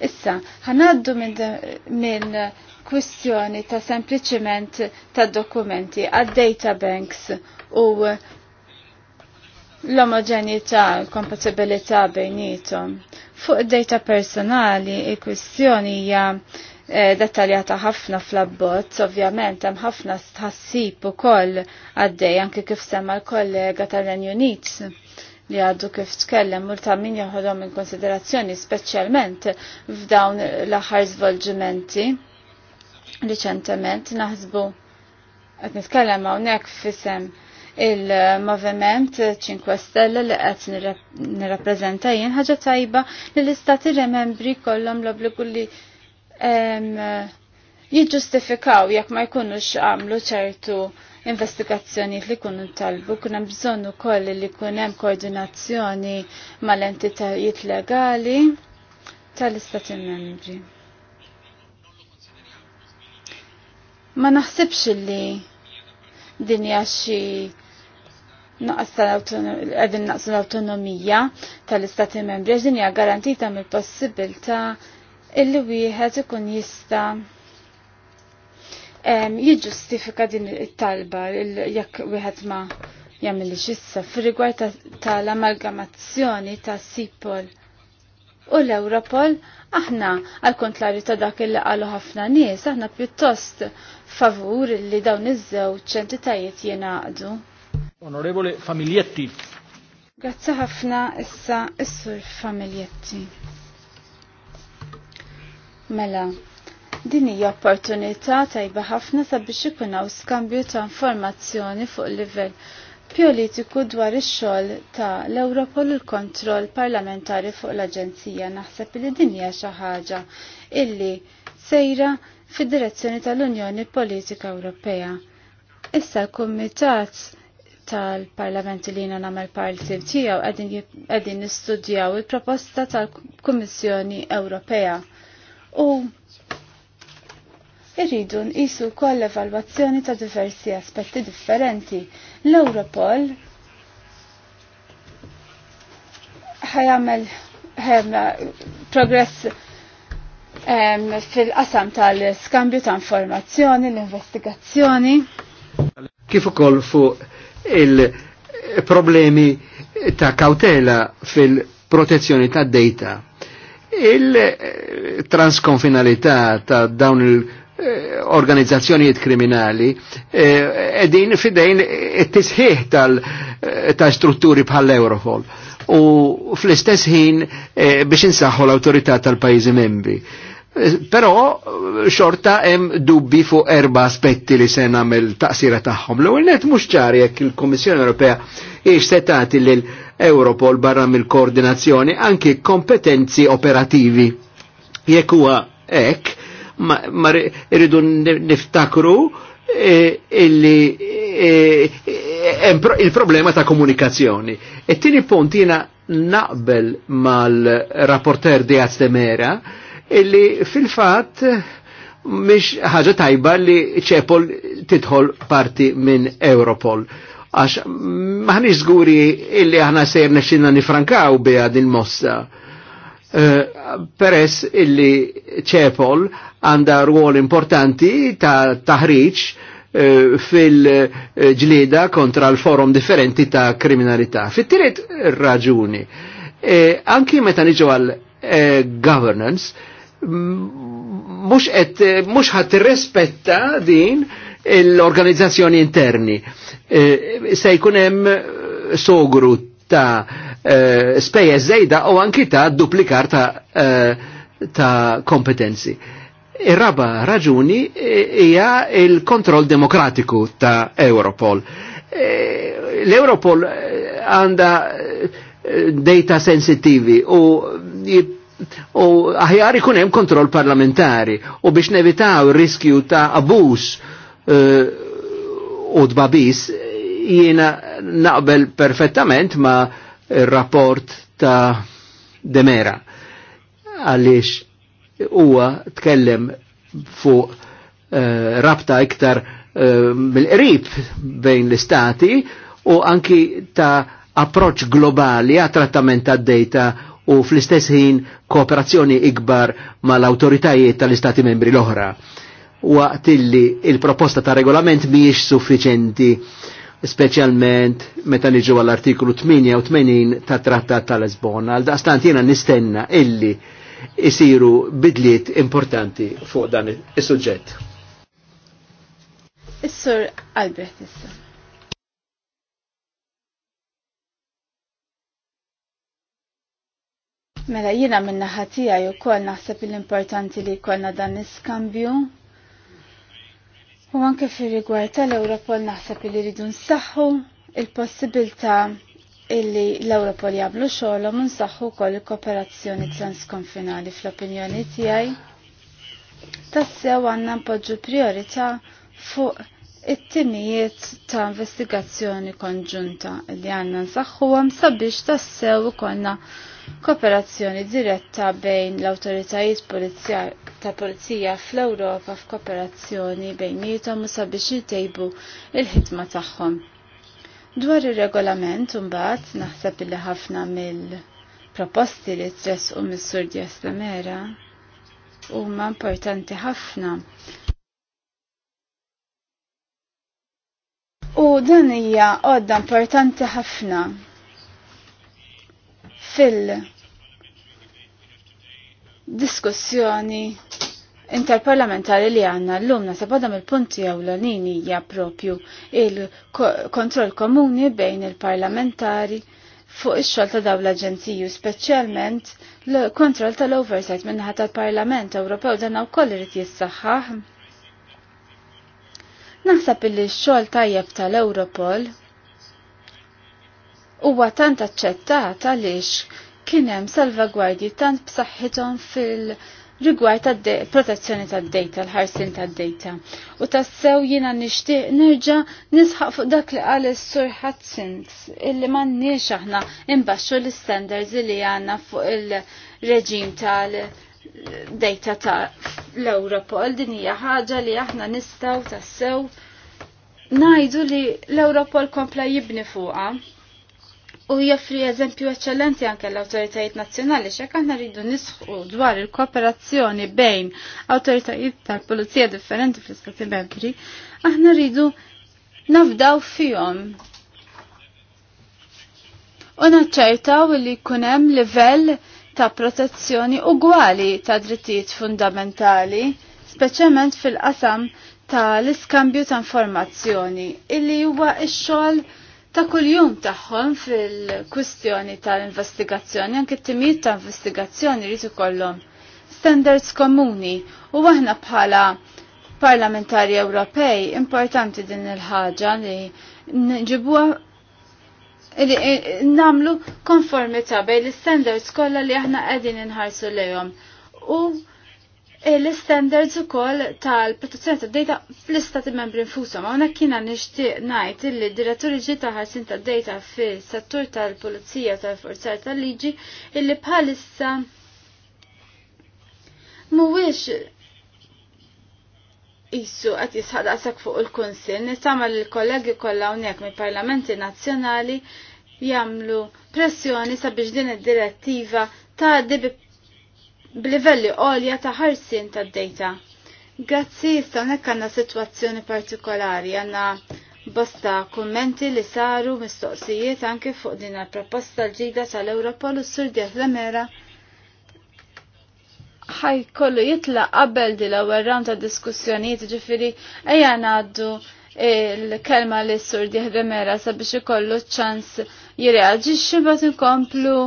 [SPEAKER 2] Issa, ħanaddu minn kwistjoni ta' sempliciment ta' dokumenti għad data banks u l-omogenità, kompatibilità bejnietom. Fuq data personali, i kwistjoni hija eh, dettaljata ħafna fl-abbozz, ovvjament hemm ħafna tħassib ukoll għaddej anke kif semma l-kollega tal-Renju Unit li għaddu kif tkellem u ta' min jaħodhom in konsiderazzjoni speċjalment f'dawn l-aħħar svolġimenti riċentement naħsbu qed nitkellem hawnhekk f'isem il-moviment 5 Stelle li qed nirrappreżenta jien ħaġa tajba li l-istati irremembri kollhom l-obbligu li jiġġustifikaw jekk ma jkunux għamlu ċertu investigazzjonijiet li kun talbu, kun hemm bżonn ukoll li kun hemm koordinazzjoni mal-entitajiet legali tal-Istati Membri. Ma naħsibx li din hija xi naqas għedin naqsu l-autonomija tal-istati membri, għedin hija garantita mill possibilità illi wieħed ikun jista' jiġġustifika din it-talba jekk wieħed ma jagħmel issa fir-rigward tal-amalgamazzjoni ta' Sipol u l-Europol aħna għal kontrarju ta' dak il qalu ħafna nies aħna pjuttost favur li dawn iż-żewġ entitajiet jingħaqdu.
[SPEAKER 1] Onorevole Familjetti.
[SPEAKER 2] Grazzi ħafna issa is-sur Familjetti. Mela, Din hija opportunità tajba ħafna sabiex ikun hawn skambju ta' informazzjoni fuq livell politiku dwar ix-xogħol ta' l-Europol l kontroll parlamentari fuq l-Aġenzija naħseb li din hija xi ħaġa illi sejra fid-direzzjoni tal-Unjoni Politika Ewropea. Issa l-Kumitat tal-Parlament li jina namel parti tiegħu qegħdin nistudjaw il-proposta tal kummissjoni Ewropea. U irridu nqisu wkoll evalwazzjoni ta' diversi aspetti differenti. L-Europol ħajamel progress fil-qasam tal-skambju ta' informazzjoni, l-investigazzjoni.
[SPEAKER 1] Kif ukoll fuq il-problemi ta' kautela fil-protezzjoni ta' data. Il-transkonfinalità ta' dawn il- Eh, organizzazzjonijiet kriminali eh, edin fidejn it-tisħiħ tal eh, strutturi bħal Europol u fl-istess ħin biex insaħħu l-autorità tal-pajjiżi membri. Però xorta hemm dubbi fuq erba' aspetti li se nagħmel taqsira tagħhom. L-ewwel net mhux ċari jekk il-Kummissjoni Ewropea hiex se tagħti lil Europol barra mill-koordinazzjoni anki kompetenzi operativi. Jekk huwa hekk, ma rridu niftakru e, illi e, e, il-problema ta' komunikazzjoni. E tini punt jina naqbel mal-rapporter di Aztemera illi fil-fat mish ħaġa tajba li ċepol titħol parti minn Europol. Għax maħni zguri illi ħana sejr nexinna nifrankaw bija din mossa Eh, peress illi ċepol għanda ruol importanti ta' taħriċ uh, eh, fil-ġlida kontra l-forum differenti ta' kriminalità. fit raġuni, eh, anki meta niġu għal governance, mux, et, mux ħat rispetta din l-organizzazzjoni interni. Eh, Se jkunem sogru ta' eh, speja spejja zejda u anki ta' duplikar ta', eh, ta kompetenzi. Ir-raba raġuni eh, hija il-kontroll demokratiku ta' Europol. Eh, L-Europol għanda data sensitivi u u aħjar ikun hemm kontroll parlamentari u biex nevitaw riskju ta' abus u dbabis jiena naqbel perfettament ma rapport ta' Demera għaliex huwa tkellem fuq uh, rabta iktar uh, mill-qrib bejn l-istati u anki ta' approċ globali għat trattament ta' data u fl-istess ħin kooperazzjoni ikbar mal-autoritajiet tal-istati membri l-oħra waqt illi il-proposta ta' regolament miex suffiċenti specialment meta niġu għall-artiklu 88 ta' trattat tal Lisbona, għal daqstant jena nistenna illi jisiru bidliet importanti fuq dan is-suġġett.
[SPEAKER 2] Is-sur Albrecht issa. Mela jina minna ħatija ju naħseb l-importanti li kolna dan iskambju U anke fir-rigward tal-Europol naħseb li rridu nsaħħu il-possibilità illi l-Europol jablu xogħolhom u nsaħħu wkoll il-kooperazzjoni transkonfinali fl-opinjoni tiegħi. Tassew għandna npoġġu priorità fuq it-timijiet ta' investigazzjoni konġunta li għandna nsaħħuhom sabiex tassew ikollna kooperazzjoni diretta bejn l-autoritajiet ta' polizija fl-Ewropa f'kooperazzjoni bejnietom u sabiex jitejbu il-ħidma tagħhom. Dwar ir-regolament imbagħad naħseb li ħafna mill-proposti li tresqu mis-Sur Dias Lamera huma importanti ħafna. U dan hija għodda importanti ħafna fil diskussjoni interparlamentari li għanna l lumna nasab għadam il-punti għawlanin hija propju il-kontroll komuni bejn il-parlamentari fuq ix-xogħol ta' dawn l-aġenziju, speċjalment l-kontroll tal-oversight minnaħa tal-Parlament Ewropew dan wkoll irid jissaħħaħ. Naħseb illi x-xogħol tajjeb tal-Europol huwa tant aċċettata għaliex kien hemm salvagwardji tant b'saħħithom fil- rigward tad protezzjoni tad data, l-ħarsin tad data. U tassew jina nishtiq nerġa nisħaq fuq dak li għal sur Hudsons illi mannix aħna imbaxxu l-standards li għanna fuq il-reġim tal-data ta' l-Europol. Din hija ħaġa li aħna nistaw tassew najdu li l-Europol kompla jibni fuqa u jaffri eżempju eccellenti anke l-autoritajiet nazzjonali xek għanna rridu nisħu dwar il-kooperazzjoni bejn autoritajiet tal-pulizija differenti fl-istati membri, aħna rridu nafdaw fihom. U naċċertaw li kunem livell ta' protezzjoni ugwali ta' drittijiet fundamentali, speċjalment fil-qasam tal-iskambju ta' informazzjoni, illi huwa ix-xogħol il ta' kuljum tagħhom fil kustjoni tal-investigazzjoni, anke t-timijiet ta' investigazzjoni rritu ikollhom standards komuni u aħna bħala parlamentari Ewropej importanti din il-ħaġa li nġibuha li namlu konformità bejn l-standards kollha li aħna qegħdin inħarsu lejom. u Eh, l-standards u koll tal-protezzjoni tad-data fl-istati membri nfusom. Għonek kiena nishti najt li iġi ta' ħarsin tad-data fil-settur tal-polizija tal-forzar tal-liġi illi bħalissa muwix jissu għat jisħadaqsak fuq il-konsil, nisama l kollegi kollha hawnhekk mill-parlamenti nazzjonali jamlu pressjoni sabiex din id-direttiva ta' dibi b'livelli għolja ta' ħarsin ta' data. Grazzi jista' hekk għandna sitwazzjoni partikolari għandna bosta kummenti li saru mistoqsijiet anke fuq din il-proposta l ġida tal-Europol u s-sur Lemera ħaj kollu jitla qabel di l-ewwel ram ta' diskussjonijiet ġifiri ejja ngħaddu il-kelma li s-sur Lemera sabiex ikollu ċans jirreaġixxi bad inkomplu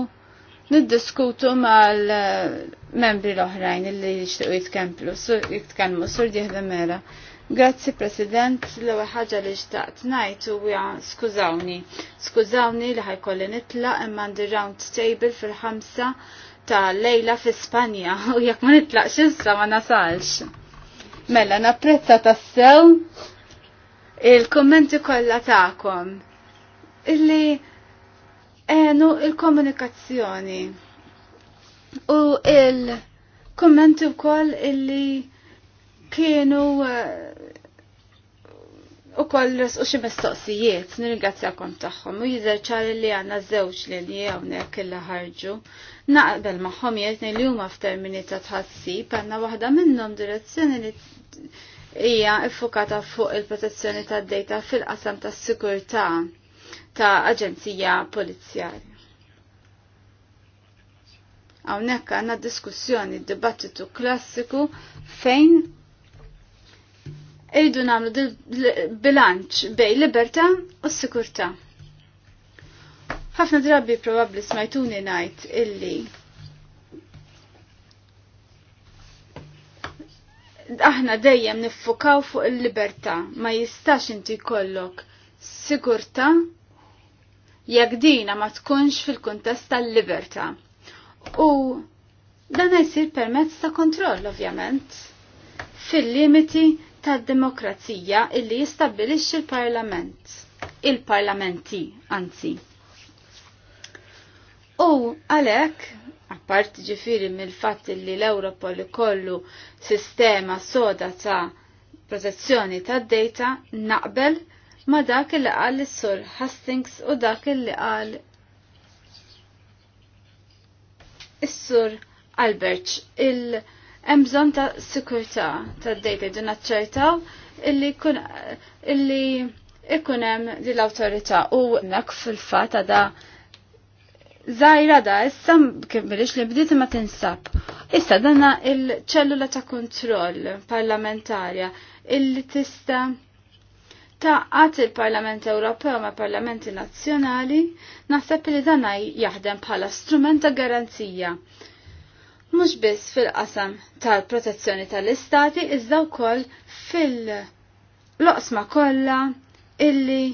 [SPEAKER 2] niddiskutu mal-membri eh, l-oħrajn li jixtiqu jitkemplu, jitkellmu sur diħda mera. Grazzi President, l-ewwel ħaġa li xtaqt ngħid huwa skużawni. Skużawni li ħajkolli nitla imma għandi round table fil-ħamsa ta' lejla fi Spanja u jekk ma nitlaqx issa ma nasalx. Mela napprezza tas-sew il-kommenti kollha tagħkom illi enu il-komunikazzjoni u il-kommenti u koll illi kienu eh, u koll u xie mistoqsijiet, kom taħħom u jizerċar li għanna zewċ li li għawne kella ħarġu. Naqbel maħħom jgħetni li huma f'termini ta' tħassib, panna waħda minnom direzzjoni li hija iffukata fuq il-protezzjoni ta' data fil-qasam ta' sikurta' ta' aġenzija polizjarja. Hawnhekk għandna diskussjoni dibattitu klassiku fejn Ejdu nagħmlu bilanċ bej libertà u sikurta. Ħafna drabi probabbli smajtuni ngħid illi aħna dejjem niffukaw fuq il-libertà, ma jistax inti kollok sigurta jekk dina ma tkunx fil-kuntest tal-libertà. U dan jsir permezz ta' kontroll ovvjament fil-limiti tad-demokrazija illi jistabilix il-Parlament. Il-parlamenti, anzi. U għalek, għapart ġifiri mill fat li l-Europol kollu sistema soda ta' protezzjoni ta' data, naqbel ma dak li qal is-sur Hastings u dak li qal is-sur Albert il hemm bżonn ta' sikurtà tad-dejta dun naċċertaw illi kun illi ikun hemm din l-awtorità u nak fil-fatt da Zajra da, issa kif li bdiet ma tinsab. Issa danna il-ċellula ta' kontroll parlamentarja illi tista' taqqat il-Parlament Ewropew ma' parlamenti nazzjonali, naħseb li dan jaħdem bħala strument ta' garanzija. Mhux biss fil-qasam tal-protezzjoni tal-istati, iżda wkoll fil-loqsma kollha illi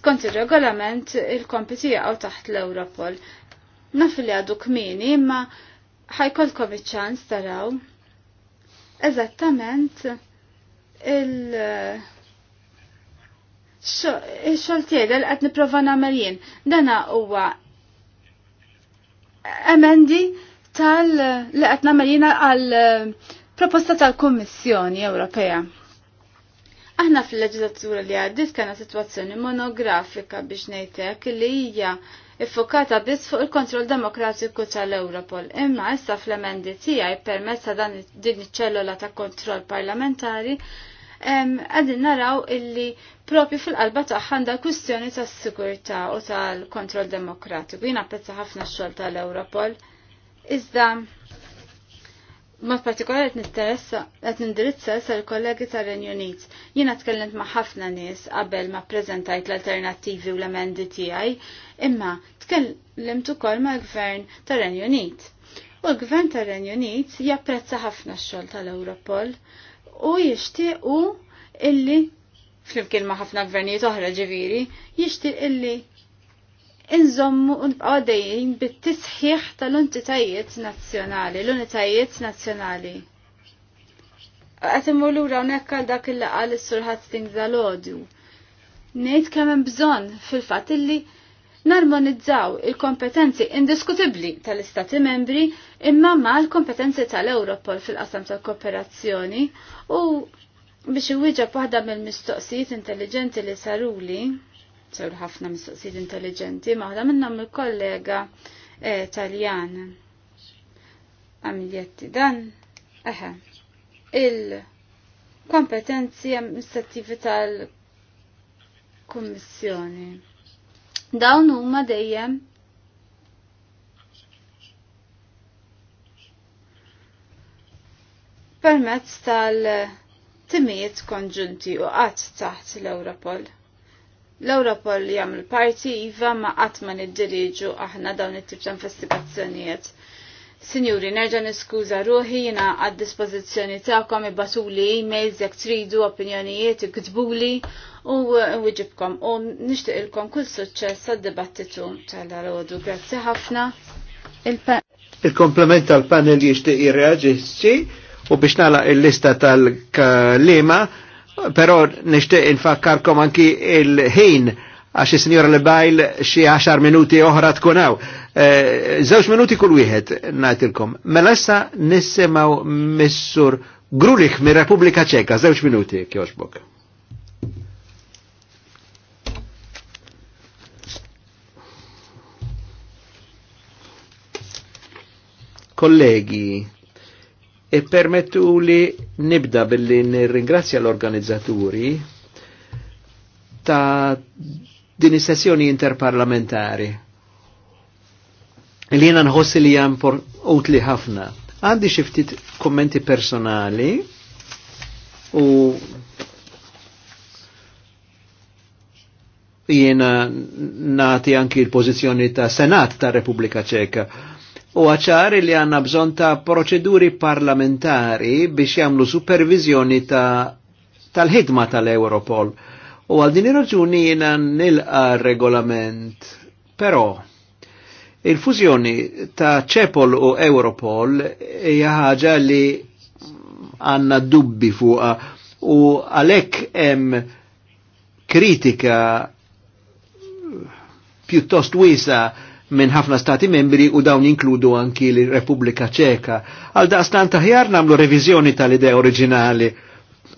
[SPEAKER 2] skont il-regolament il-kompiti għaw taħt l-Europol. Naf li għadu kmini, imma ħajkolkom iċ-ċans taraw. Eżattament, il- xoltier l qed niprofa nagħmel jien. Dana huwa emendi tal li qed nagħmel jiena għal proposta tal-Kummissjoni Ewropea. Aħna fil-leġislatura li għaddit kena situazzjoni monografika biex ngħidlek li hija iffokata biss fuq il-kontroll demokratiku tal-Europol. Imma issa fl-emendi tiegħi permezz ta' dan din iċ-ċellola ta' kontroll parlamentari għadin naraw illi propju fil-qalba tagħha għandha kwistjoni tas-sigurtà u tal-kontroll demokratiku. Jien pezza ħafna x-xogħol tal-Europol. Iżda mod partikolari qed nindirizza issa l-kollegi tar-Renju Unit. Jiena tkellimt ma' ħafna nies qabel ma ppreżentajt l-alternattivi u l-emendi tiegħi, imma tkellimt ukoll mal-Gvern tar-Renju Unit. U l-Gvern tar-Renju Unit japprezza ħafna x-xogħol tal-Europol u jixtiequ illi flimkien ma' ħafna gvernijiet oħra ġiviri jishtiq illi inżommu nbqgħu bit-tisħiħ tal-untitajiet nazzjonali, l-unitajiet nazzjonali. Għatimu l-ura unekkal għal dak il-laqal s-surħat sting dal-odju. Nejt kemm bżonn fil-fatt illi narmonizzaw il-kompetenzi indiskutibli tal-Istati membri imma ma l-kompetenzi tal-Europol fil-qasam tal-kooperazzjoni u biex iwieġeb waħda mill-mistoqsijiet intelligenti li saruli, saru ħafna mistoqsijiet intelligenti, maħda minnhom il-kollega eh, Taljan. Għamiljetti dan, eħe, il-kompetenzi amministrativi tal-Kummissjoni Dawn huma dejjem permezz tal-timijiet konġunti u qatt taħt l-Europol. L-Europol jagħmel parti iva ma qatt ma niddiriġu aħna dawn it-tip ta' investigazzjonijiet Sinjuri, nerġa niskuża ruħi jina għad dispożizzjoni ta'kom ibatuli e-mails jekk tridu opinjonijiet iktbuli u wieġibkom u nixtieq ilkom kull suċċess għad-dibattitu tal-għodu. Grazzi ħafna.
[SPEAKER 1] Il-komplement tal-panel jixtieq jirreaġixxi u biex nagħlaq il-lista tal-kalima, però nixtieq infakkarkom anki il-ħin għax is li bajl xi 10 minuti oħra tkunaw. Żewġ eh, minuti kull wieħed ngħidilkom. Mela issa nisimgħu Missur Grulich mir-Repubblika Ċeka, żewġ minuti kjoġbok. kollegi, e permettu li nibda billi nirringrazzja l-organizzaturi ta' din sessjoni interparlamentari li jena nħossi li jampor utli ħafna. Għandi xiftit kommenti personali u jena nati anki il-pozizjoni ta' Senat ta' Repubblika Ċeka. U għacħari li għanna bżon ta' proċeduri parlamentari biex jamlu supervizjoni ta' tal-ħidma tal-Europol. U għal din ir-raġuni jiena nilqa regolament. Però, Il-fużjoni ta' ċepol u Europol hija ħaġa li għanna dubbi fuqa u għalhekk hemm kritika pjuttost wisa minn ħafna stati membri u dawn inkludu anki l-Repubblika Ċeka. Għal daqstan taħjar namlu revizjoni tal-idea oriġinali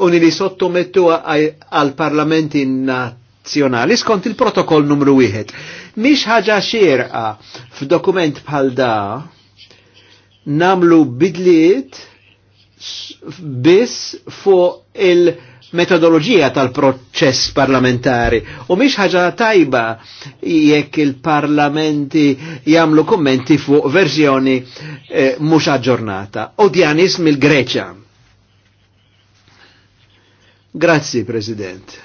[SPEAKER 1] u li sottomettu għal parlamenti nazzjonali skont il-protokoll numru 1. Mhix ħaġa xierqa f'dokument bħal da namlu bidliet biss fuq il-metodologija tal-proċess parlamentari. U mhix ħaġa tajba jekk il-parlamenti jagħmlu kommenti fuq verżjoni eh, mhux aġġornata. U djanis mill-Greċja. Grazzi, President.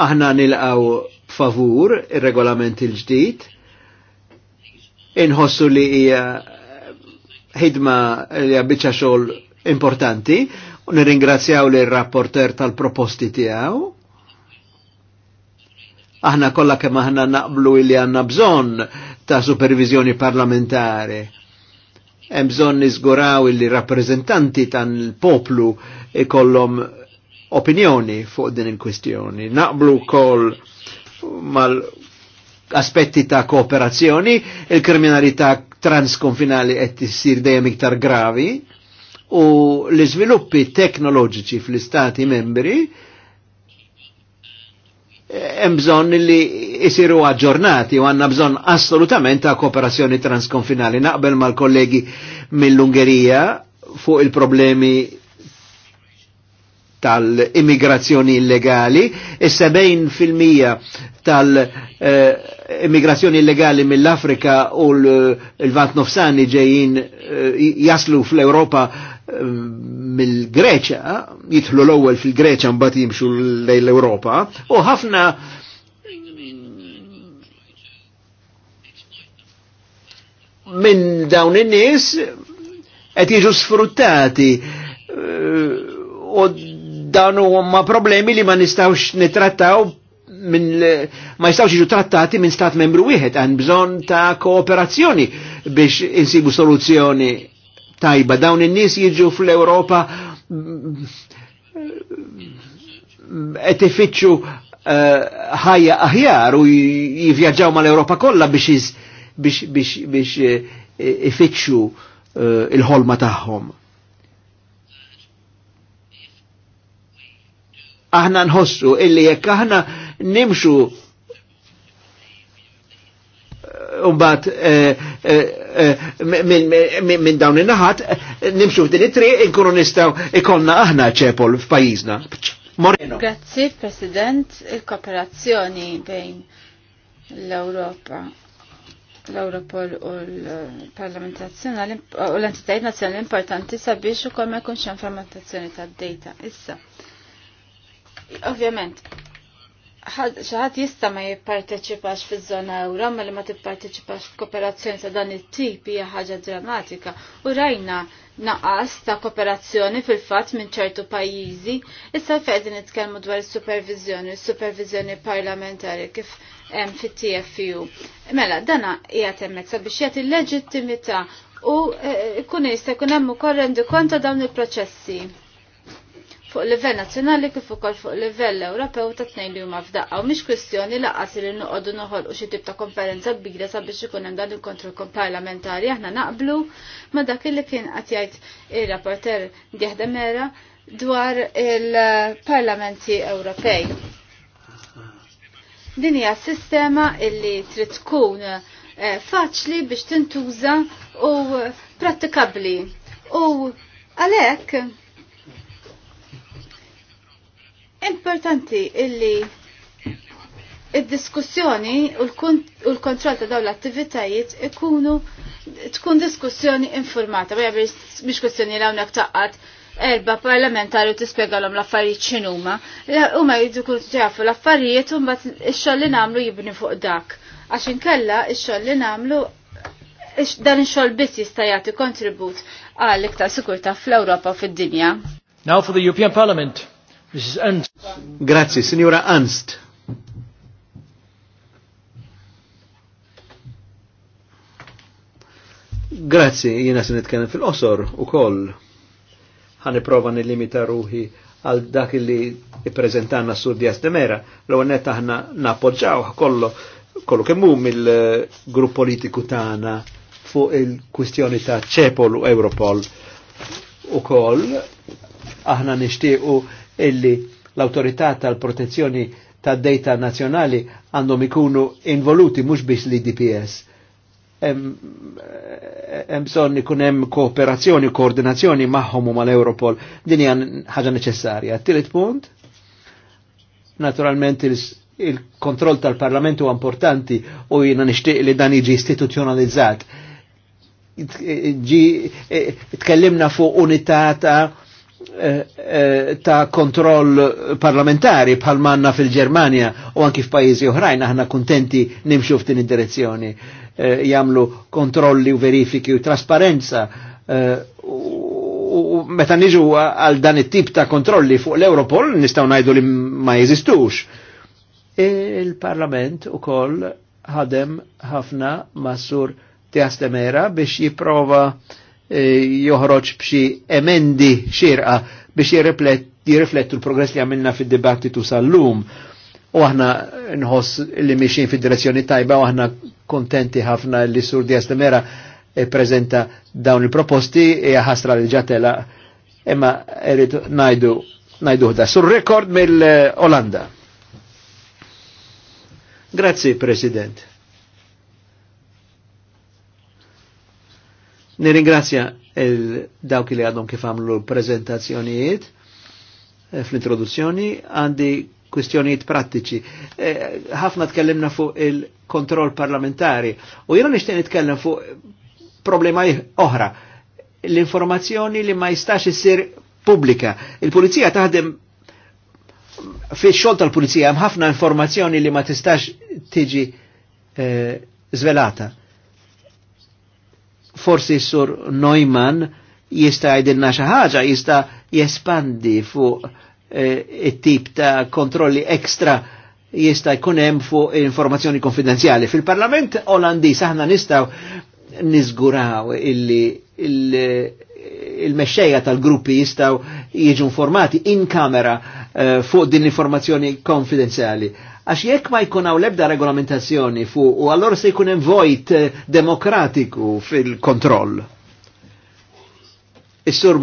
[SPEAKER 1] Aħna nilqaw favur ir-regolament il ġdid inħossu li hija ħidma li biċċa xogħol importanti, u nirringrazzjaw li rapporter tal-proposti tiegħu. Aħna kollha kemm aħna naqblu li għandna bżonn ta' supervizjoni parlamentari. Hemm bżonn niżguraw li rappreżentanti tal-poplu ikollhom opinjoni fuq din il-kwistjoni. Naqblu kol mal aspetti ta' kooperazzjoni, il-kriminalità transkonfinali qed tissir dejjem iktar gravi u l-iżviluppi teknoloġiċi fl-istati membri hemm bżonn li jisiru aġġornati u għandna bżonn assolutament ta' kooperazzjoni transkonfinali. Naqbel mal-kollegi mill-Ungerija fuq il-problemi tal-immigrazzjoni illegali, e is-70% tal-immigrazzjoni eh, illegali mill-Afrika u l-Vant Nofsani ġejjin eh, jaslu fl-Europa eh, mill-Greċa, jitħlu l-ewwel fil-Greċa mbagħad jimxu lejn l-Ewropa, u ħafna minn dawn in-nies qed jiġu sfruttati u dan huma problemi li ma nistawx nitrattaw min, ma jistawx jiġu trattati minn stat membru wieħed għan bżon ta' kooperazzjoni biex insibu soluzzjoni tajba. Dawn in-nies jiġu fl-Ewropa qed ifittxu eh, ħajja aħjar u jivvjaġġaw mal-Ewropa kollha biex biex biex biex eh, ifittxu eh, il-ħolma tagħhom. aħna nħossu illi jekk aħna nimxu eh, Umbat eh, eh, minn dawn in-naħat nimxu f'din it-triq inkunu nistgħu ikollna aħna ċepol f'pajjiżna. Moreno.
[SPEAKER 2] Grazzi President, il-kooperazzjoni bejn l-Ewropa l-Europol u l-Parlament Nazzjonali u l-entitajiet nazzjonali importanti sabiex ukoll ma jkunx hemm frammentazzjoni tad-data. Issa, Ovvjament, xaħat jista ma jipparteċipax fi zona euro, ma li ma tipparteċipax kooperazzjoni ta' dan it-tip hija ħaġa drammatika. U rajna naqas ta' kooperazzjoni fil-fatt minn ċertu pajjiżi, issa fejn nitkellmu dwar is-supervizjoni, is-supervizjoni parlamentari kif hemm fit-TFU. Mela, dana hija temmek sabiex jagħti leġittimità u eh, ikun jista' jkun hemm ukoll rendi konta dawn il-proċessi fuq livell nazzjonali kif ukoll fuq livell Ewropew ta' tnejn li huma f'daqqa u mhix kwistjoni laqas li noqogħdu noħolqu xi tip ta' konferenza kbira sabiex ikun hemm dan il-kontroll parlamentari aħna naqblu ma' dak li kien qed jgħid ir-rapporter Mera dwar il-parlamenti Ewropej. Din hija sistema illi trid tkun eh, faċli biex tintuża u prattikabbli. U għalhekk Importanti illi id-diskussjoni u l-kontroll ta' dawn l-attivitajiet ikunu tkun diskussjoni informata, bħja biex kwestjoni la' unek taqqat erba parlamentari u tispjegalhom l-affarijiet x'inhuma. Huma jridu jkunu jafu l-affarijiet u mbagħad ix-xogħol li nagħmlu jibni fuq dak. Għax inkella ix-xogħol li nagħmlu dan ix-xogħol biss jista' jagħti kontribut għal iktar sikurtà fl-Ewropa u fid-dinja.
[SPEAKER 1] Now for the European Parliament. Mrs. Ernst. Grazie, signora Ernst. Grazie, jina se nitkellem fil osor u koll. Għani prova nil-limita ruħi għal dak li i-prezentanna sur Dias de Mera, l għonet aħna napoġġaw kollu kollu kemmu mill-grupp politiku tagħna fuq il-kwistjoni ta' ċepol u Europol u koll aħna nishtiqu illi l-autorità tal-protezzjoni tad data nazjonali għandhom ikunu involuti mhux biex l-IDPS. Hemm bżonn ikun hemm kooperazzjoni, koordinazzjoni magħhom u mal-Europol. Din hija ħaġa neċessarja. Tielet punt, naturalment il-kontroll tal-Parlament huwa importanti u jiena nixtieq li dan jiġi istituzzjonalizzat. tkellimna fuq unità ta' Eh, eh, ta' kontroll parlamentari bħal manna fil-Germania u anki f'pajjiżi oħrajn aħna kuntenti nimxu f'din id-direzzjoni eh, jagħmlu kontrolli u verifiki u trasparenza u meta niġu għal dan it-tip ta' kontrolli fuq l-Europol nistgħu ngħidu li ma jeżistux. Il-Parlament ukoll ħadem ħafna ma' sur Tiastemera biex jipprova E, joħroġ b'xi emendi xirqa biex jirriflettu l-progress li għamilna fid-dibattitu sal-lum. U aħna nħoss li miexin fid-direzzjoni tajba u aħna kontenti ħafna li Sur Dias e, prezenta dawn il-proposti e ħasra li ġatela imma erit najdu najdu da. Sur rekord mill-Olanda. Grazie, President. Nirringrazzja dawk li għadhom kif għamlu prezentazzjonijiet eh, fl-introduzzjoni għandi kwistjonijiet prattiċi. Eh, ħafna tkellimna fuq il-kontroll parlamentari u jiena nixtieq nitkellem fuq problema oħra l-informazzjoni li ma jistax issir pubblika. Il-pulizija taħdem fi xogħol tal-pulizija hemm ħafna informazzjoni li ma tistax tiġi eh, zvelata forsi sur Neumann jista' jidilna xi ħaġa, jista' jespandi fuq eh, it-tip ta' kontrolli ekstra jista' jkun hemm fuq informazzjoni konfidenzjali. Fil-Parlament Olandiż aħna nistaw nizguraw illi il-mexxejja tal-gruppi jistaw jiġu informati in kamera eh, fuq din l-informazzjoni konfidenzjali. Għax jekk ma jkun hawn l-ebda regolamentazzjoni fuq u allora se jkun hemm vojt eh, demokratiku fil-kontroll. Is-sur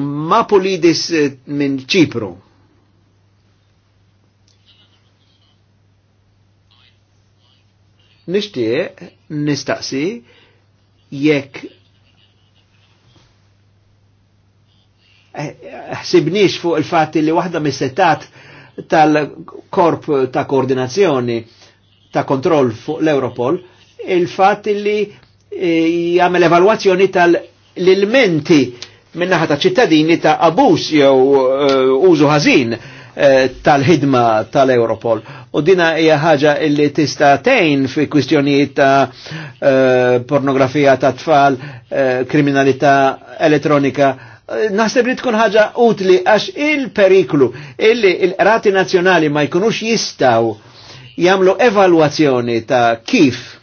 [SPEAKER 1] polidis eh, minn Ċipru. Nixtieq nistaqsi jekk eh, ħsibniex fuq il fatti li waħda mis-setat tal-korp ta' koordinazzjoni ta' kontroll fuq l-Europol il-fat li eh, jagħmel evalwazzjoni tal-ilmenti minnaħa ta' ċittadini ta' abus jew eh, użu ħażin eh, tal-ħidma tal-Europol. U dina hija ħaġa illi tista' tgħin fi kwistjonijiet ta' pornografija ta' tfal, kriminalità elettronika naħseb li tkun ħaġa utli għax il-periklu illi il-rati nazjonali ma jkunux jistaw jamlu evalwazzjoni ta' kif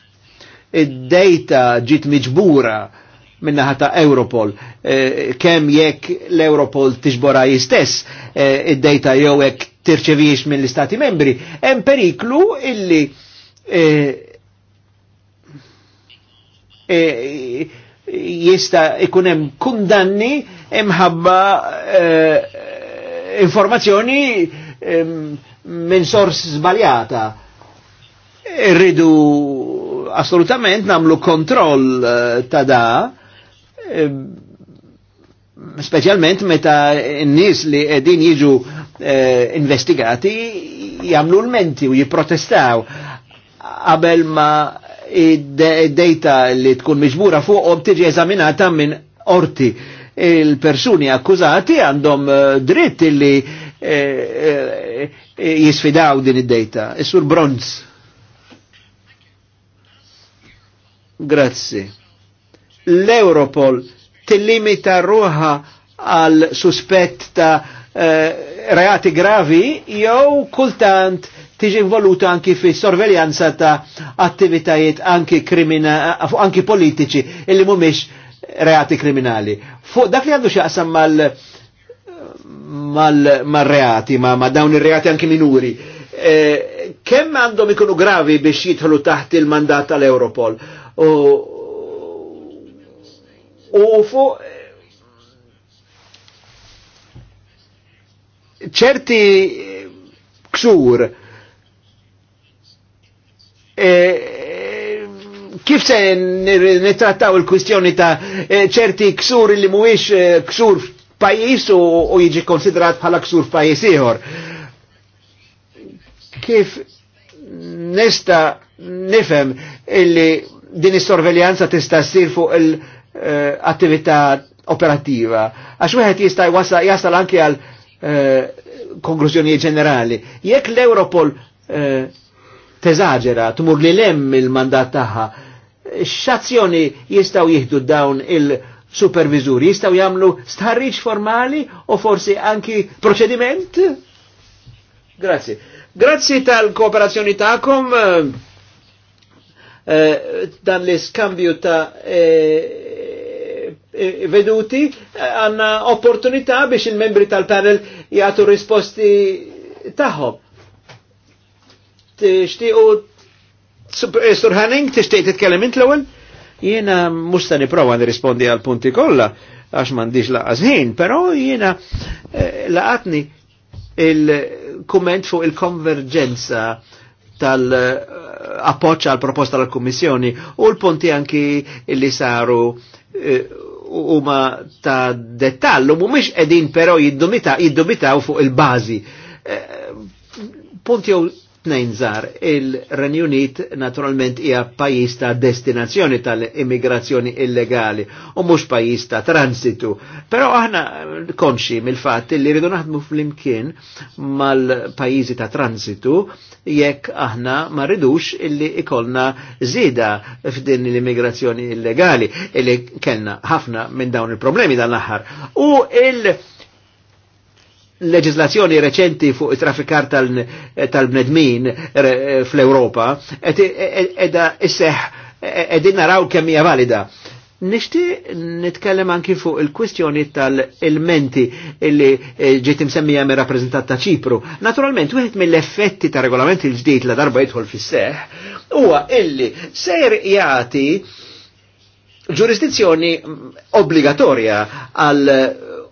[SPEAKER 1] id-data ġit miġbura minna ħata Europol, e, kem jekk l-Europol tiġbora jistess eh, id-data jew jekk tirċeviex mill-Istati membri, hemm periklu illi eh, jista ikun hemm kundanni imħabba eh, informazzjoni minn sors zbaljata. Irridu assolutament namlu kontroll eh, ta' da specialment meta n-nis li edin jiġu eh, investigati jamlu l-menti u jiprotestaw qabel ma id data li tkun miġbura fuq tiġi eżaminata minn orti il-persuni akkużati għandhom eh, dritt illi eh, eh, jisfidaw din id-dejta. Is-sur e Bronz. Grazzi. L-Europol tillimita ruħa għal suspett ta' reati gravi jew kultant tiġi involuta anki fi sorveljanza ta' attivitajiet anki kriminali, anki politiċi illi mumiex reati kriminali. Fuq dak li għandu xaqsam mal mal-reati, ma, ma dawn ir-reati anki minuri. E, Kemm għandhom ikunu gravi biex jidħlu taħt il-mandat tal-Europol? U, u fuq ċerti ksur e, kif se nittrattaw il-kwistjoni ta' eh, ċerti ksur li muwix eh, ksur pajis u jiġi konsiderat bħala ksur pajis ieħor. Kif nista nifhem illi din is-sorveljanza tista' ssir fuq il eh, attività operattiva. Għax wieħed jista' jasal anke għal konklużjonijiet ġenerali. Jekk l-Europol eh, teżaġera, tmur li lemm il-mandat tagħha. X'azzjoni jistgħu jieħdu dawn il-supervizuri? Jistgħu jagħmlu stħarriġ formali u forsi anki proċediment? Grazzi. Grazzi tal-kooperazzjoni tagħkom eh, dan l-iskambju ta' eh, eh, veduti għanna opportunità biex il-membri tal-panel jgħatu risposti taħob tixtiqu eh, Sur Hanning, t titkellem int l ewel Jena mhux se nipprova nirrispondi għal punti kollha għax m'għandix laqas ħin, però jiena eh, laqatni il-kumment fuq il-konverġenza tal appoċa għal proposta tal kummissjoni u l-punti anki li saru eh, huma ta' detall u mhumiex qegħdin però u fuq il bazi Punti tnejn zar, il-Renju Unit naturalment hija pajjiż ta' destinazzjoni tal-immigrazzjoni illegali u mhux pajjiż ta' transitu. Però aħna konxi mill-fatt li rridu naħdmu flimkien mal-pajjiżi ta' transitu jekk aħna ma rridux illi ikolna żieda f'din l-immigrazzjoni illegali illi kellna ħafna minn dawn il-problemi dan l-aħħar. U il- leġizlazzjoni reċenti fuq it-traffikar tal-bnedmin tal bnedmin fl europa e- edha isseħ edin naraw kemm hija valida. Nishti nitkellem anki fuq il-kwistjoni tal elmenti illi e, ġiet imsemmija me rappresentat ta' ċipru. Naturalment, wieħed mill-effetti ta' regolament il-ġdid la darba jidħol fis-seħ huwa illi ser jagħti ġurisdizzjoni obbligatorja għal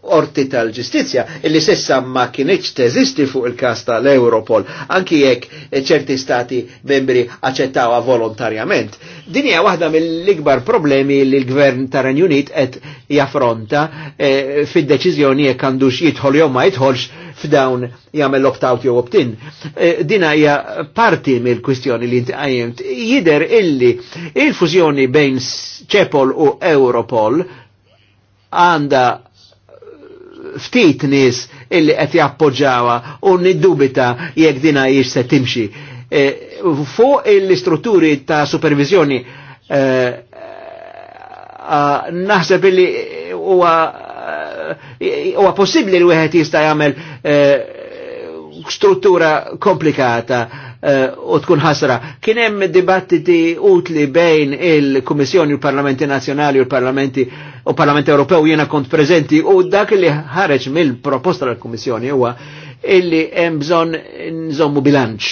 [SPEAKER 1] orti tal-ġustizja illi sissa ma kienieċ teżisti fuq il-kas tal-Europol anki jekk ċerti stati membri aċettawa volontarjament. Din hija waħda mill-ikbar problemi li l-gvern tar Unit qed jaffronta eh, fid-deċiżjoni jekk għandux jidħol jew ma jidħolx f'dawn jagħmel opt-out jew opt-in. Eh, hija parti mill-kwistjoni li inti Jidher Jider illi il-fużjoni bejn ċepol u Europol għanda ftit nies illi qed jappoġġawha u niddubita jekk din hijiex se timxi. E, fuq il istrutturi ta' supervizjoni e, naħseb illi huwa e, huwa possibbli li wieħed jista' jagħmel struttura komplikata u tkun ħasra. Kien hemm dibattiti utli bejn il-Kummissjoni u l-Parlamenti Nazzjonali u l-Parlamenti u Parlament Ewropew jiena kont prezenti u dak li ħareġ mill-proposta tal-Kummissjoni huwa illi hemm bżonn nżommu bilanċ.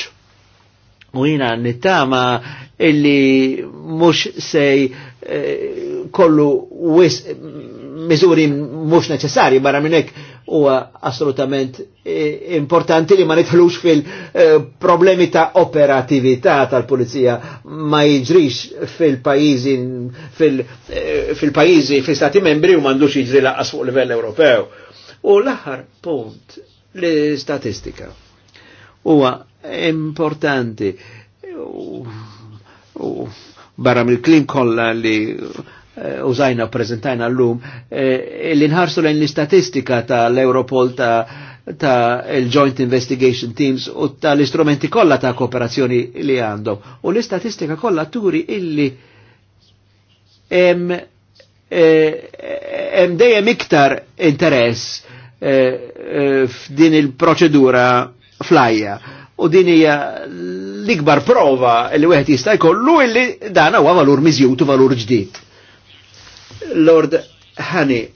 [SPEAKER 1] U jiena nittama illi mhux sej eh, kollu wis miżuri mhux neċessarji barra minn hekk huwa assolutament eh, importanti li ma nidħlux fil-problemi eh, ta' operatività tal-pulizija ma jiġrix fil-pajjiżi eh, fil-pajjiżi fil-stati membri u m'għandux jiġri laqas fuq livell Ewropew. U l-aħħar punt li statistika huwa importanti barra mill-klim kolla li Eh, użajna prezentajna l-lum, eh, li nħarsu lejn l-istatistika tal-Europol ta' ta' il-Joint Investigation Teams u tal-istrumenti kollha ta' kooperazzjoni li għandhom. U l-istatistika kollha turi illi hemm eh, hemm dejjem iktar interess f'din il-proċedura flajja. U din hija l-ikbar prova li wieħed jista' jkollu illi dan huwa valur miżjut u valur ġdid. Lord Hani,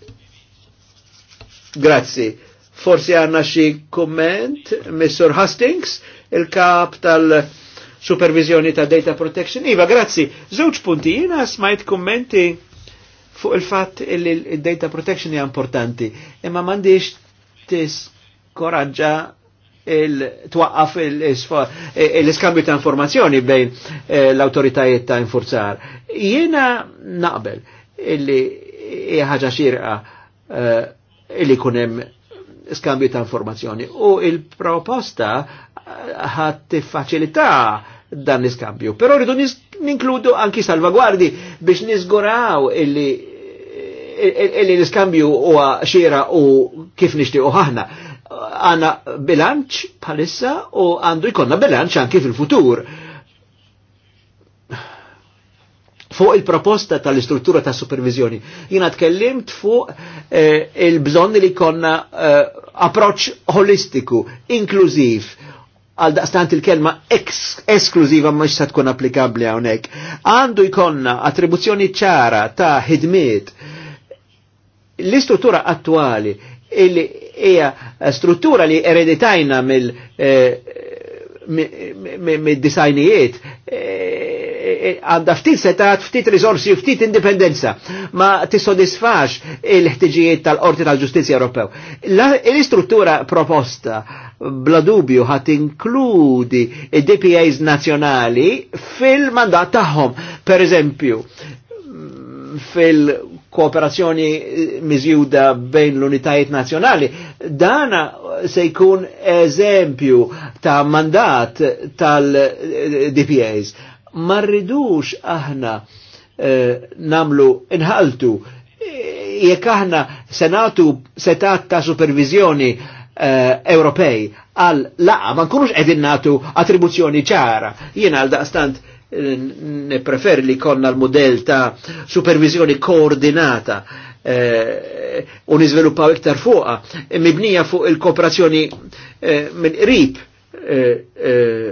[SPEAKER 1] grazzi. Forsi għanna xi komment, Mr. Hastings, il-kap tal-supervizjoni ta' Data Protection. Iva, grazzi. Żewġ punti, jina smajt kommenti fuq il-fat li il-data protection hija importanti. Imma e m'għandix tiskoraġġa il-twaqqaf l-iskambju ta' informazzjoni bejn eh, l-autoritajiet ta' infurzar. Jena naqbel illi hija ħaġa xirqa eh, illi kunem skambju ta' informazzjoni. U il-proposta eh, ħat t-facilita dan l-iskambju. Però rridu ninkludu anki salvaguardi biex nizguraw illi eh, illi l skambju u xira u kif u aħna. Għana bilanċ bħalissa u għandu jkollna bilanċ anki fil-futur. Uh, fuq il-proposta tal-istruttura ta' supervizjoni. Jina tkellimt fuq eh, il-bżon li konna eh, approċ holistiku, inklużiv, għal daqstant il-kelma esklużiva ma xsa tkun applikabli għonek. Għandu jkonna attribuzzjoni ċara ta' hidmiet l-istruttura attuali illi hija struttura li ereditajna mill-disajnijiet eh, għanda ftit setat, ftit risorsi, ftit indipendenza, ma tissodisfax il-ħtiġijiet tal-Qorti tal-Ġustizja Ewropew. L-istruttura proposta bla dubju ħat inkludi id-DPAs nazjonali fil-mandat tagħhom. Per eżempju, fil-kooperazzjoni miżjuda bejn l-unitajiet nazjonali, dana se jkun eżempju ta' mandat tal-DPAs marridux aħna eh, namlu inħaltu jekk aħna senatu setat ta' supervizjoni eh, Ewropej għal laqa ma nkunux qegħdin natu attribuzzjoni ċara. Jiena għal daqstant eh, preferi li konna l-modell ta' supervizjoni koordinata eh, u niżviluppaw iktar fuqa, mibnija fuq il-kooperazzjoni eh, minn qrib eh, eh,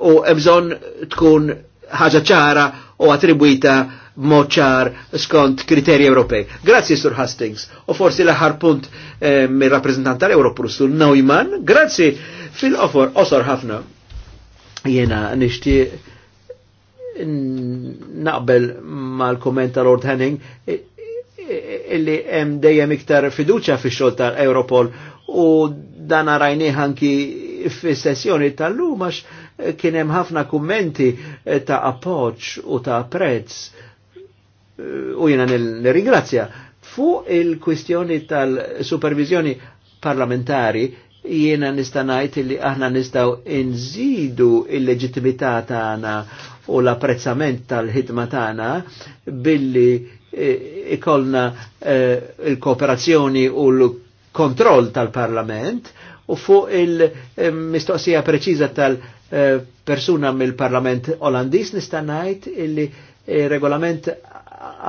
[SPEAKER 1] u bżonn tkun ħaġa ċara u attribuita moċar skont kriterji Ewropej. Grazzi Sur Hastings u forsi l-aħħar punt eh, mir rappresentant tal-Europol Sur Neumann, grazzi fil-ofor osor ħafna. Jena nishti naqbel mal-komment tal-Lord Henning illi hemm dejjem iktar fiduċa fi xogħol tal-Europol u dan rajnieh anki fis-sessjoni tal-lum għax kien hemm ħafna kummenti eh, ta' appoġġ u ta' prezz eh, u jiena ringrazzja fuq il-kwistjoni tal-supervizjoni parlamentari jiena nista' ngħid li aħna nistaw inżidu il-leġittimità tagħna u l-apprezzament tal-ħidma tagħna billi eh, ikolna il-kooperazzjoni u l-kontroll tal-Parlament u fuq il-mistoqsija preċiża tal-, -parlament, Eh, persuna mill-Parlament olandis nista' illi eh, regolament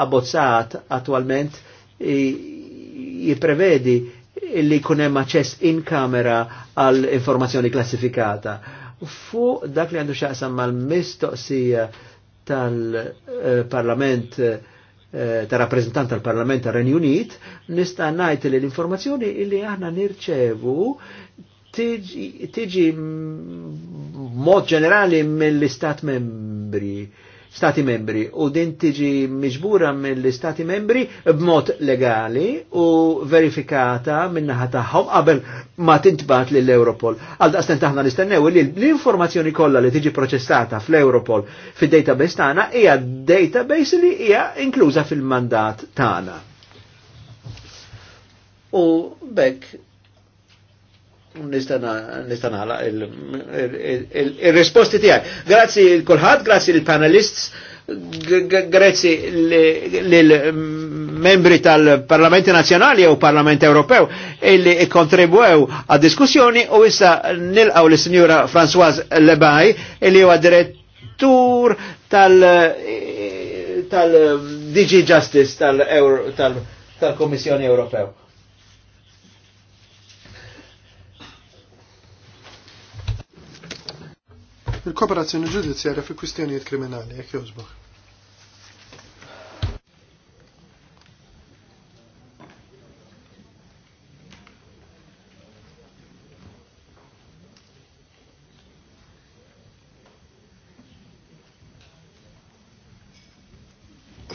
[SPEAKER 1] abbozzat attualment jiprevedi illi kunem maċess in kamera għal informazzjoni klassifikata. Fu dak li għandu xaqsam mal-mistoqsija tal-Parlament eh, ta' rappresentant tal-Parlament tal renjunit Unit, nista' ngħid li l-informazzjoni illi aħna nirċevu tiġi mod ġenerali mill-istat membri, stati membri, u din tiġi miġbura mill-istati membri b'mod legali u verifikata minnaħa tagħhom qabel ma tintbat lill europol Għal daqstent aħna nistennew li l-informazzjoni kollha li tiġi proċessata fl-Europol fid-database tagħna hija database li hija inkluża fil-mandat tagħna. U bekk nistanala il-risposti tijaj. Grazzi il-kolħat, grazzi il-panelists, grazzi l-membri tal-Parlamenti Nazjonali u Parlament Ewropew illi kontribwew għad diskussjoni u issa nilqaw l signora Françoise Lebaj illi huwa direttur tal-DG Justice tal-Komissjoni Ewropew.
[SPEAKER 3] il-kooperazzjoni ġudizzjarja fi kwistjonijiet kriminali, jek jogħġbok.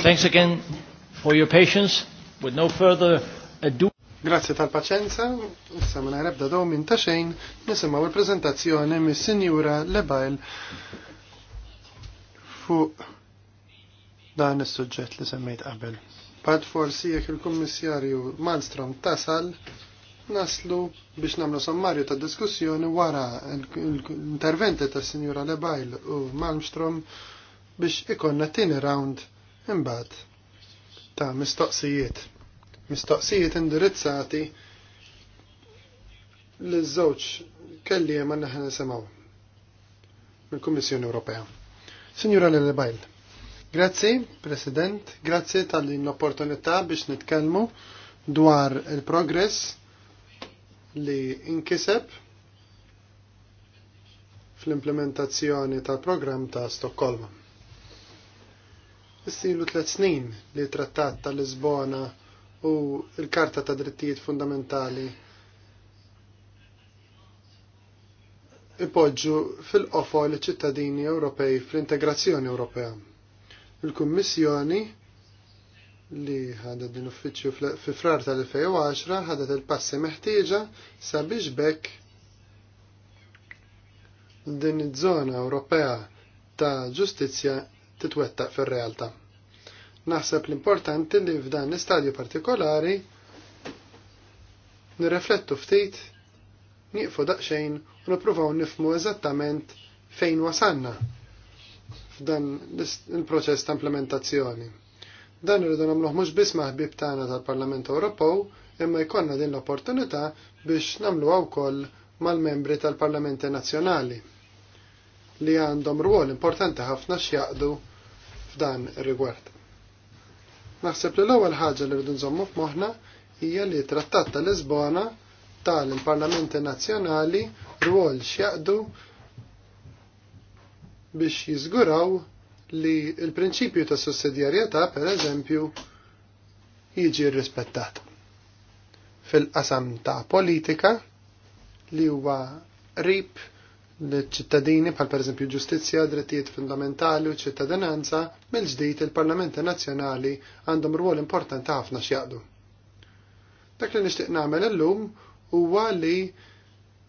[SPEAKER 3] Thanks again for your patience. With no further ado. Grazzi tal-paċenza, issa ma naħrebda daw minn ta' xejn, nisimgħu il-preżentazzjoni mis-Sinjura Lebajl fuq dan is-suġġett li semmejt qabel. Bad forsi jekk il-Kummissarju Malmstrom tasal naslu biex namlu sommarju ta' diskussjoni wara l-interventi ta' Sinjura Lebajl u Malmstrom biex ikonna tini round imbagħad ta' mistoqsijiet mistoqsijiet indirizzati l żewġ kelli ma naħna nisimgħu mill-Kummissjoni Ewropea. Sinjura Lele Bajl. Grazzi, President, grazzi tal-din l-opportunità biex nitkellmu dwar il-progress li inkiseb fl-implementazzjoni tal-programm ta' Stokkolma. Issilu tliet snin li trattat tal-Lisbona u l-Karta ta' Drittijiet Fundamentali ipoġġu fil-qofol ċittadini Ewropej fl-integrazzjoni Ewropea. Il-Kummissjoni li ħadet din uffiċċju fi frar tal-2010 ħadet il-passi meħtieġa sabiex bekk din iż-żona Ewropea ta' ġustizzja titwettaq fir-realtà. Naħseb l-importanti li f'dan l-istadju partikolari nirreflettu ftit, nieqfu daqsxejn u nippruvaw nifmu eżattament fejn wasanna f'dan il-proċess ta' implementazzjoni. Dan irridu nagħmluh mhux biss ma' tagħna tal-Parlament Ewropew, imma jkollna din l-opportunità biex nagħmluha wkoll mal-membri tal-Parlamenti Nazzjonali li għandhom rwol importanti ħafna x'jaqdu f'dan ir-rigward. Naħseb li l-ewwel ħaġa li rridu nżommu f'moħħna hija li trattat tal Lisbona tal-Parlamenti Nazzjonali rwol x'jaqdu biex jiżguraw li l-prinċipju ta' sussidjarjetà pereżempju jiġi rrispettat fil-qasam ta' politika li huwa rip l-ċittadini bħal pereżempju ġustizzja, drittijiet fundamentali u ċittadinanza, mill-ġdid il-Parlamenti Nazzjonali għandhom rwol importanti ħafna x'jaqdu. Dak li nixtieq nagħmel illum huwa li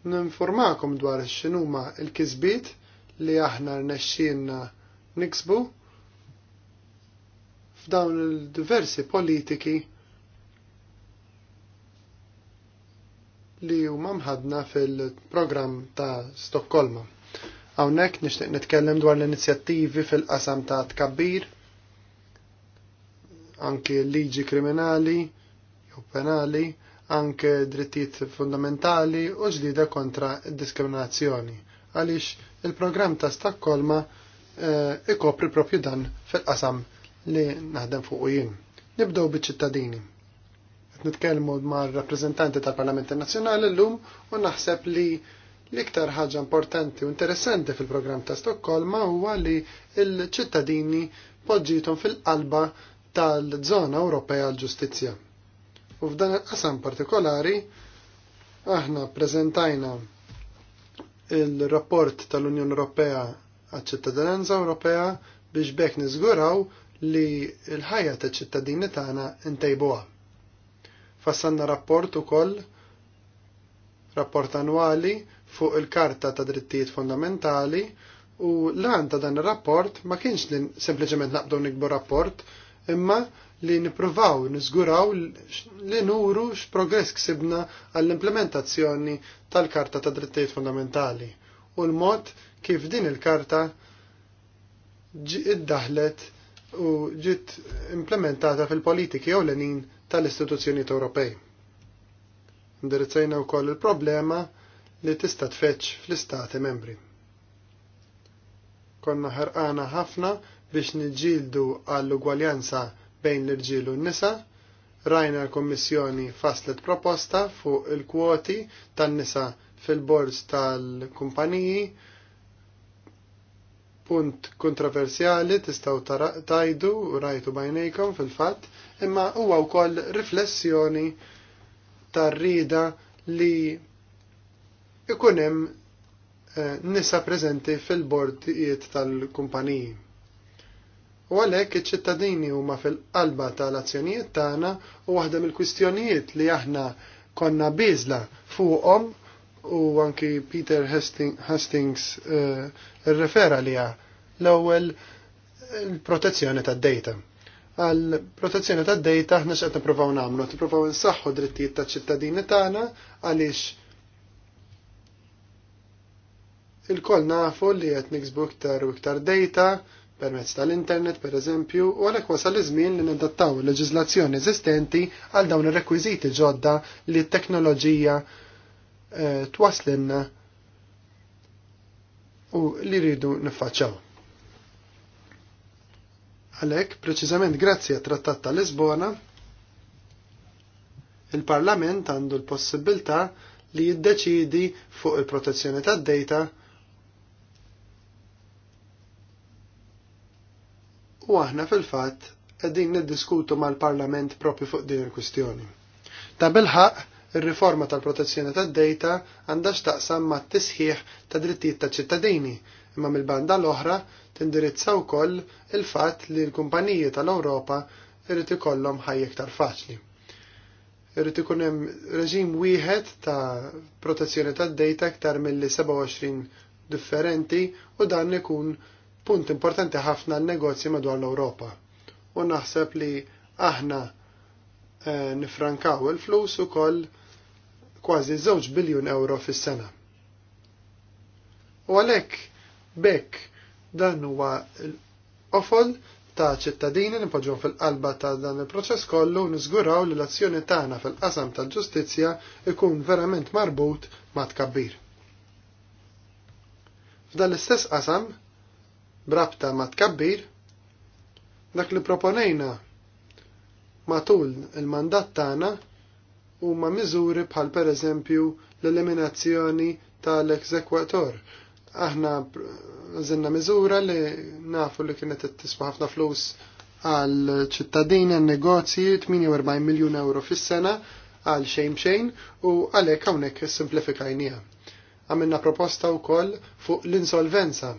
[SPEAKER 3] ninformakom dwar x'inhuma l-kisbiet li aħna rnexxielna niksbu f'dawn il-diversi politiki li huma mħadna fil-programm ta' Stokkolma. Hawnhekk nixtieq nitkellem dwar l-inizjattivi fil-qasam ta' tkabbir, anke liġi kriminali jew penali, anke drittijiet fundamentali u ġdida kontra diskriminazzjoni. Għaliex il-programm ta' Stokkolma eh, ikopri propju dan fil-qasam li naħdem fuq jien. Nibdew biċ-ċittadini nitkellmu mar rappreżentanti tal-Parlament Nazzjonali llum u naħseb li l-iktar ħaġa importanti u interessanti fil-programm ta' Stokkolma huwa li l-ċittadini poġġitom fil-qalba tal zona Ewropea għall-Ġustizzja. U f'dan il-qasam partikolari aħna prezentajna il-rapport tal-Unjoni Ewropea għal ċittadinanza Ewropea biex bekk niżguraw li l-ħajja taċ-ċittadini tagħna ntejbuha. Fassanna rapport ukoll rapport annwali fuq il-Karta ta' Drittijiet Fundamentali u lan ta' dan ir-rapport ma kienx li sempliċement naqdu nikbu rapport imma li nipruvaw, nizguraw li nuru x-progress ksibna għall-implementazzjoni tal-Karta ta' Drittijiet Fundamentali u l-mod kif din il-Karta id-daħlet u ġiet implementata fil-politiki l-enin tal-istituzzjonijiet Ewropej. Indirizzajna wkoll il-problema li tista' tfeċ fl-istati membri. Konna ħerqana ħafna biex niġġieldu għall-ugwaljanza bejn l-irġiel u n-nisa, rajna l-Kommissjoni faslet proposta fuq il-kwoti tan-nisa fil-bords tal-kumpaniji, punt kontroversjali tistaw tajdu u rajtu bajnejkom fil-fatt imma huwa wkoll riflessjoni tar-rida li ikun hemm eh, nisa preżenti fil-bordijiet tal-kumpaniji. U għalhekk iċ-ċittadini huma fil-qalba tal-azzjonijiet tagħna u waħda mill-kwistjonijiet li aħna konna biżla fuqhom u anki Peter Hastings uh, rifera l-ewwel il-protezzjoni tad-data għal protezzjoni ta' dejta ħna xqed nippruvaw nagħmlu, nippruvaw insaħħu drittijiet ta' ċittadini tagħna għaliex il-koll nafu li qed niksbu iktar u iktar dejta permezz tal-internet per eżempju, u għalhekk wasal iż-żmien li nadattaw il-leġiżlazzjoni eżistenti għal dawn ir-rekwiżiti ġodda li t-teknoloġija eh, twaslinna u li rridu niffaċċaw. Għalhekk, preċiżament grazzi għat-Trattat ta' Lisbona, il-Parlament għandu l-possibilità li jiddeċidi fuq il-protezzjoni tad-data u aħna fil-fatt qegħdin niddiskutu mal-Parlament propju fuq din il-kwistjoni. Ta' bilħaq, ir-riforma tal-protezzjoni tad-data għandha x'taqsam mat-tisħiħ ta' drittijiet ta' ċittadini imma mill-banda l-oħra tindirizza wkoll il-fatt li l-kumpaniji tal-Ewropa irrit ikollhom ħajja iktar faċli. Irrit ikun hemm reġim wieħed ta' protezzjoni tad-dejta iktar milli 27 differenti u dan ikun punt importanti ħafna l-negozji madwar l-Ewropa. U naħseb li aħna e, nifrankaw il-flus ukoll kważi 2 biljun euro fis-sena. U għalhekk Bekk dan huwa l-ofol ta' ċittadini li poġġu fil-qalba ta' dan il-proċess kollu niżguraw li l-azzjoni tagħna fil-qasam tal-ġustizzja ikun verament marbut ma' tkabbir. F'dan l-istess qasam, brabta ma' tkabbir, dak li proponejna matul il-mandat tagħna huma miżuri bħal pereżempju l-eliminazzjoni tal-ekzekwator Aħna zinna miżura li nafu li kienet t-tisma ħafna flus għal ċittadini għal negozji 48 miljon euro fis-sena għal xejn xejn u għalhekk hawnhekk simplifikajnija. Għamilna proposta wkoll fuq l-insolvenza.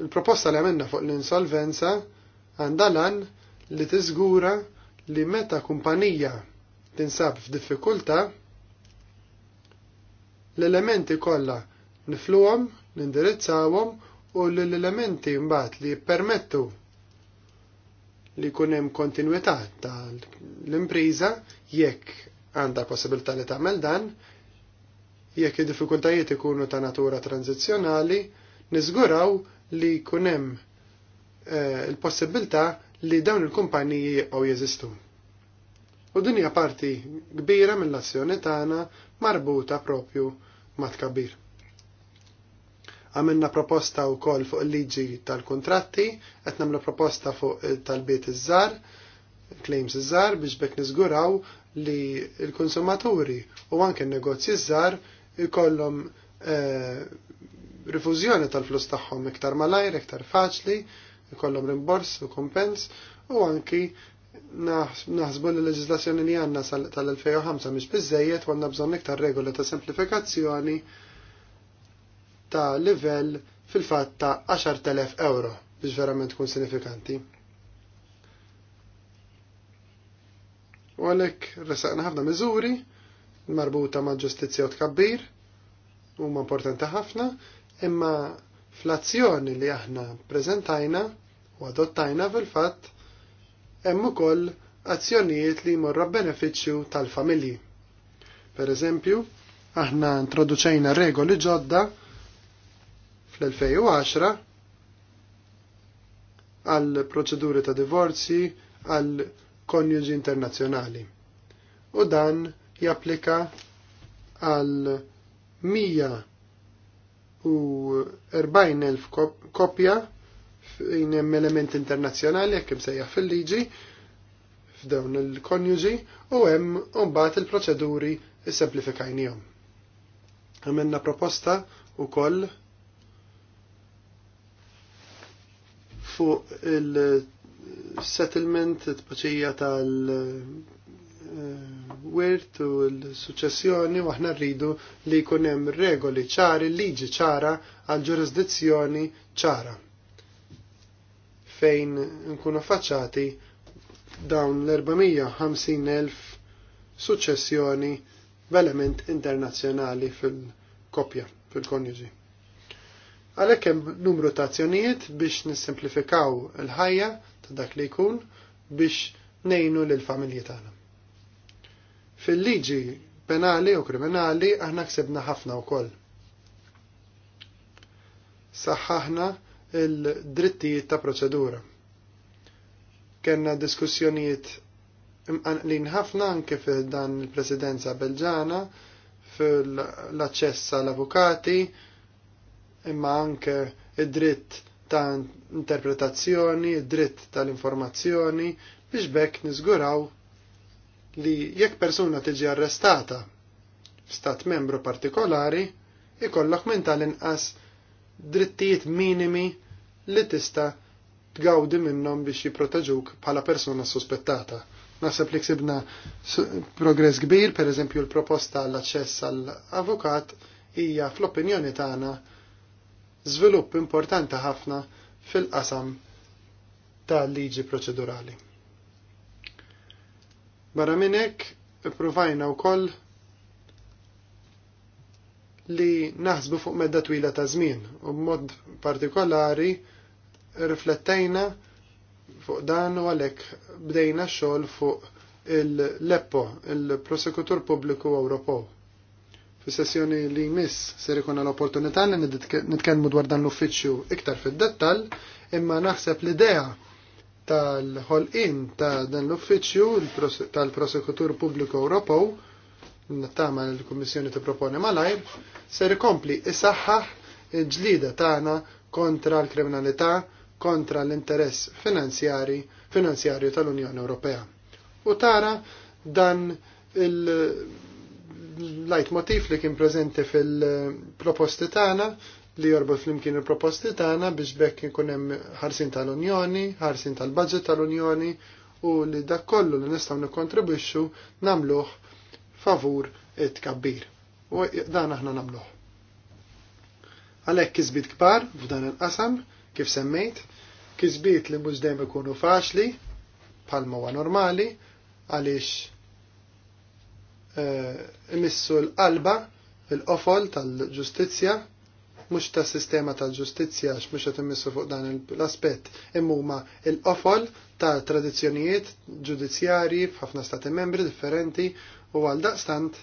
[SPEAKER 3] Il-proposta li għamilna fuq l-insolvenza għandalan li tiżgura li meta kumpanija tinsab f'diffikulta l-elementi kollha nifluhom, nindirizzawhom u l-elementi mbagħad li jippermettu li jkun hemm kontinwità tal-impriża jekk għandha possibilità li tagħmel dan, jekk id-diffikultajiet ikunu ta' natura tranzizjonali, niżguraw li jkun hemm eh, il-possibilità li dawn il-kumpaniji jibqgħu jeżistu. U hija parti kbira mill-azzjoni tagħna marbuta propju mat tkabbir. Għamilna proposta u koll fuq il-liġi tal-kontratti, qed nagħmlu proposta fuq tal biet iż-żar, claims iż-żar biex bekk niżguraw li l-konsumaturi u anke n-negozji iż-żar ikollhom eh, rifużjoni tal-flus tagħhom iktar malajr, iktar faċli, ikollhom rimbors u kompens u anki naħsbu l-leġislazzjoni li għanna tal-2005 mhix biżejjed u għandna bżonn iktar regoli ta' semplifikazzjoni ta' livell fil-fatt ta' 10.000 euro biex verament tkun sinifikanti. U għalhekk resaqna ħafna miżuri marbuta ma' ġustizzja u tkabbir huma importanti ħafna, imma fl-azzjoni li aħna prezentajna u adottajna fil-fatt hemm ukoll azzjonijiet li jmorru benefiċċju tal-familji. Per eżempju, aħna introduċejna regoli ġodda fl-2010 għal proċeduri ta' divorzi għal konjugi internazzjonali. U dan japplika għal 140.000 kopja fejn hemm element internazzjonali jekk imsejjaħ fil-liġi f'dawn il-konjuġi u hemm mbagħad il-proċeduri ssemplifikajniehom. Għamilna proposta wkoll fuq il-settlement t-tpaċija tal-wirt u l-successjoni waħna aħna rridu li kunem regoli ċari, liġi ċara għal-ġurisdizzjoni ċara fejn nkunu faċċati dawn l-450.000 successjoni velement internazzjonali fil-kopja, fil-konjuġi. Għalhekk hemm numru ta' azzjonijiet biex nissimplifikaw il-ħajja ta' dak li jkun biex nejnu lil familji tagħna. Fil-liġi penali u kriminali aħna ksebna ħafna wkoll. Saħħaħna il-drittijiet ta' proċedura. Kenna diskussjonijiet imqanqlin ħafna anke fil dan il-presidenza belġana fil-aċċess għall avukati imma anke id-dritt ta' interpretazzjoni, id-dritt tal-informazzjoni biex bekk niżguraw li jekk persuna tiġi arrestata f'stat membru partikolari, ikollok minn tal-inqas drittijiet minimi li tista' tgawdi minnhom biex jipproteġuk bħala persuna suspettata. Naħseb li ksibna progress kbir, per eżempju l-proposta għall aċċess għall avukat hija fl-opinjoni tagħna żvilupp importanti ħafna fil-qasam tal-liġi proċedurali. Barra minn hekk ippruvajna wkoll li naħsbu fuq medda twila ta' żmien u b'mod partikolari riflettejna fuq dan u għalhekk bdejna xogħol fuq il-LEPPO, il-Prosekutur Pubbliku Ewropew Fis-sessjoni li jmiss ser ikun l-opportunità li nitkellmu dwar dan l-uffiċċju iktar fid-dettall, imma naħseb l-idea tal-ħolqin ta' dan l-uffiċċju tal-Prosekutur Pubbliku Ewropew nittama l-Kummissjoni tipproponi malajr, ser ikompli isaħħaħ il-ġlida tagħna kontra l-kriminalità, kontra l-interess finanzjari finanzjarju tal-Unjoni Ewropea. U tara dan il- lajt motif li kien prezenti fil-proposti tagħna li jorbot flimkien il-proposti tagħna biex bekk ikun hemm ħarsin tal-Unjoni, ħarsin tal-budget tal-Unjoni u li dak kollu li nistgħu nikkontribwixxu nagħmluh favur it-tkabbir. U dan aħna nagħmluh. Għalhekk kisbit kbar f'dan il-qasam kif semmejt, kisbit li mhux dejjem ikunu faċli bħalma huwa normali għaliex Eh, imissu l-qalba, l-qofol tal-ġustizzja, mhux tas sistema tal-ġustizzja għax qed immissu fuq dan l-aspett, imma l-qofol ta' tradizzjonijiet ġudizzjarji f'ħafna stati membri differenti u għal daqstant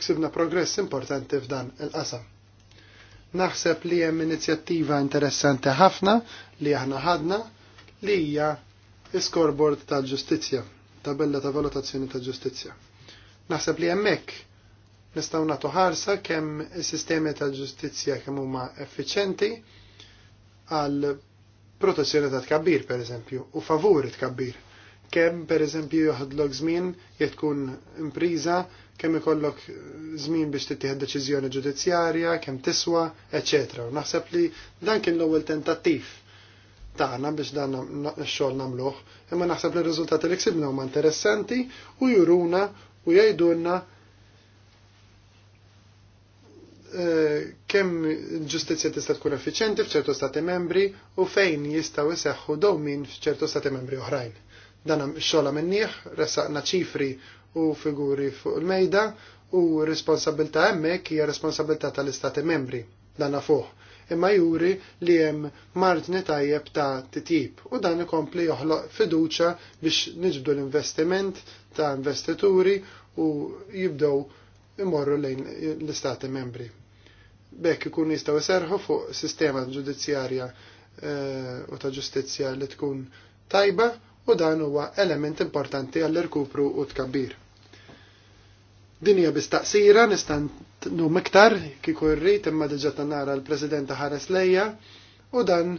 [SPEAKER 3] ksibna progress importanti f'dan il-qasam. Naħseb li hemm inizjattiva interessanti ħafna li aħna ħadna li hija scoreboard tal-ġustizzja tabella ta' valutazzjoni ta' ġustizzja. Naħseb li hemmhekk nistgħu nagħtu ħarsa kemm is-sistemi ta' ġustizzja kemm huma effiċenti għal protezzjoni ta' tkabbir pereżempju u favuri tkabbir. Kemm pereżempju joħodlok żmien jekk tkun impriża kemm ikollok żmien biex tittieħ deċiżjoni ġudizzjarja, kemm tiswa, eċċetera. U naħseb li dan kien l-ewwel tentattiv taħna biex dan x-xogħol nagħmluh, imma naħseb li r-riżultati li ksibna huma interessanti u juruna u jgħidulna eh, kemm ġustizzja tista' tkun effiċenti f'ċertu stati membri u fejn jistgħu jseħħu dowmin f'ċertu stati membri oħrajn. Dan xogħla minnieh, ressaqna ċifri u figuri fuq il-mejda u responsabilta hemmhekk hija responsabilta tal-istati membri dan fuq imma juri li hemm martni tajjeb ta' titjib u dan ikompli joħloq fiduċa biex niġbdu l-investiment ta' investituri u jibdew imorru lejn l-istati membri. Bekk ikun jistgħu serħu fuq sistema ġudizzjarja eh, u ta' ġustizzja li tkun tajba u dan huwa element importanti għall-irkupru u tkabbir. Dinja bistaqsira nista' nu miktar kiku rrit imma diġa nara l-Presidenta ħares lejja u dan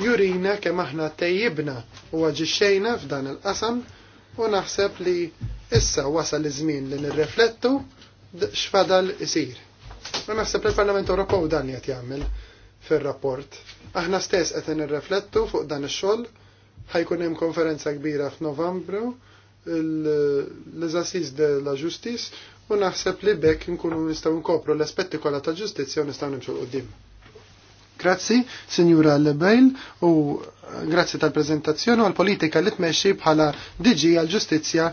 [SPEAKER 3] jurina kemm aħna tejjibna u għagġiċċejna f'dan il-qasam u naħseb li issa wasal iż-żmien li nirreflettu x'fadal isir. U naħseb li l-Parlament Ewropew dan li qed jagħmel fir-rapport. Aħna stess qed nirreflettu fuq dan ix-xogħol ħajkun hemm konferenza kbira f'Novembru l-Eżasis de la Justice u naħseb li bekk nkunu nistgħu nkopru l-aspetti kollha ta' ġustizzja u nistgħu nimxu qudiem. Grazzi, Signora Lebejl, u grazzi tal-prezentazzjoni u għal-politika li tmexxi bħala DG għal-ġustizzja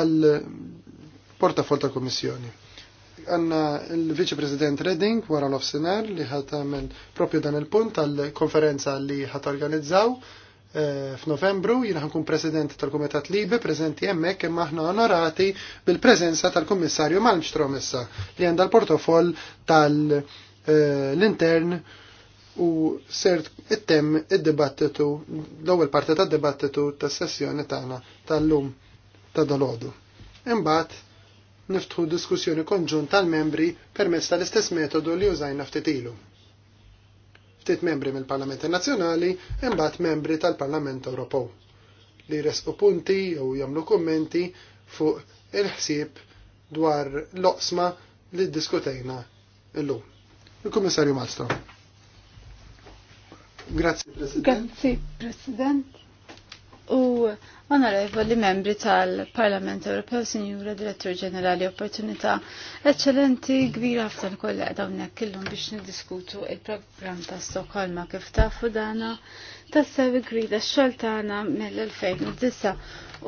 [SPEAKER 3] għal-portafol ta' Kommissjoni għanna il-Vice President Redding wara l-offsinar li ħat għamil propju dan il-punt għal-konferenza li ħat organizzaw Eh, f'Novembru, jien ħankun President tal-Kumitat Libi, preżenti hemmhekk imma aħna onorati bil-preżenza tal-Kummissarju Malmström issa li għandha l-portofoll tal-intern eh, u ser ittem id-dibattitu, l-ewwel parti tad-dibattitu tas-sessjoni tagħna tal-lum ta' dolodu. Imbagħad niftħu diskussjoni konġunt tal-membri permezz tal-istess metodu li użajna ftit ilu ftit membri mill parlament Nazzjonali imbagħad membri tal-Parlament Ewropew li resqu punti jew jagħmlu kummenti fuq il-ħsieb dwar l-oqsma li ddiskutejna illum. Il-Kummissarju Malstrom. Grazie President.
[SPEAKER 2] Grazie President. U Onorevoli membri tal-Parlament Ewropew, Sinjura Direttur Ġenerali, opportunità eccellenti kbira ħafna l-kollega hawnhekk illum biex niddiskutu il-programm ta' Stokholma kif tafu dana tassew grida x-xoltana mill-2009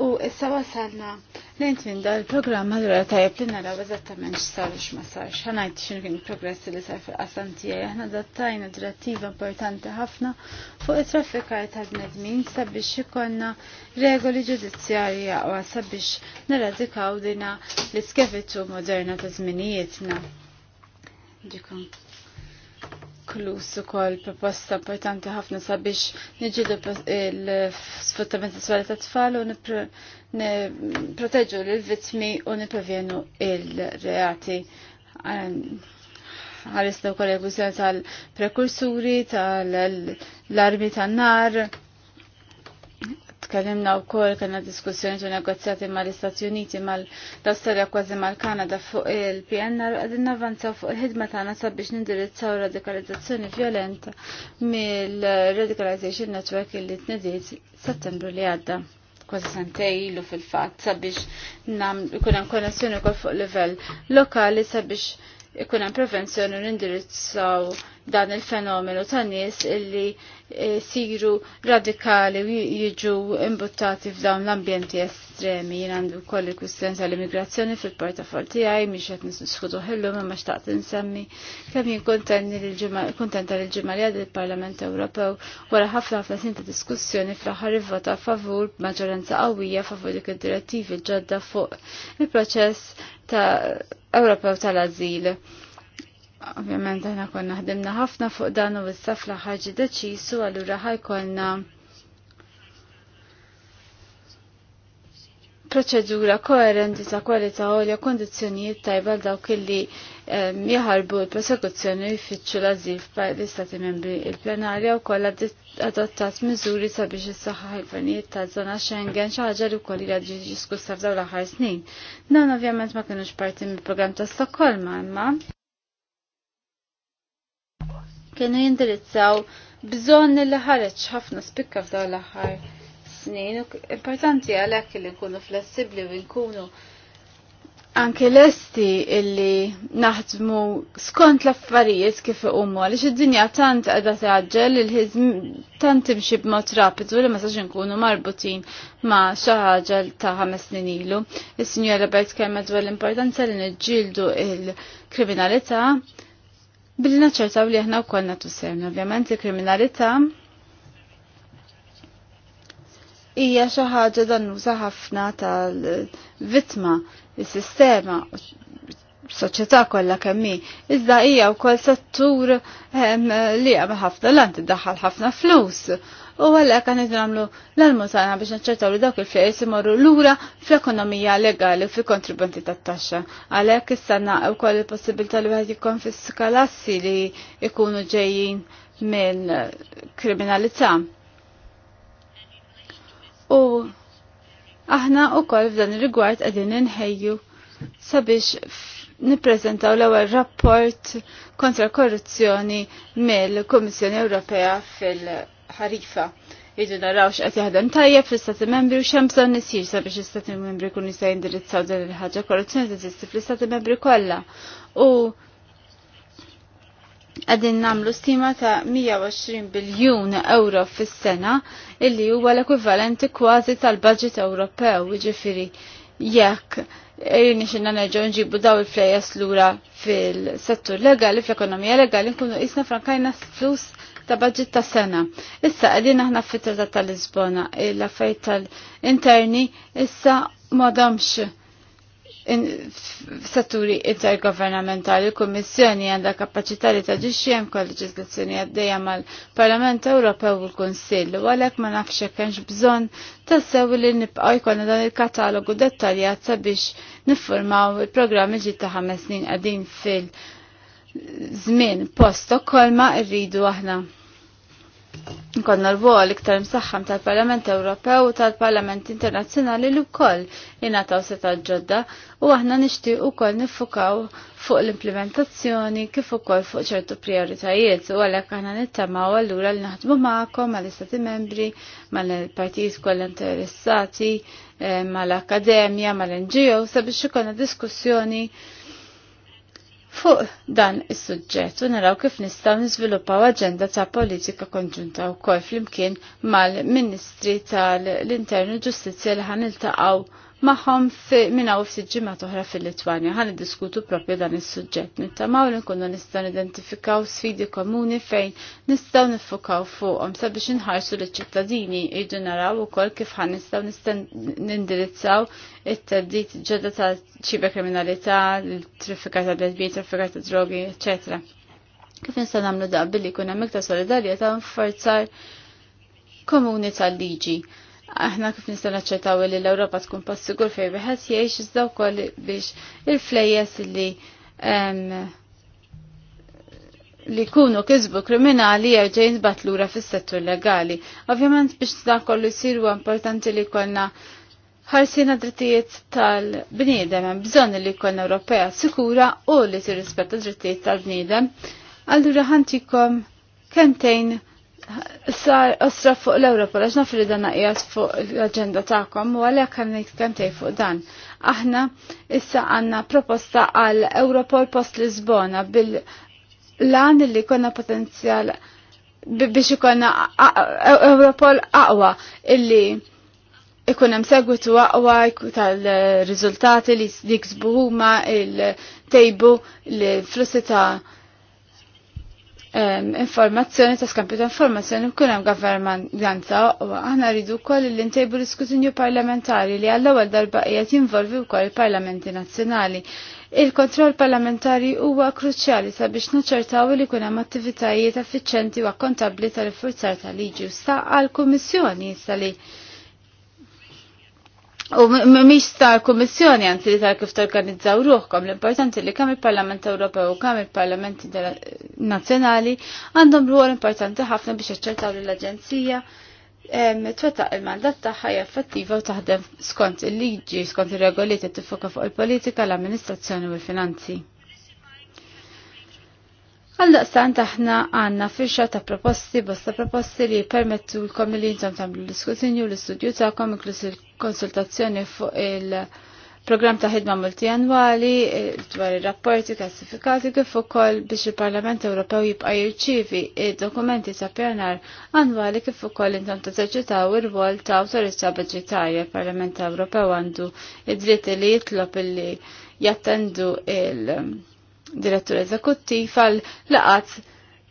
[SPEAKER 2] u issa wasalna lejn tmin dal-programm allura tajjeb li naraw eżattament x'sar u x'ma sarx. Ħanajt x'inhu kien progress li sar fil-qasam tiegħi aħna dattajna direttiva importanti ħafna fuq it-traffikar tal-bnedmin sabiex ikollna regoli regoli ġudizzjarji jaqwa sabiex neradikaw dina l-iskevitu moderna ta' zminijietna. Ġikom. Klus u kol proposta importanti ħafna sabiex nġidu l-sfruttament sessuali ta' tfal u niproteġu l-vitmi u niprevjenu il-reati ħarisna u kol tal-prekursuri, tal-armi tan-nar, tkellimna wkoll kellna diskussjoni u negozjati mal-Istati Uniti mal-Awstralja kważi mal-Kanada fuq il-PNR għadin navanzaw fuq il-ħidma tagħna sabiex nindirizzaw radikalizzazzjoni violenta mill-Radicalization Network illi tnediet Settembru li għadda kważi sentej ilu fil-fatt sabiex ikun hemm konnessjoni wkoll fuq livell lokali sabiex ikun hemm prevenzjoni u nindirizzaw dan il-fenomenu ta' nies illi eh, siru radikali u jiġu imbuttati f'dawn l-ambjenti estremi. Jien għandu kolli kustjon tal-immigrazzjoni fil-portafol tiegħi miex qed nisħudu ħillu ma xtaqt insemmi kemm jien kuntenta l ġimgħa li għadil l parlament Ewropew wara ħafna ħafna sin ta' diskussjoni fl-aħħar ivvota favur b'maġġoranza qawwija favur dik id-direttivi ġodda fuq il-proċess ta' Ewropew tal-Azil Ovvjament aħna konna ħdimna ħafna fuq dan u issa fl-aħħar ġi deċisu allura ħajkonna proċedura koerenti ta' kwalità għolja kondizzjonijiet tajba dawk illi ehm, jaħarbu l-prosekuzzjoni jfittxu l-azil f'istati membri il-plenarja u kolla adottat miżuri sabiex s-saxħa ħajfanijiet ta' zona Schengen xi ħaġa li wkoll hija diskussa f'dawn l-aħħar snin. Dan ovvjament ma kinux parti mill-programm ta' Stokholma imma kienu jindirizzaw bżonn li ħareġ ħafna spikka f'daw l-aħħar snin. Importanti għalhekk li nkunu flessibbli u nkunu anke lesti illi naħdmu skont l-affarijiet kif huma għaliex id-dinja tant qiegħda taġġel il-ħizm tant timxi b'mod rapidu li ma sax inkunu marbutin ma' xi ħaġa ta' ħames snin ilu. Is-Sinjor Robert kelmet dwar l-importanza li niġġieldu il-kriminalità billi naċċertaw li aħna wkoll nagħtu Ovvjament il-kriminalità hija xi ħaġa dannuża ħafna tal-vittma, is-sistema, soċjetà kollha kemm hi, iżda hija wkoll settur ehm, li hemm ħafna lan tiddaħħal ħafna flus u għallek għan nagħmlu l-almutana biex naċċertaw li dawk il-flejs imorru lura fl-ekonomija legali fil kontribuenti tat-taxxa. Għalhekk issa naqgħu wkoll il-possibilità li wieħed jikkonfiska lassi li jkunu ġejjin minn kriminalità. U aħna wkoll f'dan ir-rigward qegħdin inħejju sabiex nippreżentaw l-ewwel rapport kontra korruzzjoni mill-Kummissjoni Ewropea fil- ħarifa. Iġi naraw x'qed jaħdem tajjeb fl-Istati Membri u x'hemm bżonn isir sabiex l-Istati Membri jkunu jista' jindirizzaw din il-ħaġa korruzzjoni teżisti fl-Istati Membri kollha. U għadin namlu stima ta' 120 biljun euro fis-sena illi huwa l-ekwivalenti kważi tal-budget Ewropew, ġifiri jekk irrini xinna neġo nġibu daw il-flejas lura fil-settur legali, fl-ekonomija legali, nkunu isna frankajna flus ta' budget ta' sena. Issa qegħdin aħna fit ta' tal-Lisbona l-affarijiet tal-interni issa m'għadhomx setturi intergovernamentali, il-Kummissjoni għandha kapaċità li taġixxi hemm kol-leġiżlazzjoni għaddejja mal-Parlament Ewropew u l-Kunsill u għalhekk ma nafx hekk hemmx bżonn tassew li nibqgħu jkollna dan il-katalogu dettaljat sabiex niffurmaw il-programmi ġi ta' ħames snin qegħdin fil- żmien post kolma rridu aħna Nkonna l-vol iktar msaħħam tal-Parlament Ewropew u tal-Parlament Internazzjonali li wkoll jingħataw seta' ġodda u aħna nixtieq ukoll niffukaw fuq l-implementazzjoni kif ukoll fuq ċertu prioritajiet u għalhekk aħna nittamaw allura li naħdmu ma l istati Membri, mal partijis kollha interessati, eh, mal-Akademja, mal-NGO sabiex ikollna diskussjoni fuq dan is-suġġett u naraw kif nistgħu niżviluppaw aġenda ta' politika konġunta wkoll flimkien mal-Ministri tal-Internu Ġustizzja li ħan il-taqaw maħom minna u fsit ġimma toħra fil litwania ħan diskutu propju dan is-suġġett nitta li nkunu nistgħu identifikaw sfidi komuni fejn nistgħu nifukaw fuqhom sabiex inħarsu liċ ċittadini jridu naraw ukoll kif ħan nistgħu nindirizzaw it-teddit ġedda ta' ċiba kriminalità, il-traffikar ta' bledbien, traffikar ta' drogi, eċetera. Kif nista' nagħmlu da' billi jkun hemm iktar solidarjetà nforzar komuni tal-liġi aħna kif nistgħu naċċettaw li l-Ewropa tkun post sigur fejn wieħed jgħix iżda wkoll biex il-flejjes li li kunu kizbu kriminali jew ġejn batlura fis-settur legali. Ovvjament biex dan kollu jsir huwa importanti li jkollna ħarsina drittijiet tal-bniedem hemm bżonn li jkollna Ewropea sikura u li tirrispetta drittijiet tal-bniedem. Allura ħantikom kentejn sar osra fuq l europa għax fil li dan naqjas fuq l-agenda ta'kom, u għalhekk għan nitkellem fuq dan. Aħna issa għandna proposta għal Europol post Lisbona bil lan li konna potenzjal biex ikonna Europol aqwa illi ikun hemm segwitu aqwa tal-riżultati li jiksbu huma il-tejbu l-flussi ta' informazzjoni ta' skampi ta' informazzjoni kun hemm governanza u aħna rridu wkoll li ntejbu l-iskutinju parlamentari li għall-ewwel darba qiegħed jinvolvi wkoll il-parlamenti nazzjonali. Il-kontroll parlamentari huwa kruċjali sabiex naċċertaw li kun hemm attivitajiet effiċenti u akkontabbli tal-infurzar tal-liġi u sta' għall-Kummissjoni sali. li U ta komissjoni kummissjoni anzi tal kif torganizzaw ruħkom, l-importanti li kemm il-Parlament Ewropew u kemm il parlament Nazzjonali għandhom ruħol importanti ħafna biex jaċċertaw li l-Aġenzija twettaq il-mandat ħajja effettiva u taħdem skont il-liġi, skont ir-regoliet tiffoka fuq il-politika, l-amministrazzjoni u l-finanzi. Għal-daqstan taħna għanna firxa ta' proposti, bosta proposti li permettu l-kom li jintom tamlu l-diskutinju, l istudju ta' kom, inklus il-konsultazzjoni fuq il-program ta' ħidma multijanwali, dwar il-rapporti klassifikati kif ukoll biex il-Parlament Ewropew jibqa' jirċievi id-dokumenti ta' pjanar annwali kif ukoll intom teżerċitaw ir-rwol ta' awtorità budġetarja. Il-Parlament Ewropew għandu id-dritt li jitlob illi jattendu il-, -il direttur eżekuttiv għal laqat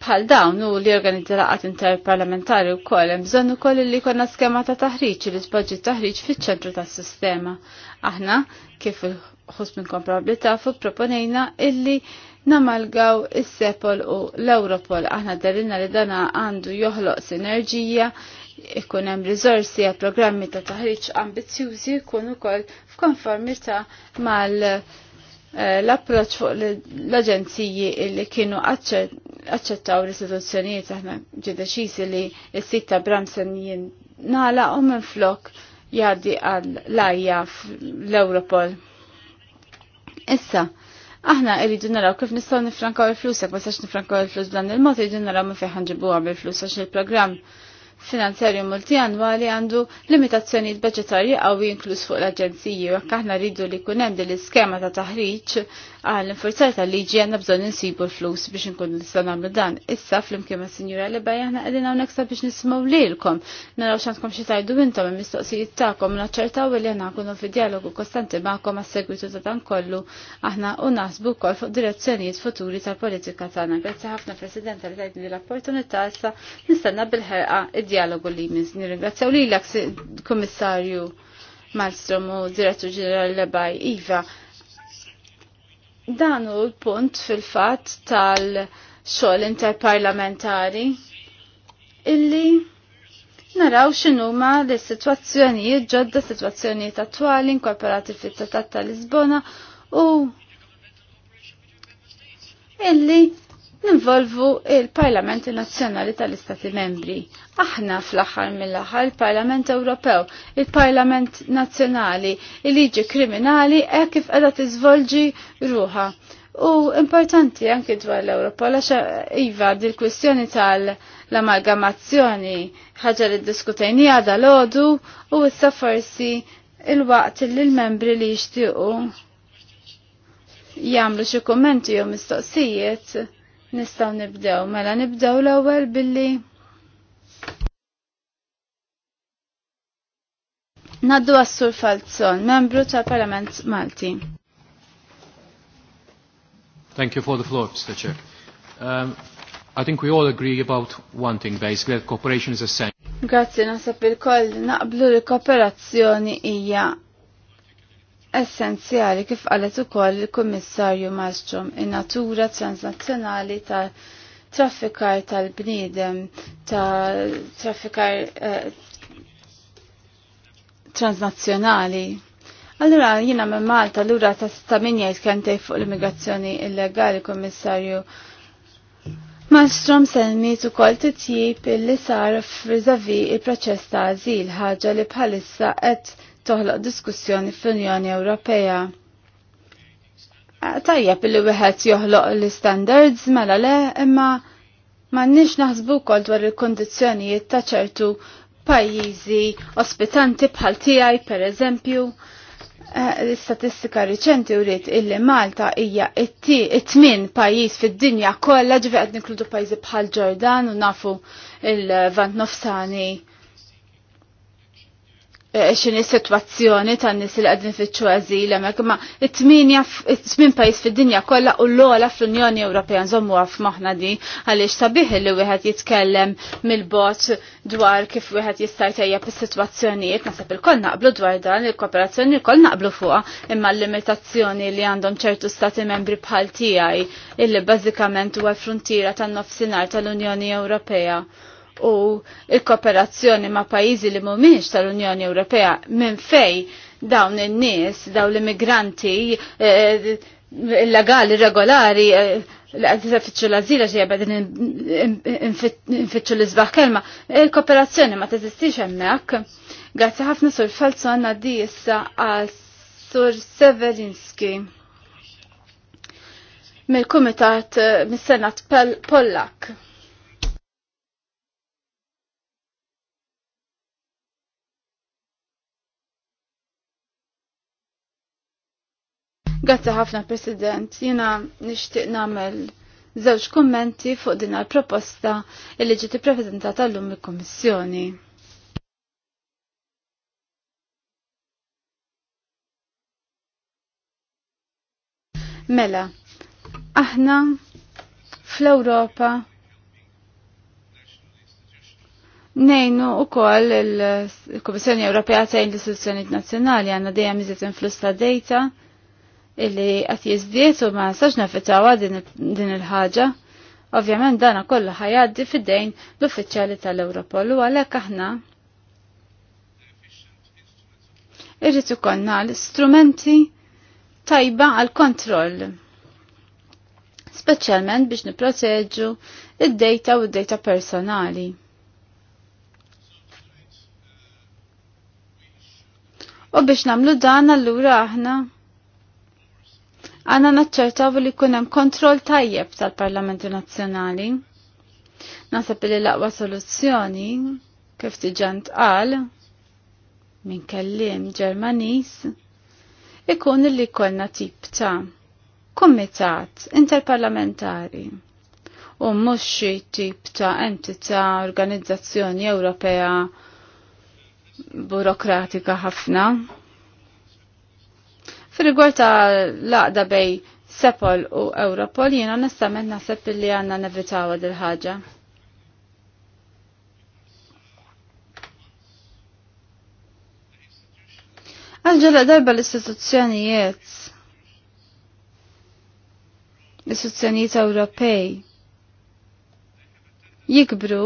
[SPEAKER 2] bħal dawn u li organizza laqat interparlamentari u koll hemm bżonn ukoll li konna skema ta' taħriġ li tpoġġi taħriġ fiċ-ċentru tas-sistema. Aħna kif il-ħus minn komprobli tafu proponejna illi namalgaw is-Sepol u l-Europol. Aħna darilna li dana għandu joħloq sinerġija ikun hemm riżorsi għal programmi ta' taħriġ ambizzjużi jkunu ukoll f'konformità mal- Eh, l-approċ fuq l-aġenziji li kienu accettaw l-istituzzjonijiet aħna ġideċisi li s-sit ta' Bramsen nala u minn flok jaddi għal lajja l-Europol. Issa, aħna irridu naraw kif nistgħu nifrankaw il-flus, jekk ma sax nifrankaw il-flus b'dan il-mod irridu naraw ma fejn ħanġibuha bil-flus għax il-programm finanzjarju multianwali għandu limitazzjonijiet budgetarji qawwi inkluż fuq l-aġenziji u aħna rridu li jkun hemm din l-iskema ta' taħriġ għall infurzar ta' liġi għandna bżonn insibu l-flus biex nkun nista' nagħmlu dan. Issa flimkien ma' Sinjura li bajja aħna qegħdin hawnhekk sa biex nisimgħu lilkom. Naraw x'għandkom xi tajdu intom il-mistoqsijiet tagħkom naċċertaw li aħna nkunu fi dialogu kostanti magħkom għas-segwitu ta' dan kollu aħna u naħsbu wkoll fuq direzzjonijiet futuri tal-politika tagħna. Grazzi ħafna President li tajtni l-opportunità issa nistenna bil-ħerqa id dialogu li miz. Nirringrazzjaw li l komissarju Malmstrom u direttur ġenerali Lebaj Iva. Dan hu l-punt fil-fatt tal-xogħol interparlamentari illi naraw x'inhuma l-sitwazzjonijiet ġodda sitwazzjonijiet attwali inkorporati fit-Tatat ta' Lisbona u illi ninvolvu il-Parlamenti Nazzjonali tal-Istati Membri. Aħna fl-aħħar mill-aħħar il-Parlament Ewropew, il-Parlament Nazzjonali, il-liġi kriminali hekk kif qiegħda tiżvolġi ruha. U importanti anki dwar l-Ewropa għax iva dil-kwistjoni tal-amalgamazzjoni ħaġa li diskutejni għada l u issa forsi il-waqt li l-membri li jixtiequ jagħmlu xi kummenti jew mistoqsijiet Nistaw nibdew, mela nibdew l-ewwel billi Naddu għassur Falzon, membru tal Parlament Malti.
[SPEAKER 3] Thank you for the floor, Mr. Chair. Um, I think we all agree about one thing, basically, that cooperation is essential.
[SPEAKER 2] Grazie, nasab il-koll, naqblu li kooperazzjoni hija essenzjali kif qalet ukoll il-Kummissarju Mastrom in-natura transnazzjonali ta' traffikar tal-bniedem ta' traffikar eh, transnazzjonali. Allura jina me Malta allura ta' sta' min jgħid kemm fuq l-immigrazzjoni illegali, Kummissarju Malmstrom selmiet ukoll titjib illi sar f'riżavi il-proċess ta' azil ħaġa li bħalissa qed toħloq diskussjoni fl-Unjoni Ewropea. Ah, tajjeb li wieħed joħloq l-standards mela le imma m'għandniex naħsbu wkoll dwar il-kondizzjonijiet ta' ċertu pajjiżi ospitanti bħal tiegħi pereżempju. Eh, l-istatistika riċenti uriet illi Malta hija it-tmin pajjiż fid-dinja kollha ġifi qed ninkludu pajjiżi bħal Ġordan u nafu il-Vant Nofsani Eh, xini situazzjoni tan nis li għadin fitxu għazil ma' ma it-tmin pajis fid-dinja kolla u l għola fl-Unjoni Ewropea nżommu għaf maħna di għalix sabiħ li wieħed jitkellem mill-bot dwar kif wieħed jista' jtejjeb is-sitwazzjonijiet nasab il-koll naqblu dwar dan il-kooperazzjoni il-koll naqblu fuqha imma l-limitazzjoni li għandhom ċertu stati membri bħal tiegħi illi bażikament huwa l-frontiera tan-nofsinhar tal-Unjoni Ewropea u il-kooperazzjoni ma' pajjiżi li mhumiex tal-Unjoni Ewropea minn fej dawn in-nies, dawn l-immigranti eh, illegali regolari eh, l-għadżiza fitxu l-azila ġeja bħedin infitxu l-izbaħ kelma. Il-kooperazzjoni ma teżistix emmek. Grazzi ħafna sur Falzo għanna di issa għal sur Severinski. Mill-Kumitat eh, mis-Senat Pollak. Grazzi ħafna President, jina nishtiq namel żewġ kommenti fuq din għal-proposta li ġiet ippreżentata llum il-Kummissjoni. Mela, aħna fl-Ewropa Nejnu u koll il-Komissjoni Ewropea tajn l-Istituzzjoni Nazzjonali għanna dejjem iżiet influss ta' data illi qed jiżdied u ma nistax nafitawa din il-ħaġa. Ovvjament dana kollu ħajaddi fid-dejn l-uffiċjali tal-Europol u għalhekk aħna irrid ikollna l-istrumenti tajba għal kontroll speċjalment biex niproteġġu id-data u d data personali. U biex namlu dan allura aħna għanna naċċertaw li kunem kontroll tajjeb tal-Parlamenti Nazzjonali. Nasab li l-aqwa soluzzjoni, kif tiġant għal, minn kellim Ġermanis, ikun li konna tip ta' kumitat interparlamentari u mhux xi tip ta' entità organizzazzjoni Ewropea burokratika ħafna. Fil-rigward ta' laqda bej Sepol u Europol jiena onestament naħseb li għandna nevitawa dil-ħaġa. Għalġala darba l-istituzzjonijiet, l-istituzzjonijiet Ewropej, jikbru,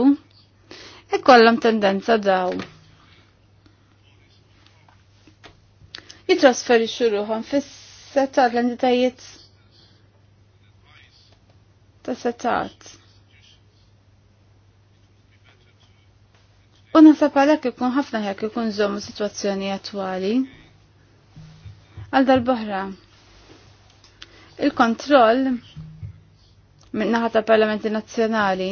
[SPEAKER 2] ikollhom tendenza daw. jitrasferixxu ruħhom fis-setat l-entitajiet ta' setat. U naħseb għalhekk ikun ħafna ħek ikun żommu sitwazzjoni attwali. Għal dal bohra il-kontroll minn naħa ta' parlamenti nazzjonali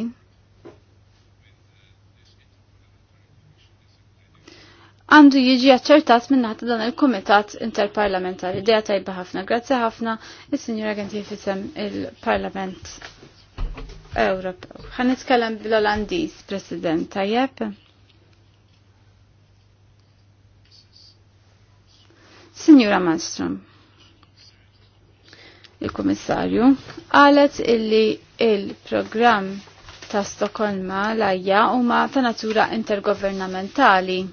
[SPEAKER 2] għandu jiġi aċċertat minn ta' dan il-Kumitat Interparlamentari. Dea tajba ħafna, grazzi ħafna, il-Sinjura Genti fisem il-Parlament Ewropew. Ħan nitkellem bil-Olandiż, President, tajjeb? Signora Malmström il-Komissarju, għalet illi il-programm ta' Stokkolma lajja huma ta' natura intergovernamentali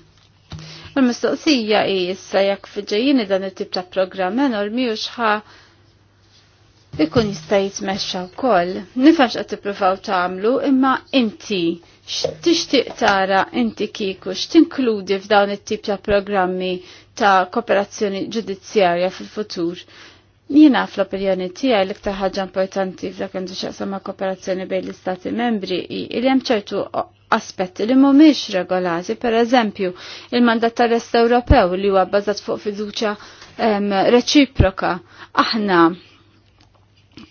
[SPEAKER 2] l-mistoqsija jissa issa jekk fiġejjini dan it-tip ta' programm enormi u xħa ikun jista' jitmexxa wkoll. Nifhem qed tippruvaw tagħmlu imma inti x'tixtieq tara inti kieku x'tinkludi f'dawn it-tip ta' programmi ta' kooperazzjoni ġudizzjarja fil-futur Jiena fl-opinjoni tiegħi l-iktar ħaġa importanti f'dak kemm x'aqsam ma' kooperazzjoni bejn l-istati membri hi li hemm ċertu aspetti li mhumiex regolati, pereżempju il-mandat tal-Est Ewropew li huwa bbażat fuq fiduċja reċiproka. Aħna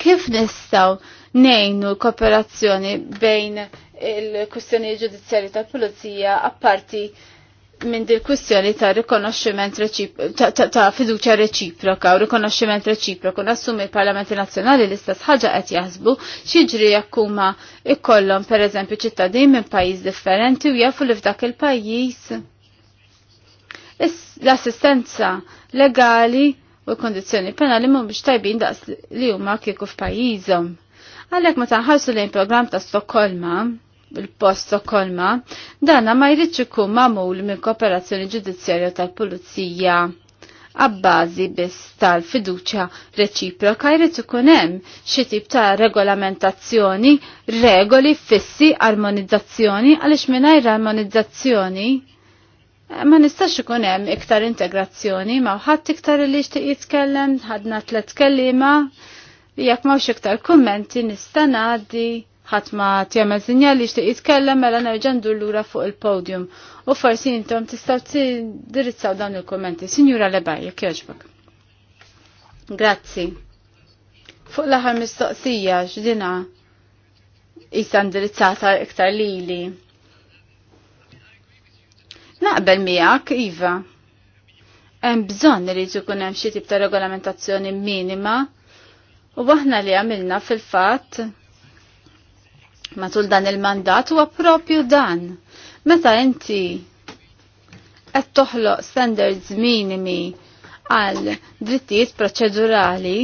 [SPEAKER 2] kif nistgħu ngħinu l-kooperazzjoni bejn il-kwistjoni ġudizzjali tal-Pulizija apparti parti minn di kwistjoni ta' rikonoxximent ta' fiduċja reċiproka u rikonoxximent reċiproku nassum il-Parlamenti Nazzjonali l-istess ħaġa qed jaħsbu xieġri jekk huma per pereżempju ċittadin minn pajjiż differenti u jafu li f'dak il-pajjiż l-assistenza legali u l penali penali mhumiex tajbin daqs li huma kieku f'pajjiżhom. Għalhekk meta nħarsu lejn programm ta' Stokkolma, il-post kolma, dana ma jridx ikun magħmul minn kooperazzjoni ġudizzjarja tal-Pulizija għabbażi biss tal-fiduċja reċiproka jrid ikun hemm xi tip ta' regolamentazzjoni, regoli fissi, armonizzazzjoni għaliex mingħajr armonizzazzjoni eh, ma nistax ikun hemm iktar integrazzjoni ma ħadd iktar li xtieq jitkellem, ħadna tliet kelliema, jekk m'hawnx iktar kummenti nista' ngħaddi ħadd ma tjemel sinjal li xtieq jitkellem mela nerġa' ndur lura fuq il-podium. U forsi intom tistgħu tindirizzaw dawn il-kummenti. Sinjura Lebaj, jekk jogħġbok. Grazzi. Fuq l-aħħar mistoqsija x'dinha isa ndirizzata iktar lili. Naqbel miegħek, Iva. Hemm bżonn li jkun hemm xi tip ta' regolamentazzjoni minima u aħna li għamilna fil-fatt matul dan il-mandat huwa proprju dan. Meta inti qed toħloq standards minimi għal drittijiet proċedurali,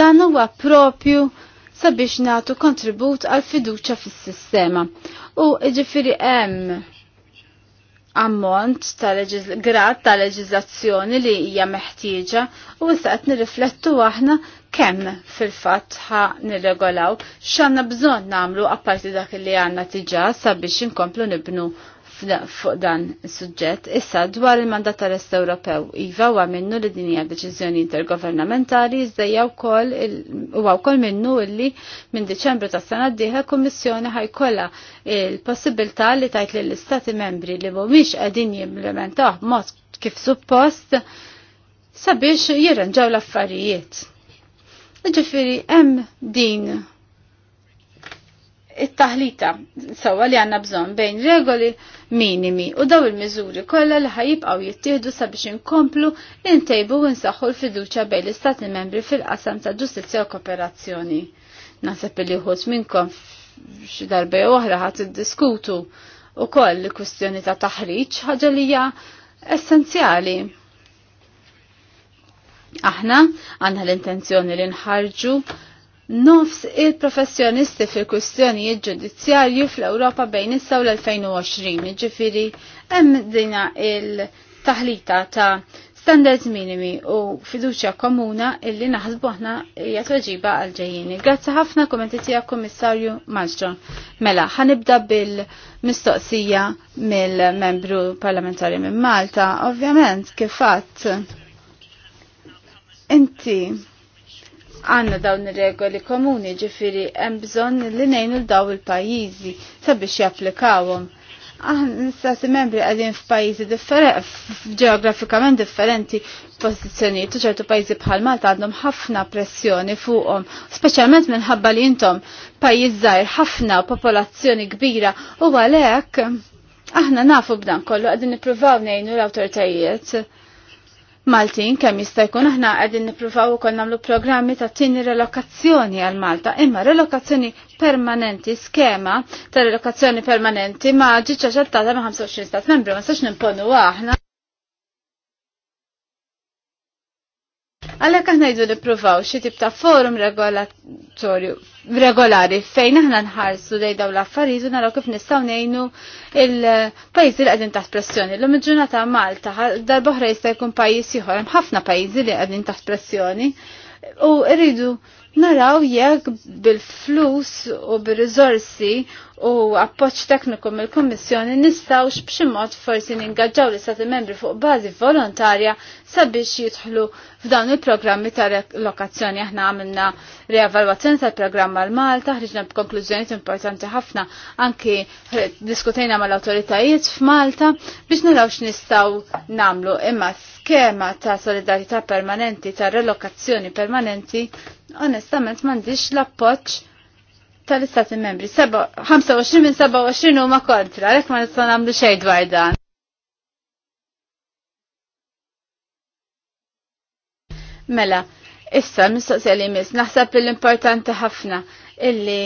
[SPEAKER 2] dan huwa proprju sabiex nagħtu kontribut għal fiduċa fis-sistema. U ġifiri hemm ammont ta' grad ta' leġizlazzjoni li hija meħtieġa u issa qed nirriflettu aħna kemm fil-fatt ħa nirregolaw x'għandna bżonn nagħmlu apparti dak li għandna tiġa sabiex inkomplu nibnu fuq dan is-suġġett. Issa dwar il-mandat tal-Est Ewropew iva huwa minnu li din hija deċiżjoni intergovernamentali iżda wkoll huwa wkoll minnu illi minn Diċembru tas-sena d-dieħla Kummissjoni ħajkollha il-possibilità li tajt lill istati membri li mhumiex qegħdin jimplementaw b'mod kif suppost sabiex jirranġaw l-affarijiet. Ġifiri, hemm din it-taħlita sewa li għanna bżon bejn regoli minimi u daw il-miżuri kollha li ħajibqgħu jittieħdu sabiex inkomplu intejbu u nsaħħu l-fiduċja bejn l-Istati membri fil-qasam ta' ġustizzja u kooperazzjoni. Naħseb li ħut minnkom xi darba oħra ħadd iddiskutu ukoll kwistjoni ta' taħriġ ħaġa li hija essenzjali. Aħna għandna l-intenzjoni li nħarġu nofs il-professjonisti fil il ġudizzjarju fl-Ewropa bejn issa u l-2020, ġifiri hemm dina il-taħlita ta' standards minimi u fiduċja komuna illi naħsbu aħna hija tweġiba għal ġejjini. Grazzi ħafna kommenti tiegħek Kummissarju Malġron. Mela, ħanibda bil-mistoqsija mill-membru parlamentari minn Malta, ovvjament kif fatt Inti għanna dawn ir-regoli komuni ġifiri hemm bżonn li ngħinu l-daw il-pajjiżi sabiex japplikawhom. Aħna stati membri għadin f'pajjiżi differenti, ġeografikament differenti pożizzjonijiet u ċertu pajjiżi bħal Malta għandhom ħafna pressjoni fuqhom, speċjalment minħabba li intom pajjiż żgħir ħafna popolazzjoni kbira u għalhekk aħna nafu b'dan kollu qegħdin nippruvaw ngħinu l-awtoritajiet Maltin kemm jista' jkun aħna qegħdin nippruvaw ukoll nagħmlu programmi ta' tieni relokazzjoni għal Malta, imma relokazzjoni permanenti, skema ta' relokazzjoni permanenti ma ġiċċa ċertata ma' 25 stat membru, ma sax nimponu aħna. Għalhekk aħna jdu nippruvaw xi tip ta' forum regolatorju regolari fejn aħna nħarsu lejn dawn l-affarijiet naraw kif nistgħu ngħinu il-pajjiżi li għadin taħt pressjoni. Lum il Malta darb'oħra jista' jkun pajjiż ieħor hemm ħafna pajjiżi li għadin taħt pressjoni u rridu naraw jekk bil-flus u bil-rizorsi u appoċ tekniku mill komissjoni nistawx b'xi mod forsi ningaġġaw li istati membri fuq bażi volontarja sabiex jidħlu f'dawn il-programmi ta' lokazzjoni. Aħna għamilna reevalwazzjoni tal-programm l Malta, ħriġna b'konklużjonijiet importanti ħafna anki diskutejna mal-awtoritajiet f'Malta biex naraw x'nistgħu namlu imma skema ta' solidarità permanenti ta' relokazzjoni permanenti onestament m'għandix l-appoġġ tal-istati membri. 25 minn 27 huma kontra, għalhekk ma nistgħu nagħmlu xejn dwar dan. Mela, issa mistoqsija li mis, naħseb l-importanti ħafna illi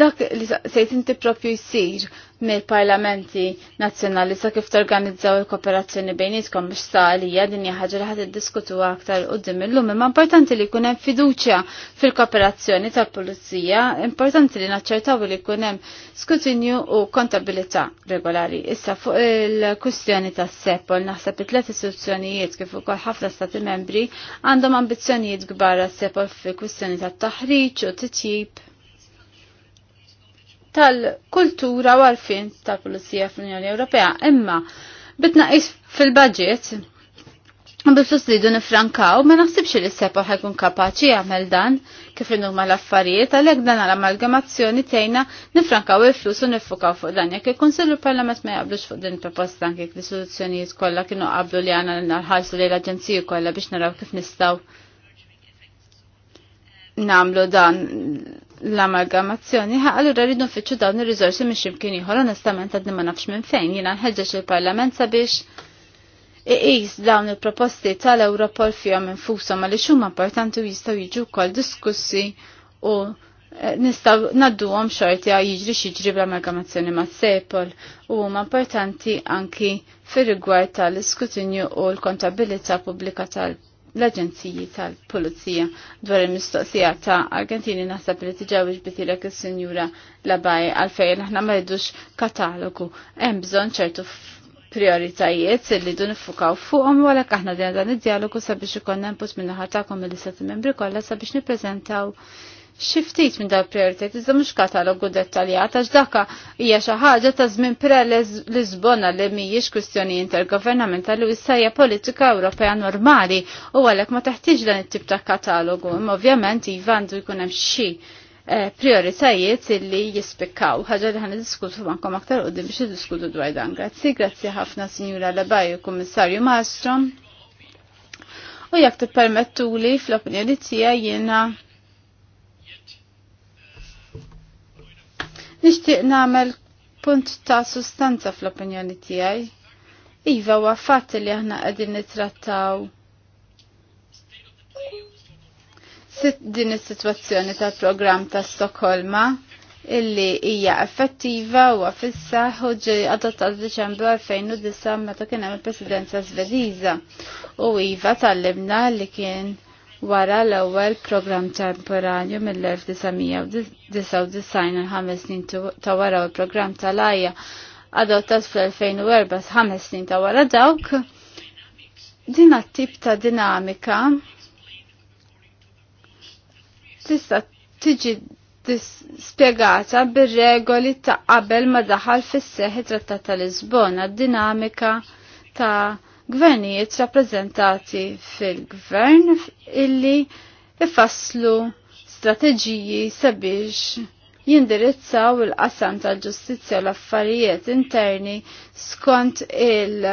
[SPEAKER 2] dak li sejt inti propju jsir mill-parlamenti nazzjonali sa kif torganizzaw il-kooperazzjoni bejnietkom biex sa għalija din hija ħaġa li ħad iddiskutu aktar qudiem illum, imma importanti li jkun hemm fiduċja fil-kooperazzjoni tal-pulizija, importanti li naċċertaw li jkun hemm skrutinju u kontabilità regolari. Issa fuq il-kwistjoni tas-sepol naħseb it-tliet istituzzjonijiet kif ukoll ħafna stati membri għandhom ambizzjonijiet kbar għas-sepol fi kwistjoni tat-taħriġ u titjib tal-kultura u għalfin tal-Polizija fl-Unjoni Ewropea. Imma, bitnaqis fil-budget, bil-flus nifrankaw, ma naħsibx li s-sepa ħajkun kapaċi jagħmel dan kif inhu numma l-affarijiet, għalhekk dan għall-amalgamazzjoni tejna nifrankaw il-flus u nifukaw fuq dan. jek il-Kunsillu Parlament ma jaqblux fuq din proposta anke li soluzzjonijiet istituzzjonijiet kollha kienu qablu li l nħarsu li l agenziju kollha biex naraw kif nistgħu namlu dan l-amalgamazzjoni, ħa allura rridu nfittxu dawn ir rizorsi minn ximkien ieħor onestament għadni ma nafx minn fejn jiena nħeġġeġ il-Parlament sabiex iqis dawn il-proposti tal-Europol fihom ma li huma importanti u jistgħu jiġu wkoll diskussi u eh, nistgħu ngħadduhom xorti għal jiġri xiġri bl-amalgamazzjoni ma' sepol u huma importanti anki fir-rigward tal-iskutinju u l-kontabilità pubblika tal-Parlament l-Aġenziji tal-Pulizija dwar il-mistoqsija ta' Argentini naħseb li tiġawix bitilek il-Sinjura Labaj għalfej aħna ma rridux katalogu. Hemm bżonn ċertu prioritajiet li dun fuqom u għalek aħna din dan id-dialogu sabiex ikonna input minnaħa tagħkom mill-istati membri kollha sabiex nippreżentaw xiftit minn dal prioritet, iżda mhux katalogu dettaljat, għax daka hija xi ħaġa ta' żmien pre Lisbona li mhijiex kwistjoni intergovernamentali u issa politika Ewropea normali u għalhekk ma teħtieġ dan it-tip ta' katalogu, imma ovvjament iva għandu jkun hemm xi eh, prioritajiet illi jispikkaw. ħaġa li ħan diskutu mankom aktar u biex diskutu dwar dan. Grazzi, grazzi ħafna Sinjura Labaju, Kummissarju Mastrom. U jak t-permettu li fl-opinjoni tiegħi jiena Nixtieq nagħmel punt ta' sustanza fl-opinjoni tiegħi. Iva huwa fatt li aħna qegħdin nittrattaw din is-sitwazzjoni tal-programm ta' Stokholma illi hija effettiva u għafissa u għadotta d Deċembru 2009 meta kien hemm il-Presidenza Svediża u iva tal-libna li kien wara l-ewwel programm temporanju mill-1999 il-ħames snin ta' wara l programm tal-ajja adottat fl-2004 ħames snin ta' wara dawk din tip ta' dinamika tista' tiġi spiegata bir-regoli ta' qabel ma daħal fis-seħi trattat ta' Lisbona, dinamika ta' gvernijiet rappreżentati fil-gvern illi ifasslu strateġiji sabiex jindirizzaw il-qasam tal-ġustizzja u l-affarijiet interni skont il-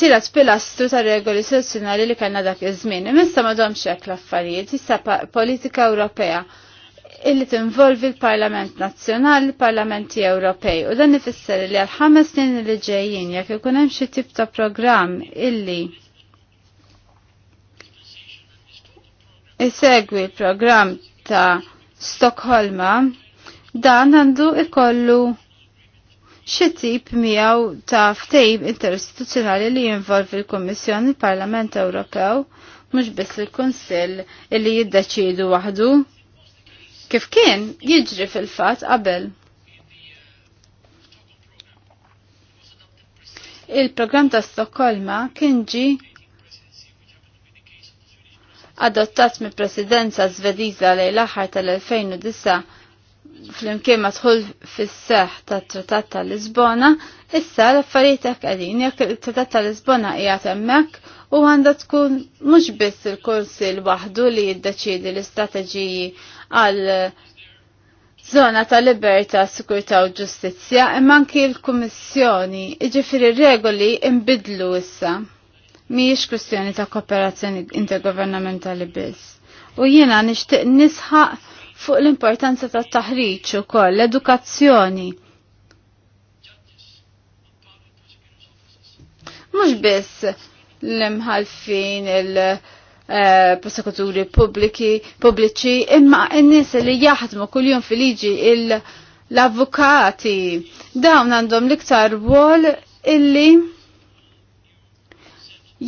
[SPEAKER 2] tilat pilastru ta' regoli sezzjonali li kellna dak iż-żmien. Imissa domx hekk l-affarijiet, issa politika Ewropea illi tinvolvi l-Parlament Nazzjonali, l-Parlamenti Ewropej u dan ifisser li għal ħames snin li ġejjin jekk ikun hemm xi tip ta' programm illi isegwi l-programm ta' Stokholma dan għandu ikollu xi tip miegħu ta' ftejb interistituzzjonali li jinvolvi l-Kummissjoni, l parlament Ewropew, mhux biss il-Kunsill illi jiddeċidu waħdu kif kien jiġri fil-fat qabel. Il-programm ta' Stokkolma kien ġi adottat mill presidenza zvediza lejn l-aħħar tal-2009 fl-imkien madħul fis-seħ tat-Trattat ta' Lisbona, issa l-affarijiet qegħdin jekk il tratat ta' Lisbona qiegħed hemmhekk u għandha tkun mhux biss il-Kunsill waħdu li jiddeċiedi l-istrateġiji għal Zona ta' libertà, sikurta u ġustizzja imma anki l-Kummissjoni, iġifieri regoli imbidlu issa. Mhijiex kwestjoni ta' kooperazzjoni intergovernamentali biss. U jiena nixtieq nisħaq fuq l-importanza ta' taħriġ ukoll l-edukazzjoni. Mhux biss l-imħalfin il- Eh, prosekuturi pubbliċi imma n-nies li jaħdmu kuljum fil-liġi l-avukati dawn għandhom l-iktar wol illi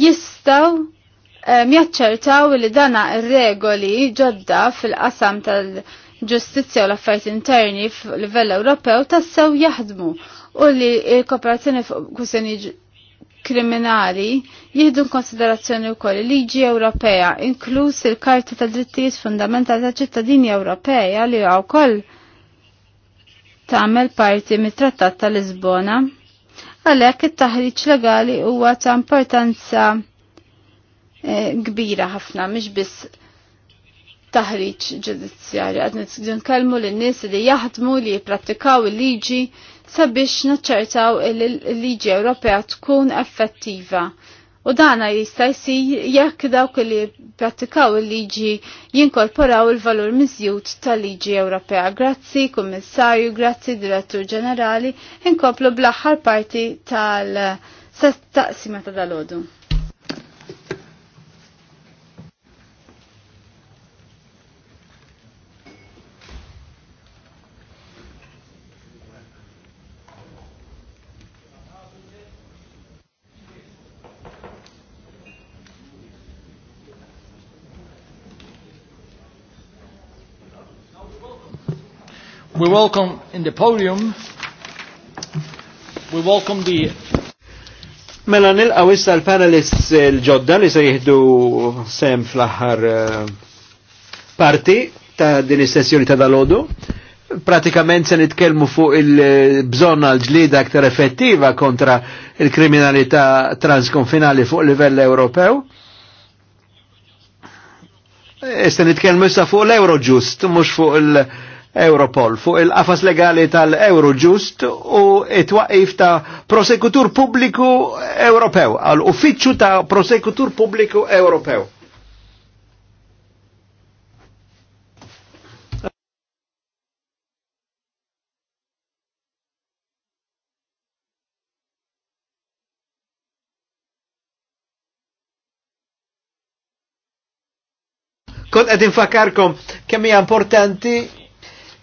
[SPEAKER 2] jistaw eh, jaċċertaw li dana regoli ġodda fil-qasam tal-ġustizja u l-affarijiet interni fil-livell Ewropew tassew jaħdmu u li l-kooperazzjoni fuq kwistjoni kriminali jihdu konsiderazzjoni u koll liġi Ewropea, inkluż il-Karta ta' Drittijiet Fundamentali ta' ċittadini Ewropea li għaw koll tagħmel parti mit-Trattat ta' Lisbona. Għalhekk it-taħriġ legali huwa ta' importanza eh, kbira ħafna mhix biss taħriġ ġudizzjarju. Għad nitkellmu lin-nies li jaħdmu li jipprattikaw il-liġi sabiex naċċertaw il-liġi Ewropea tkun effettiva. U dana jista' jsir jekk dawk li pratikaw il-liġi jinkorporaw il-valur miżjud tal-liġi Ewropea. Grazzi, Kummissarju, grazzi, Direttur Ġenerali, inkoplu bl-aħħar parti tal-taqsima ta' dalodu.
[SPEAKER 1] We welcome in the podium, we welcome the Mela nilqaw issa l-panelists l-ġodda li se jihdu sem fl-aħħar eh, parti ta' din is-sessjoni ta' dalodu. Pratikament se nitkellmu fuq il-bżonna l-ġlida aktar effettiva kontra il-kriminalità transkonfinali fuq livell Ewropew. Issa e nitkellmu issa fuq l-Eurojust, mux fuq il- Europol fuq il-qafas legali tal-Eurojust u it waqif ta' prosekutur pubbliku Ewropew, għal uffiċċju ta' prosekutur pubbliku Ewropew. Kont għedin fakarkom kemm importanti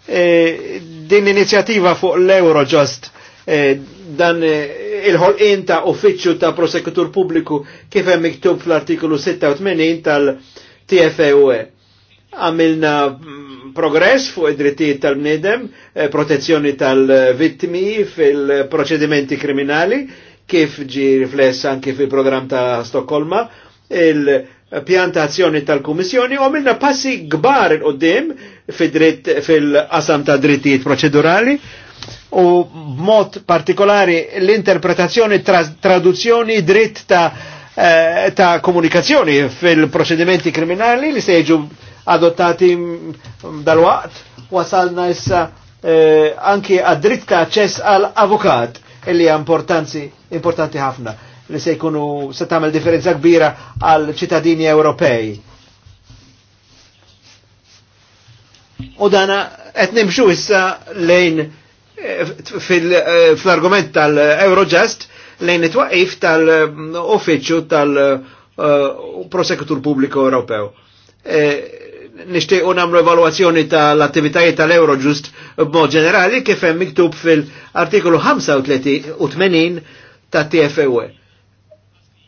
[SPEAKER 1] Eh, din l-inizjativa fuq l-Eurojust ġost eh, dan eh, il-ħolqin ta' uffiċċju ta' prosekutur pubbliku kif hemm miktub fl artiklu 86 tal-TFUE. E. Għamilna mm, progress fuq id-drittijiet tal-bnedem, protezzjoni tal-vittmi fil-proċedimenti kriminali, kif ġi rifless anki fil-programm ta' Stokkolma, il- pjantazzjoni tal-Kummissjoni u minna passi gbar il-qoddim fil-qasam ta' drittijiet proċedurali u mod partikolari l-interpretazzjoni, traduzzjoni, dritt ta', eh, ta komunikazzjoni fil-proċedimenti kriminali li se jiġu adottati dal-waqt wasalna issa eh, anki għad-dritt ta' ċess għal-avukat illi importanti ħafna li se jkunu se tagħmel differenza kbira għal ċittadini Ewropej. U dana qed nimxu issa lejn eh, fil-argument eh, tal-Eurojust lejn it-twaqif tal-uffiċċju tal-prosekutur eh, pubbliku Ewropew. Nixtiequ nagħmlu evalwazzjoni tal-attivitajiet tal-Eurojust b'mod ġenerali kif hemm miktub fil-artikolu 80 ta' TFUE.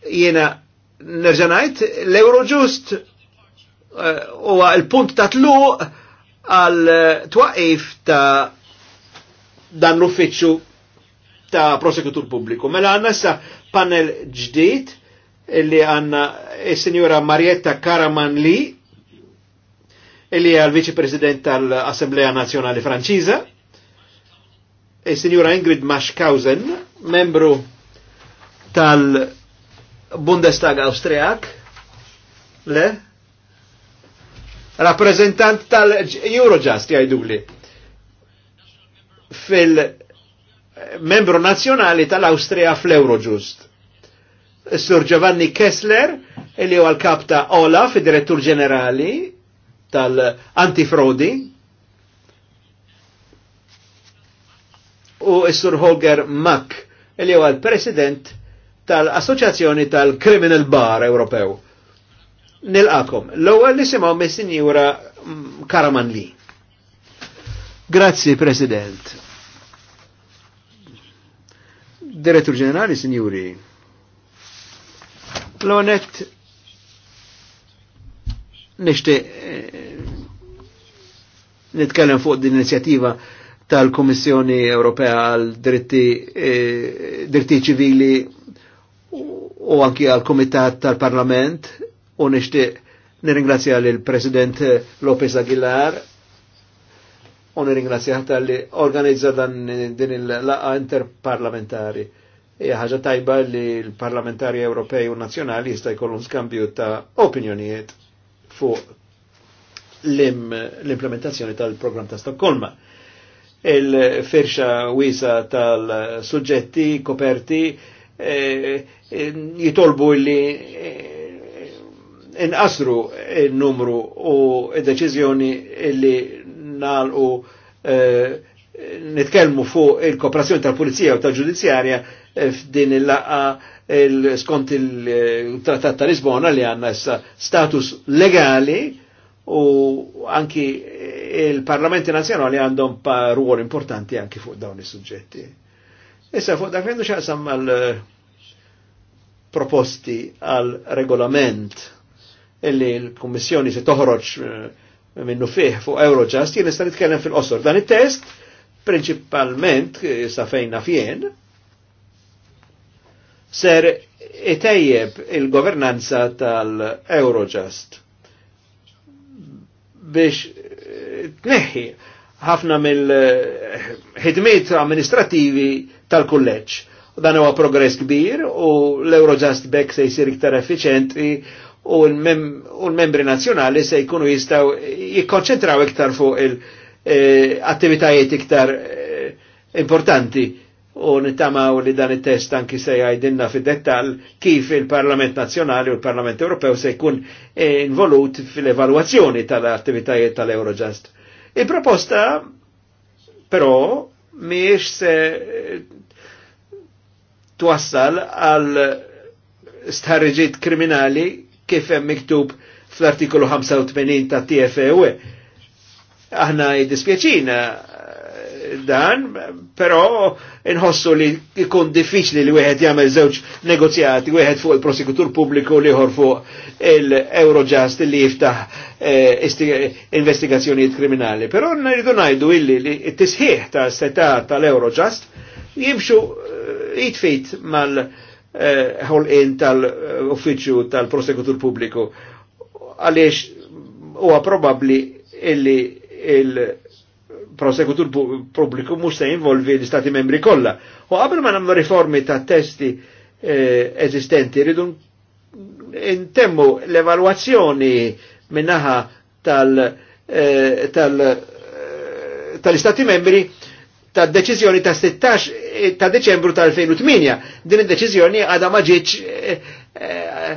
[SPEAKER 1] Jena nerġanajt l-euro ġust u uh, eh, punt ta' tlu għal eh, twaqif ta' dan l-uffiċċju ta' prosekutur pubbliku. Mela għanna sa' panel ġdijt illi għanna il-senjora Marietta Karaman Li illi għal viċi president tal-Assemblea Nazjonali Franċiza, e il-senjora Ingrid Mashkausen, membru tal- Bundestag Austriak, le, rappresentant tal-Eurojust jajduli fil-membru nazjonali tal-Austria fl-Eurojust. Sur Giovanni Kessler, li u għal kap ta' Olaf, direttur ġenerali tal-antifrodi, u Sur Holger Mack, li u għal president tal-Assoċjazzjoni tal-Criminal Bar Ewropew. Nilqakom. L-ewwel nisimgħu mis-Sinjura mm, Karamanli. Grazzi, President. Direttur Ġenerali, Sinjuri. L-onet nishti eh, nitkellem fuq din inizjattiva tal-Komissjoni Ewropea għal dritti, eh, dritti ċivili u anki għal komitat tal-Parlament u nishtiq nirringrazzja l president Lopez Aguilar u nirringrazzja tal-li organizza dan din il-laqa interparlamentari. Hija ħaġa tajba li l-parlamentari Ewropej u nazjonali jista' jkollhom skambju ta' opinjonijiet fuq l-implementazzjoni tal-programm ta' Stokkolma il-firxa wisa tal suġġetti koperti Eh, jitolbu li eh, inqasru il-numru u il deċiżjoni li nalqu eh, nitkelmu fuq il-kooperazzjoni tal-Pulizija u tal-Ġudizzjarja f'din il-laqa skont il-Trattat ta' Lisbona li għanna status legali u anki il-Parlamenti Nazjonali għandhom pa' ruol importanti anki fuq dawn is-suġġetti. Issa fuq dak għandu xaqsam proposti għal regolament illi l-Kummissjoni se toħroġ eh, minnu fih fuq Eurojust, jien nista' nitkellem fil-qosor. Dan it-test prinċipalment eh, sa fejna fien ser itejjeb il-governanza tal-Eurojust biex eh, tneħħi ħafna mill-ħidmiet amministrativi tal-kulleġġ Dan huwa progress kbir u l-Eurojust Back se jsir iktar effiċenti u l-membri nazzjonali se jkunu jistaw jikkonċentraw iktar fuq il-attivitajiet eh, iktar eh, importanti u nittamaw li dan il-test anki se jgħidilna fi dettal kif il-Parlament Nazzjonali u l-Parlament Ewropew se jkun eh, involut fil-evaluazzjoni tal-attivitajiet tal-Eurojust. Il-proposta però miex se twassal għal starriġiet kriminali kif hemm miktub fl-artikolu 85 ta' TFEW. E. Aħna jiddispjaċina eh, dan, però inħossu li jkun diffiċli li wieħed jagħmel żewġ negozjati, wieħed fuq il-prosekutur pubbliku li ieħor fuq il-Eurojust li jiftaħ eh, investigazzjonijiet kriminali. Però nridu ngħidu illi li t-tisħiħ ta' setat tal-Eurojust jimxu jitfit mal eh, in tal uffiċu tal-prosekutur pubbliku għaliex huwa probabbli illi il-prosekutur pubbliku mux se involvi l-istati membri kollha. U qabel ma nagħmlu riformi ta' testi eh, eżistenti ridu intemmu l-evalwazzjoni minnaħa tal- eh, tal- tal-istati membri ta' deċiżjoni ta' 16 eh, ta' Deċembru tal-2008. Din id-deċiżjoni għadha ma ġietx eh,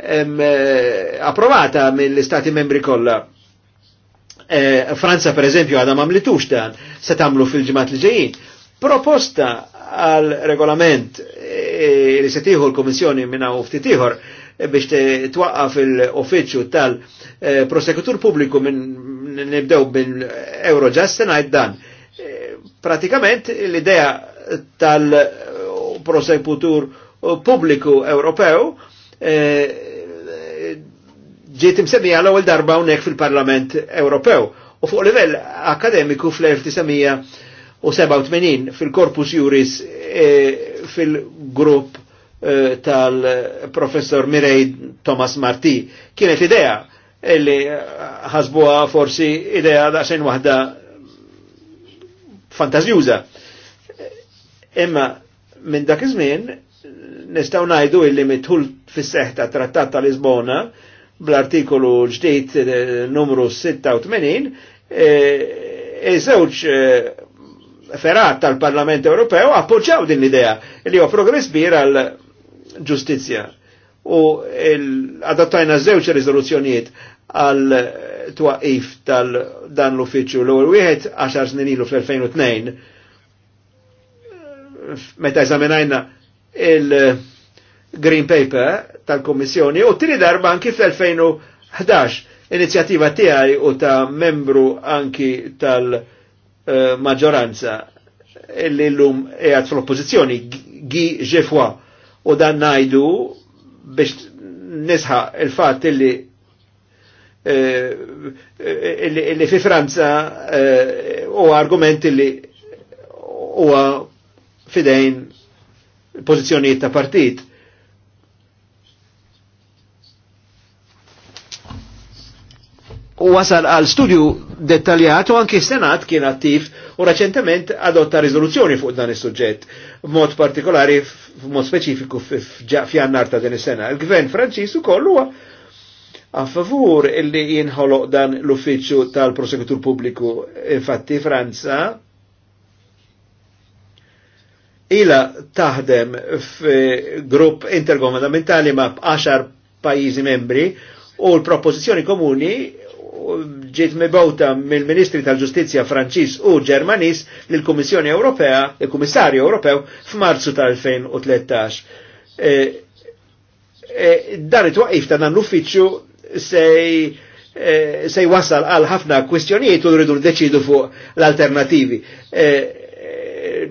[SPEAKER 1] eh, approvata mill-Stati membri kollha. Franza per eżempju għadha m'amlitux dan se tagħmlu fil ġimat li ġejjin. Proposta għal regolament li se tieħu l-Komissjoni minn hawn ftit ieħor biex twaqqa fil-uffiċċju tal-prosekutur pubbliku minn nibdew minn Eurojust se dan Pratikament l-idea tal-prosekutur pubbliku Ewropew eh, ġiet imsemmija l-ewwel darba hawnhekk fil-Parlament Ewropew u fuq livell akademiku fl-1987 fil korpus Juris eh, fil-grupp eh, tal-professor Mirej Thomas Marti. Kienet idea illi ħasbuha forsi idea daqsxejn waħda fantazjuza. Imma minn dak iż-żmien nistgħu ngħidu illi mitħul fis-seħħ ta' Trattat ta' Lisbona bl-artikolu ġdid eh, numru 86 eh, iż-żewġ eh, ferat tal-Parlament Ewropew appoġġjaw din l-idea li huwa progress bir għal ġustizzja. U adattajna żewġ riżoluzzjonijiet għal twaqif tal-dan l-uffiċċju l-ewwel wieħed 10 snin ilu fl-2002 meta eżaminajna il-Green Paper tal-Kommissjoni u tini darba anki fl-2011 inizjattiva tiegħi u ta' membru anki tal-maġġoranza illi l qiegħed fl-oppożizzjoni Gi Ġefwa u dan najdu biex nisħa il-fatt illi Eh, eh, eh, li fi Franza u argumenti li huwa fidejn pozizjonijiet ta' partit. u wasal għal studju dettaljat u anki senat kien attiv u reċentement adotta rizoluzzjoni fuq dan is-suġġett b'mod partikolari f'mod speċifiku f'jannar ta' din is-sena. Il-gvern Franċiż ukoll huwa a favur illi jinħoloq dan l-uffiċċju tal-prosekutur pubbliku infatti Franza ila taħdem f'grupp intergovernamentali ma' 10 pajjiżi membri u l propozizjoni komuni ġiet mibawta mill-Ministri tal-Ġustizzja Franċiż u Ġermanis lill-Kummissjoni Ewropea, il-Kummissarju Ewropew f'Marzu tal-2013. E, e, dan it-twaqif ta' dan l-uffiċċju sej eh, se wasal għal ħafna kwistjonijiet u rridu deċidu fuq l-alternativi. Eh, eh,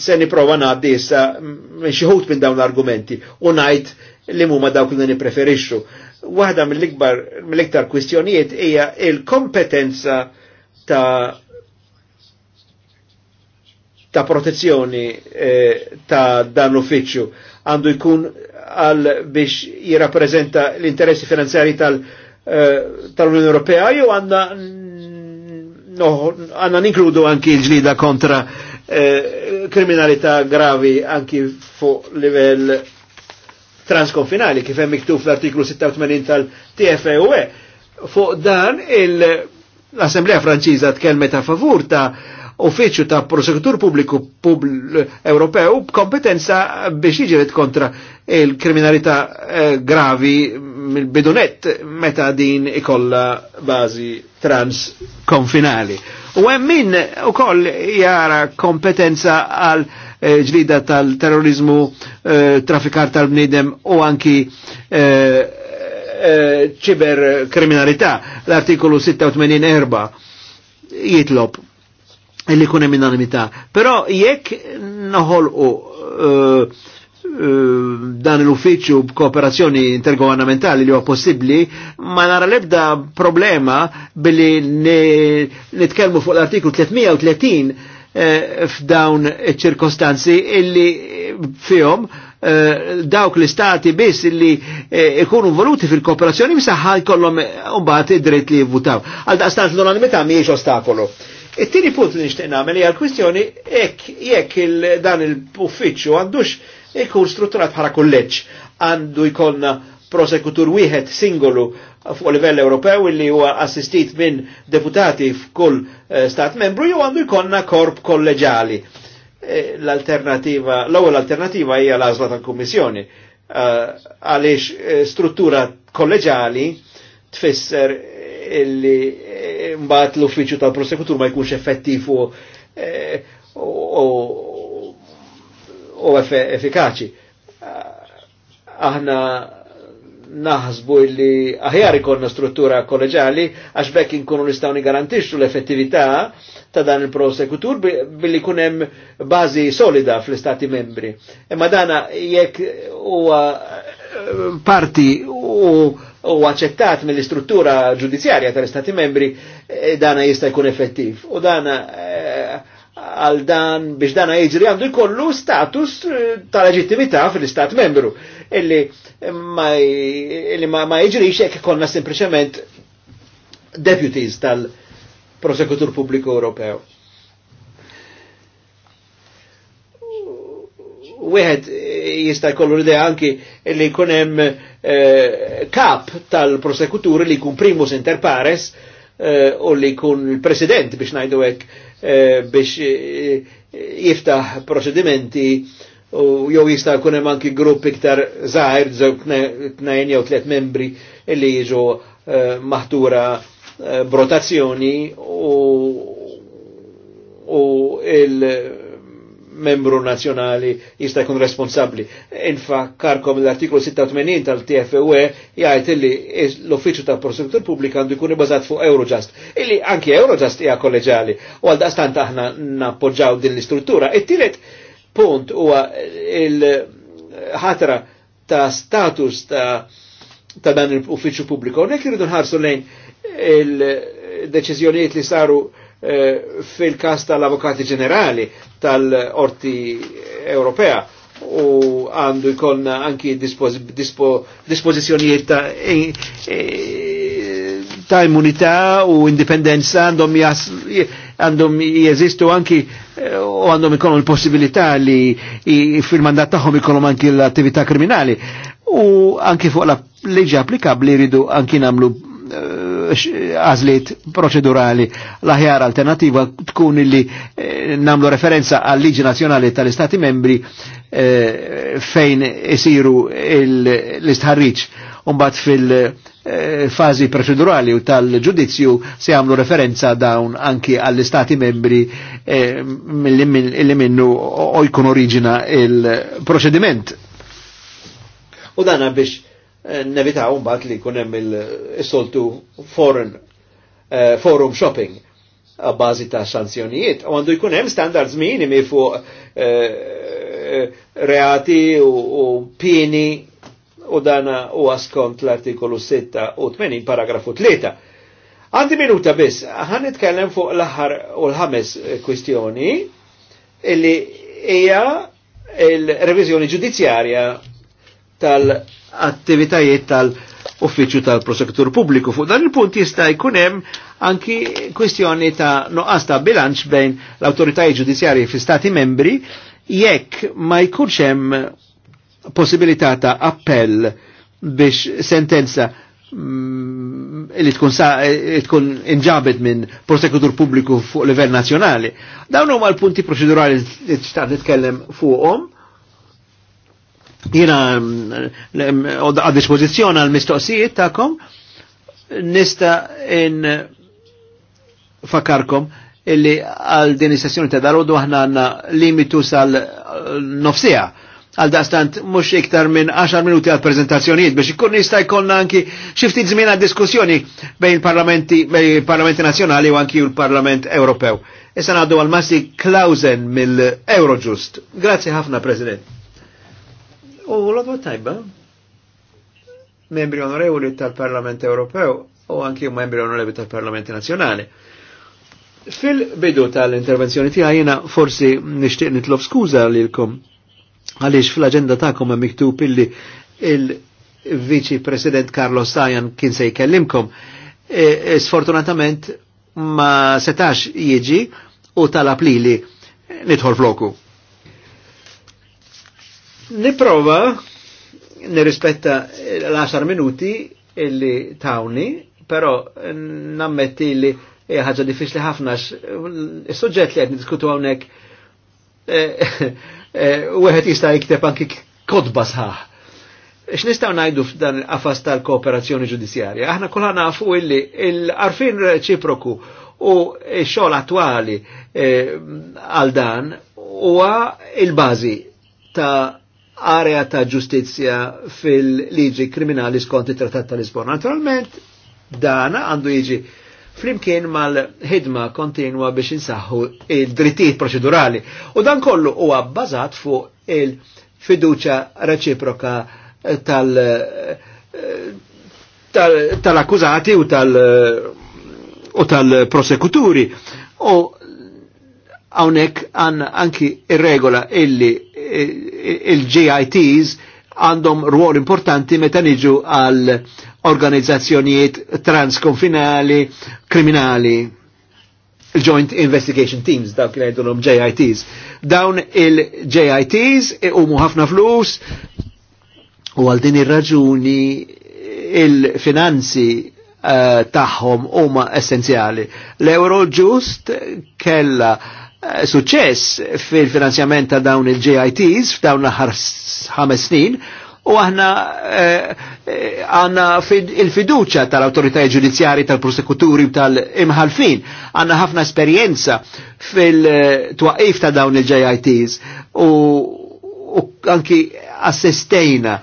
[SPEAKER 1] se niprofa ngħaddi issa minn xi minn dawn l-argumenti u ngħid li huma dawk li nippreferixxu. Waħda mill-ikbar mill-iktar kwistjonijiet hija il-kompetenza ta' ta' protezzjoni ta' dan l-uffiċċju għandu jkun għal biex jirrapprezenta l-interessi finanzjari eh, tal-Unjoni tal Ewropea jew għandna għanna no, ninkludu anki l-ġlida kontra eh, kriminalità gravi anki fuq livell transkonfinali kif hemm miktub fl-artiklu 86 tal-TFUE. E. Fuq dan l-Assemblea Franċiża tkellmet ta' favur ta' uffiċċju ta' prosekutur pubbliku Ewropew kompetenza biex jiġilet kontra il-kriminalità eh, gravi mill-bidunet meta din ikolla bazi transkonfinali. U hemm min koll jara kompetenza għal eh, ġlida tal-terrorizmu, eh, trafikar tal-bnidem u anki ċiberkriminalità. L-artikolu 86 jitlob li kunem unanimità. Però jekk naħolqu eh, eh, dan l-uffiċċju b'kooperazzjoni intergovernamentali li huwa possibbli, ma nara l-ebda problema billi nitkellmu fuq l-artiklu 330 eh, f'dawn f'dawn ċirkostanzi illi fihom dawk l-istati biss illi ikunu voluti fil-kooperazzjoni misaħħa jkollhom mbagħad id-dritt li jivvutaw. Għal daqstant l-unanimità mhijiex ostakolu it tini punt li nixtieq nagħmel hija l-kwistjoni jekk dan il-uffiċċju għandux ikun strutturat bħala kulleġġ għandu jkollna prosekutur wieħed singolu fuq livell Ewropew li huwa assistit minn deputati f'kull eh, stat membru jew għandu jkollna korp kolleġali. Eh, l-alternativa, l-ewwel alternativa hija l-għażla tal-Kummissjoni eh, għaliex struttura kolleġali tfisser illi eh, mbaħt l uffiċu tal-prosekutur ma jkunx effettiv u eh, u effikaċi. Aħna naħsbu illi aħjar ikonna struttura kolleġali għax bekk inkunu nistgħu nigarantixxu l-effettività ta' dan il-prosekutur billi kun hemm bażi solida fl-istati membri. Imma dana jekk huwa eh, parti u u accettat mill-istruttura ġudizjarja tal-Istati membri e, dana jista' jkun effettiv. U dana e, għal dan biex dana jiġri għandu jkollu status e, ta' leġittimità fil-Istat membru illi ma, illi xek konna sempliċement deputies tal-prosekutur pubbliku Ewropew. Wieħed jista' jkollu l-idea anki li jkun hemm Eh, kap tal-prosekuturi li kun primus inter pares eh, u li kun il-president biex najdu hekk eh, biex jiftaħ procedimenti u jow jista' kunem anki grupp iktar żgħir tnejn jew tliet membri li jiġu maħtura brotazzjoni u, u il- membru nazjonali jista' jkun responsabbli. karkom l-artiklu 86 tal-TFUE jgħid illi l-Uffiċċju tal prosekutur Pubblika għandu jkun ibbażat fuq Eurojust. Illi anke Eurojust hija kolleġali u għal daqstant aħna nappoġġaw din l-istruttura. It-tielet punt huwa il-ħatra ta' status ta' ta' dan l-uffiċċju pubbliku. Nek irridu nħarsu lejn il-deċiżjonijiet li saru Eh, fil-kas tal-Avokati Ġenerali tal-Orti Ewropea u għandu jkollna anki dispożizzjonijiet ta' e, e, ta' immunità u indipendenza għandhom għandhom jeżistu anki eh, u għandhom ikonu l-possibilità li fil-mandat taħħom ikollhom anki l-attività kriminali u anki fuq la leġi applikabli ridu anki namlu Eh, għazliet proċedurali l alternativa tkun illi eh, namlu referenza għall liġi nazjonali tal-Istati membri eh, fejn isiru l-istħarriċ Umbat fil-fazi proċedurali u tal-ġudizzju se għamlu referenza dawn anki għall-istati membri mill minnu o jkun oriġina il-proċediment. U dana biex nevitaw mbagħad li jkun hemm il-soltu foreign uh, forum shopping a ta' sanzjonijiet u għandu jkun hemm standards minimi fuq uh, reati u, u pieni u dana u għaskont l-artikolu 6 u 80 paragrafu 3. Għandi minuta biss, għan nitkellem fuq l-ħar u l-ħames kwistjoni illi hija il-revizjoni ġudizzjarja tal- attivitajiet tal-Uffiċċju tal-Prosekutur Pubbliku. Fuq dan il-punt jista' jkun hemm anki kwistjoni ta' noqqas ta' bilanċ bejn l-awtoritajiet ġudizzjarji fi stati membri jekk ma jkunx hemm possibilità ta' appell biex sentenza mm, li tkun sa, eh, tkun inġabet minn prosekutur pubbliku fuq livell nazzjonali. Dawn huma l-punti proċedurali li ċtar nitkellem fuqhom Jina għad mm, mm, dispozizjon għal mistoqsijiet ta'kom nista in fakarkom illi għal din is-sessjoni ta' darodu aħna għandna limitu sal uh, nofsija għal daqstant mux iktar minn 10 minuti għal prezentazzjonijiet biex ikun nista jkollna anki xiftit żmien għal diskussjoni bejn il-parlamenti bejn il-parlamenti nazzjonali u anki l-Parlament Ewropew. Issa ngħaddu għal Massi Klausen mill-Eurojust. Grazzi ħafna, President. U l tajba, membri onorevoli tal-Parlament Ewropew u anki membri onorevoli tal parlament Nazjonali. Fil-bidu tal-intervenzjoni tiegħi jiena forsi nixtieq nitlob skuża lilkom għaliex fl-aġenda tagħkom hemm miktub illi il-Viċi President Carlos Sajan kien se jkellimkom. E, e, sfortunatament ma setax jiġi u talab lili nidħol floku. Niprova nirrispetta l-10 minuti illi tawni, pero nammetti li ħaġa diffiċli ħafna s-soġġett li qed diskutu għawnek eh, eh, u għed jista' jikteb anki kodba sħaħ. X'nistgħu ngħidu f'dan il-qafas tal-kooperazzjoni ġudizzjarja? Aħna kollha nafu illi l-arfin reċiproku u x-xogħol attwali eh, għal dan huwa il-bażi ta' area ta' ġustizja fil-liġi kriminali skont it-Trattat ta' Lisbon. Naturalment, Dana għandu jiġi flimkien mal-ħidma kontinwa biex insaħħu il-drittijiet proċedurali. U dan kollu huwa bbażat fuq il-fiduċa reċiproka tal- tal-akkużati tal u tal- u tal-prosekuturi. U għawnek għan anki ir-regola illi il-GITs għandhom ruol importanti meta niġu għal organizzazzjonijiet transkonfinali kriminali joint investigation teams dawk li għedunhom JITs. Dawn il-JITs huma ħafna flus u għal din ir-raġuni il-finanzi uh, tagħhom huma essenzjali. L-euro ġust kella uh, Eh, Suċċess fil-finanzjament ta' dawn il-JITs f'dawn l-ħar ħames snin u aħna eh, eh, għanna il-fiduċa tal-autoritajiet ġudizzjari, tal-prosekuturi, tal-imħalfin. Għanna ħafna esperienza fil-twaqif ta' dawn il-JITs u anki assistejna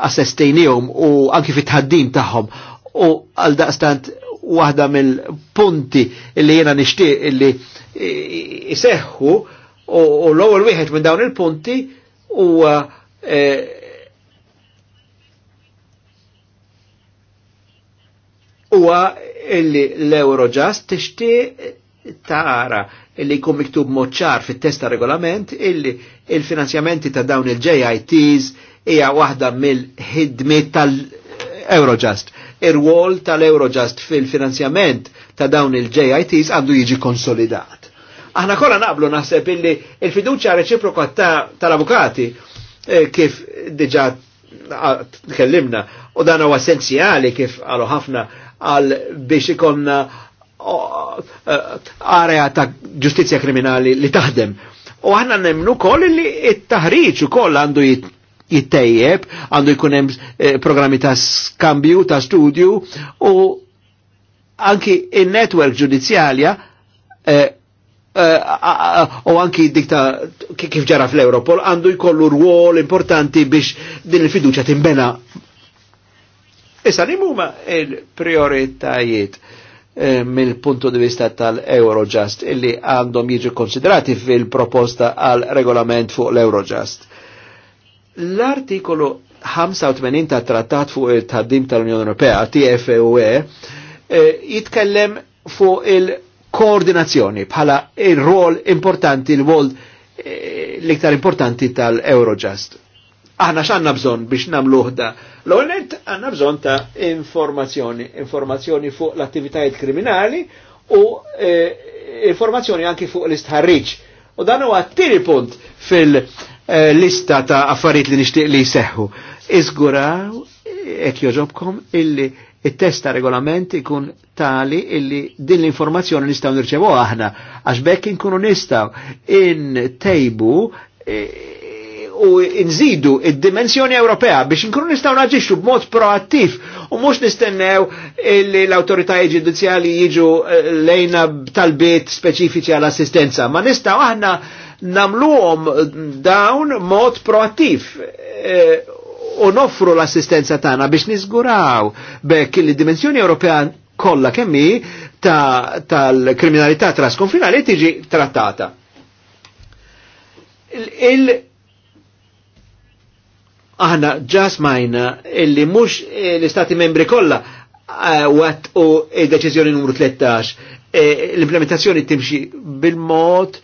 [SPEAKER 1] assistejnijom u anki fit-ħaddim tagħhom. u għal daqstant waħda mill-punti li jena nishtiq li jiseħħu u l-ewwel wieħed minn dawn il-punti huwa e, huwa illi l-Eurojust tixtieq tara illi jkun miktub moċċar fit-testa regolament illi il-finanzjamenti ta' dawn il-JITs hija waħda mill-ħidmiet tal- Eurojust. Ir-wol tal-Eurojust fil-finanzjament ta' dawn il-JITs għandu jiġi konsolidat. Aħna kolla naqblu naħseb illi il fiduċja reċiproka tal-avukati eh, kif diġa tkellimna u dan huwa essenzjali kif għalu ħafna għal biex ikonna eh, area ta' ġustizja kriminali li taħdem. U għanna nemnu koll li it-taħriċ u koll għandu jittajjeb, għandu jkun hemm eh, programmi ta' skambju, ta' studju u anki in-network ġudizzjalja eh, eh, u anki dikta kif ġara fl-Europol għandu jkollu rwol importanti biex din il-fiduċa timbena. Issa li huma il-prioritajiet mill-punto di vista tal-Eurojust illi għandhom jiġu konsiderati fil-proposta għal regolament fuq l-Eurojust L-artikolu 85 ta' trattat fuq il-taddim tal-Unjoni Ewropea, TFUE, eh, jitkellem fuq il-koordinazzjoni bħala il-rol importanti, il-wol eh, l-iktar importanti tal-Eurojust. Aħna x'għandna bżonn biex namluħda? L-għonet għandna bżonn ta' informazzjoni, informazzjoni fuq l-attivitajiet kriminali u eh, informazzjoni anki fuq l-istħarriġ. U dan huwa t-tieni punt fil- Eh, lista ta' affarijiet li nixtieq li jseħħu. Iżguraw hekk jogħġobkom illi it-test ta' regolament ikun tali illi din l-informazzjoni nistgħu nirċevu aħna għax bekk inkunu nistgħu in tejbu eh, u nżidu id-dimensjoni Ewropea biex inkunu nistgħu naġixxu b'mod proattiv u mhux nistennew li l-awtoritajiet ġudizzjali jiġu eh, lejna b'talbiet speċifiċi għall assistenza ma nistgħu aħna namluhom dawn mod proattiv e, u noffru l-assistenza tagħna biex niżguraw bekk li dimensjoni Ewropea kollha kemmi tal-kriminalità ta tiġi trattata. Il aħna ġasmajna illi mhux e, l-istati membri kollha għat e, u id-deċiżjoni numru 13 e, l-implementazzjoni timxi bil-mod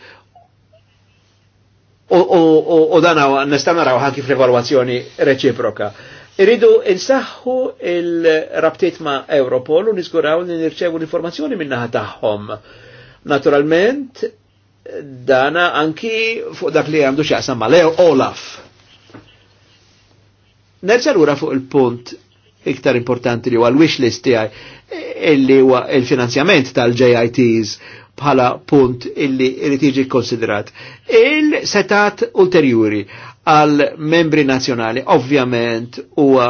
[SPEAKER 1] U dan nistaw naraw ħanki fl-evalwazzjoni reċiproka. Iridu insaħħu il-rabtiet ma' Europol u nisguraw li nirċevu l-informazzjoni minna tagħhom. Naturalment, dana anki fuq dak li għandu xaqsam ma' Leo Olaf. Nerġa' ura fuq il-punt iktar importanti li huwa l tijaj tiegħi illi huwa il-finanzjament tal-JITs bħala punt illi irid jiġi konsiderat. Il-setat ulterjuri għal membri nazjonali ovvjament huwa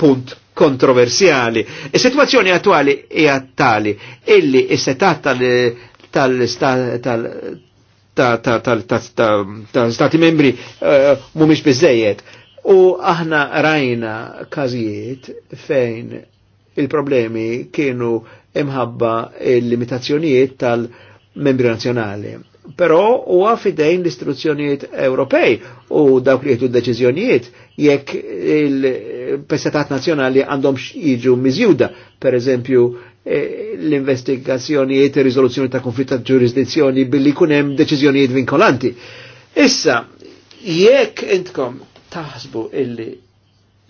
[SPEAKER 1] punt kontroversjali. Is-sitwazzjoni attwali hija tali illi is-setat tal-stati membri eh, mhumiex bizzejiet. U aħna rajna każijiet fejn il-problemi kienu uh, imħabba il-limitazzjonijiet tal-membri nazjonali. Però huwa għafidejn l-istruzzjonijiet Ewropej u dawk li jieħdu deċiżjonijiet jekk il-pessatat nazzjonali għandhom jiġu miżjuda, per eżempju eh, l-investigazzjonijiet e riżoluzzjoni ta' konflitt ta' ġurisdizzjoni billi kunem hemm deċiżjonijiet vinkolanti. Issa, jekk intkom taħsbu illi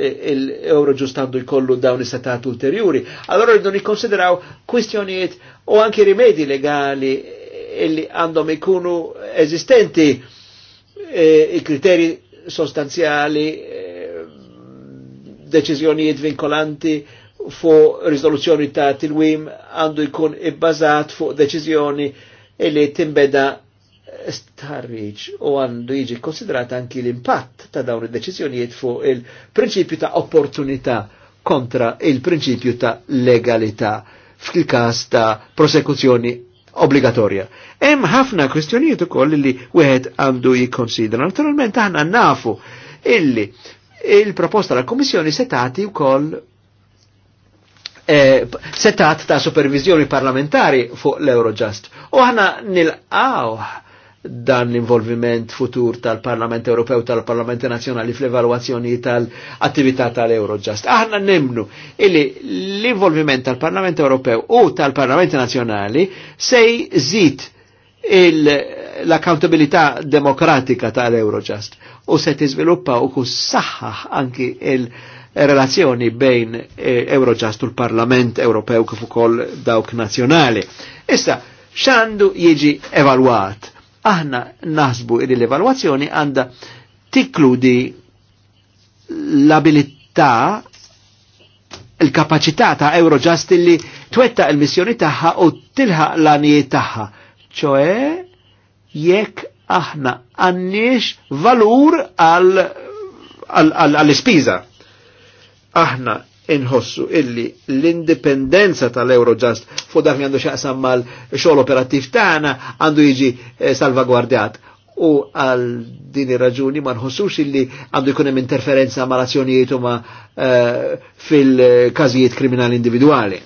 [SPEAKER 1] il-Eurojust għandu jkollu dawn is-setat ulterjuri. Allora rridu nikkonsideraw kwistjonijiet u anki rimedi legali illi għandhom ikunu eżistenti e, i-kriteri sostanziali e, deċiżjonijiet vinkolanti, fu rizoluzzjoni ta' tilwim għandu jkun ibbażat fuq deċizjoni illi timbeda starriċ u għandu jiġi konsiderat anki l-impatt ta' dawn id-deċizjonijiet fuq il-prinċipju ta' opportunità kontra il-prinċipju ta' legalità fil każ ta' prosekuzzjoni obbligatorja. Hemm ħafna kwestjonijiet ukoll li wieħed għandu jikkonsidra. Naturalment aħna nafu illi il-proposta tal kummissjoni se tagħti wkoll eh, setat ta' supervizjoni parlamentari fuq l-Eurojust. U ħana nilqaw dan l-involviment futur tal-Parlament Ewropew tal parlament Nazzjonali fl-evalwazzjoni tal-attività tal-Eurojust. Aħna nemnu illi l-involviment tal-Parlament Ewropew u tal parlament Nazzjonali se jżid l-accountabilità demokratika tal-Eurojust u se tiżviluppa u kus saħħaħ anki il-relazzjoni bejn eh, Eurojust u l-Parlament Ewropew kif ukoll dawk nazzjonali. Issa, xandu jiġi evalwat Aħna naħsbu li l-evalwazzjoni għandha tikludi l-abilità il-kapacità ta' Eurojust li twetta il-missjoni tagħha u tilħa l-anijiet tagħha. ċoe jekk aħna għanniex valur għall-ispiża. Aħna inħossu illi l-indipendenza tal-Eurojust fuq dak li għandu xaqsam mal-xogħol operattiv tagħna għandu jiġi eh, salvagwardjat u għal din raġuni ma nħossux illi għandu jkun hemm interferenza ma' razzjonijiet ma eh, fil-każijiet kriminali individwali.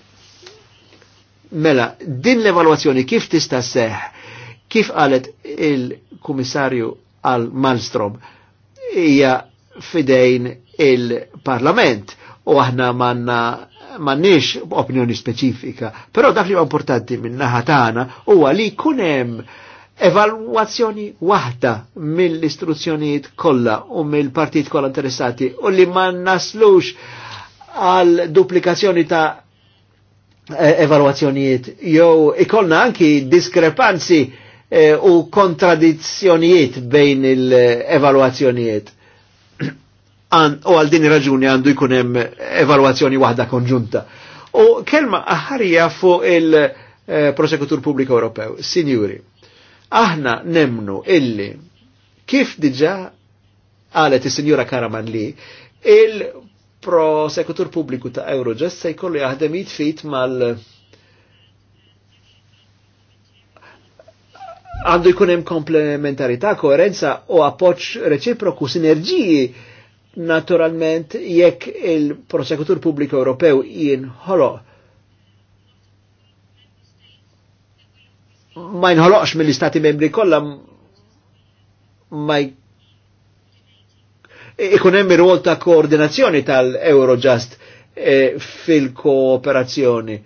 [SPEAKER 1] Mela, din l-evalwazzjoni kif tista' seħ? Kif qalet il-Kummissarju għal Malmstrom hija fidejn il-Parlament u aħna manna manniex opinjoni speċifika, però dak li huwa importanti minn naħa tagħna huwa li jkun hemm evalwazzjoni waħda mill-istruzzjonijiet kollha u mill-partit kollha interessati u li ma naslux għal duplikazzjoni ta' e, evalwazzjonijiet jew ikollna anki diskrepanzi e, u kontradizzjonijiet bejn il-evalwazzjonijiet u għal din raġuni għandu jkun hemm evalwazzjoni waħda konġunta. U kelma aħarija fuq il-prosekutur eh, pubbliku Ewropew, sinjuri, aħna nemnu illi kif diġa għalet il sinjura Karaman li il-prosekutur pubbliku ta' Eurojust se jkollu jaħdem jitfit mal- għandu jkun hemm komplementarità, koerenza u appoġġ reċiproku, sinerġiji Naturalment, jekk il-prosekutur pubbliku Ewropew jinħolo ma jinħoloqx mill-istati membri kollha ma ikun hemm ta' koordinazzjoni tal-Eurojust eh, fil-kooperazzjoni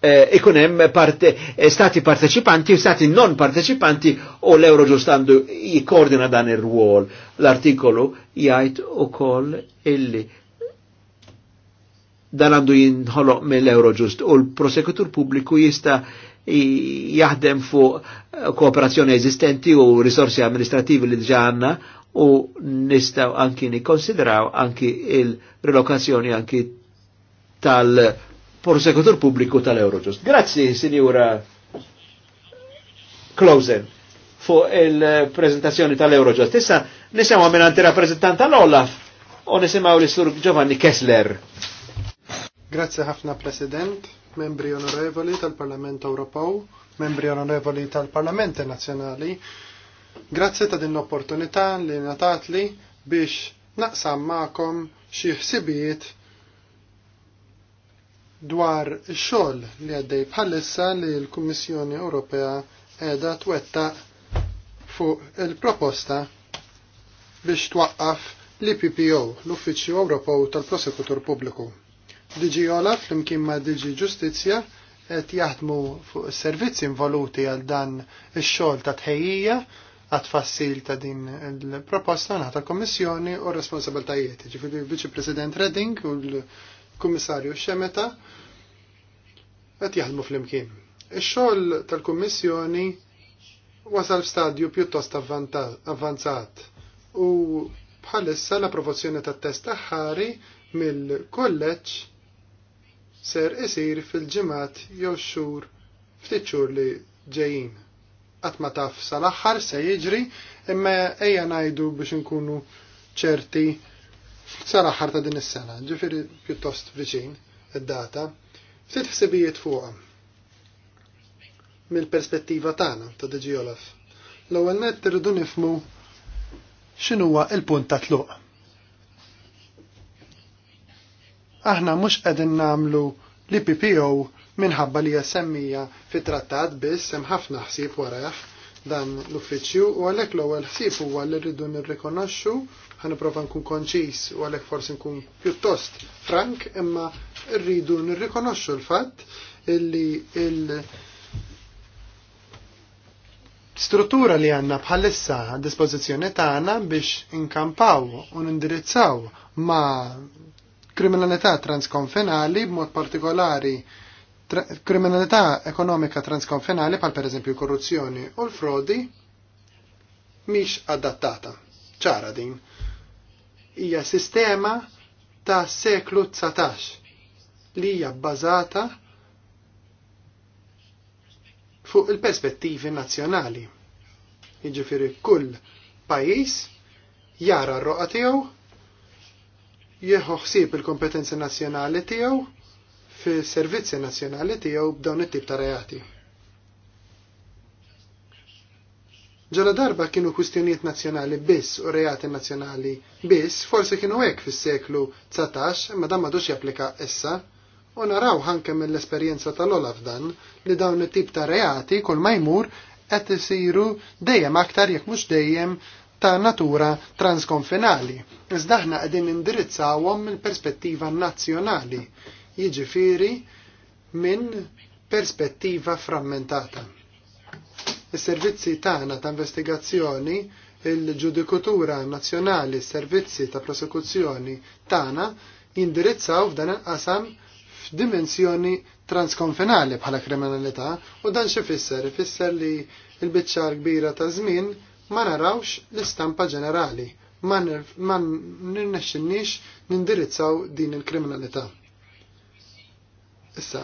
[SPEAKER 1] Eh, ikun parte, eh, stati parteċipanti u stati non parteċipanti u l-euro ġustandu jikkoordina dan il ruol L-artikolu jgħid koll illi dan għandu jinħoloq mill-euro ġust u l-prosekutur pubbliku jista' jaħdem fu kooperazzjoni eżistenti u risorsi amministrativi li ġanna, u nistaw anki nikonsidraw anki il-relokazzjoni anki tal- prosekutur publiku tal-Eurojust. Grazzi, Signora Klausen, fuq il-prezentazzjoni tal-Eurojust. Issa nisimaw minn anti rappresentant tal-Olaf u nisimaw l-Sur Giovanni
[SPEAKER 3] Kessler. Grazzi ħafna, President, membri onorevoli tal-Parlament Ewropew, membri onorevoli tal-Parlament Nazzjonali. Grazzi ta' din l-opportunità li natatli biex naqsam ma'kom xi ħsibijiet dwar xogħol li għaddej bħalissa li l-Kummissjoni Ewropea qiegħda twetta' fuq il-proposta biex twaqqaf l-IPPO, l-Uffiċċju Ewropew tal-Prosekutur Pubbliku. Diġi Olaf flimkien ma' Diġi Ġustizzja qed jaħdmu fuq is-servizzi involuti għal dan ix-xogħol ta' tħejjija għat fassil ta' din il-proposta naħta kommissjoni u responsabiltajiet. Ġifieri viċi President Redding u l kummissarju xemeta qed jaħdmu flimkien. Ix-xogħol tal-Kummissjoni wasal f'stadju pjuttost avvanzat u bħalissa l-approvazzjoni tat-test aħħari mill-kolleġġ ser isir fil-ġimgħat jew xhur ftit xhur li ġejjin. Qatt ma taf sal-aħħar se jiġri imma ejja ngħidu biex inkunu ċerti sara ħarta ta' din is-sena, ġifieri pjuttost viċin id-data, ftit ħsibijiet fuqha mill-perspettiva tagħna ta' Diġi Olaf. L-ewwel nett irridu nifmu x'inhuwa l-punt ta' tluq. Aħna mhux qegħdin nagħmlu l ippo minħabba li hija semmija fit-trattat biss hemm ħafna ħsieb warajh dan l-uffiċċju u għalhekk l-ewwel ħsieb huwa li rridu nirrikonoxxu ħaniprofa nkun konċis u għalhekk forsi nkun pjuttost frank imma rridu nirrikonoxxu l-fatt illi il struttura li għanna bħalissa a dispożizzjoni tagħna biex inkampaw u nindirizzaw ma' kriminalità transkonfinali b'mod partikolari Kriminalità ekonomika transkonfinali pal pereżempju korruzzjoni u l-frodi mhix adattata. ċara din. Hija sistema ta' seklu 19 li hija bbażata fuq il-perspettivi nazzjonali. Jiġifieri kull pajjiż jara r-roqa tiegħu jieħu ħsieb il-kompetenzi nazzjonali tiegħu fil servizzi nazzjonali tiegħu b'dawn it-tip ta' reati. Ġala darba kienu kwistjonijiet nazzjonali biss u reati nazzjonali biss, forsi kienu hekk fis-seklu 19, imma dan madux japplika issa, u naraw ħanke mill-esperjenza tal-Olaf dan li dawn it-tip ta' reati kull ma jmur qed isiru dejjem aktar jekk mhux dejjem ta' natura transkonfinali. Iżda aħna qegħdin indirizzawhom mill-perspettiva nazzjonali jiġifieri minn perspettiva frammentata. Is-servizzi tagħna ta' investigazzjoni il-ġudikatura nazzjonali, s-servizzi ta' prosekuzzjoni tagħna jindirizzaw f'dan il-qasam f'dimensjoni transkonfinali bħala kriminalità u dan xi fisser ifisser li l-biċċa kbira ta' żmien ma narawx l-istampa ġenerali, ma nirnexxinniex nindirizzaw din il-kriminalità. Issa,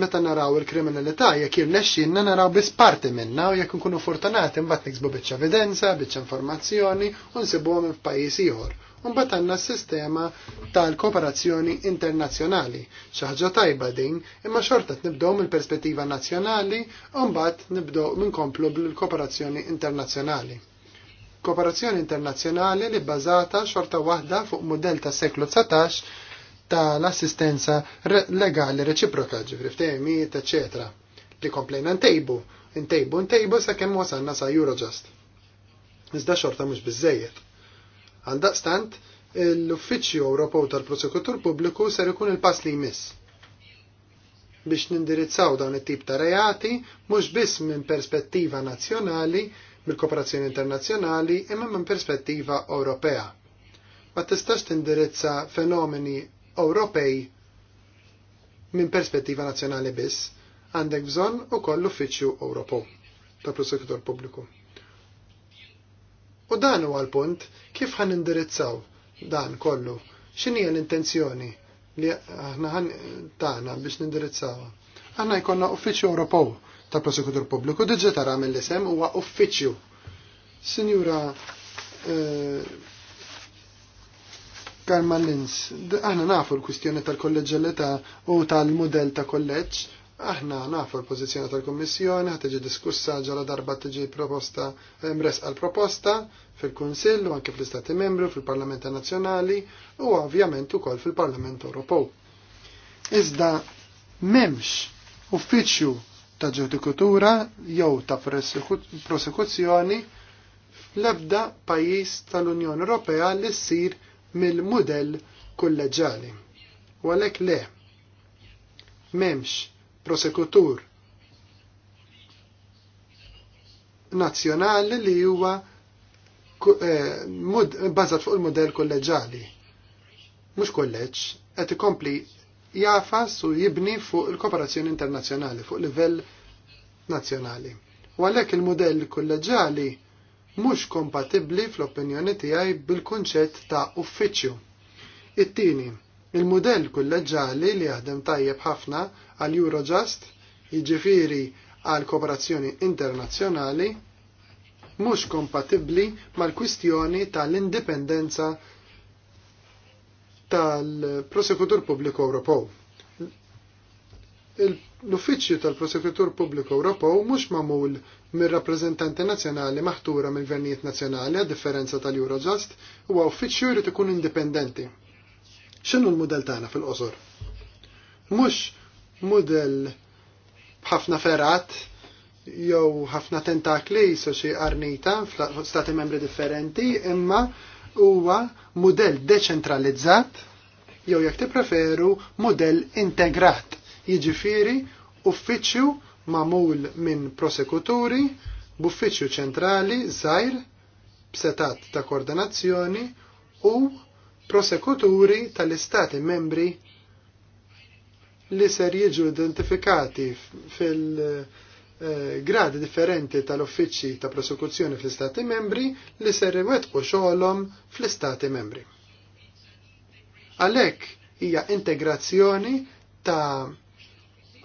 [SPEAKER 3] meta naraw il-kriminalità jekk jirnexxinna naraw biss parti minnha u jekk nkunu fortunati mbagħad niksbu bieċa evidenza, bieċa informazzjoni u nsibuhom f'pajjiż ieħor. Mbagħad għandna s-sistema tal-kooperazzjoni internazzjonali. Xi ħaġa tajba din, imma xorta t-nibdow mill-perspettiva nazzjonali u mbagħad nibdew minkomplu bil-kooperazzjoni internazzjonali. Kooperazzjoni internazzjonali li bbażata xorta waħda fuq mudell tas-seklu 19 tal-assistenza legali reċiproka, ġifri ftehimiet, etc. li komplejna ntejbu, ntejbu, ntejbu sa' kemm wasanna sa' Eurojust. Iżda xorta mhux biżejjed. Għaldaqstant, l-Uffiċċju Ewropew tal-Prosekutur Pubbliku ser ikun il-pass li jmiss biex nindirizzaw dawn it-tip ta' reati mhux biss minn perspettiva nazzjonali mill-kooperazzjoni internazzjonali imma minn perspettiva Ewropea. Ma tistax tindirizza fenomeni Ewropej minn perspettiva nazzjonali biss, għandek bżonn ukoll l-Uffiċċju Ewropew tal-Prosekutur Pubbliku. U dan huwa l-punt kif ħan indirizzaw dan kollu, x'inhi l-intenzjoni li aħna ħan tagħna biex nindirizzawha. Aħna jkollna Uffiċċju Ewropew tal-Prosekutur Pubbliku diġà tara mill-isem huwa Uffiċċju. Sinjura eh, Lins, aħna nafu l-kustjoni tal-kolleġġalità u tal-modell ta' kolleġġ, aħna nafu l-pozizjoni tal-Kommissjoni, għat tiġi diskussa ġara darba tiġi proposta eh, mres għal-proposta fil-Kunsill u anke fl-Istati Membru, fil-Parlament Nazzjonali u ovvjament ukoll fil-Parlament Ewropew. Iżda memx uffiċċju ta' ġudikatura jew ta' prosekuzzjoni l-ebda pajjiż tal-Unjoni Ewropea li ssir mill model kolleġali. U għalhekk le, m'hemmx prosekutur nazzjonali li huwa eh, bazat fuq il model kolleġali. Mhux kolleġġ qed ikompli jafas u jibni fuq il-kooperazzjoni internazzjonali fuq livell nazjonali. U għalhekk il model kolleġali mhux kompatibbli fl-opinjoni tiegħi bil-kunċett ta' uffiċċju. It-tieni, il-mudell kulleġġali li jaħdem tajjeb ħafna għal Eurojust, jiġifieri għal kooperazzjoni internazzjonali, mhux kompatibbli mal-kwistjoni tal-indipendenza tal-prosekutur pubbliku Ewropew L-Uffiċċju tal-Prosekutur Pubbliku Ewropew mhux magħmul mir-rappreżentanti nazzjonali maħtura mill-gvernijiet nazzjonali għad differenza tal-Eurojust huwa uffiċċju jrid ikun indipendenti. X'inhu l-mudell tagħna fil-qosor? Mhux mudell b'ħafna ferat jew ħafna tentakli jisu xi arnita f'stati membri differenti, imma huwa mudell deċentralizzat jew jekk tippreferu mudell integrat jiġifieri uffiċċju magħmul minn prosekuturi b'uffiċċju ċentrali żgħir b'setat ta' koordinazzjoni u prosekuturi tal-istati membri li ser jiġu identifikati fil-gradi eh, differenti tal-uffiċċji ta' prosekuzzjoni fl-istati membri li ser iwetqu xogħolhom fl-istati membri. Għalhekk hija integrazzjoni ta'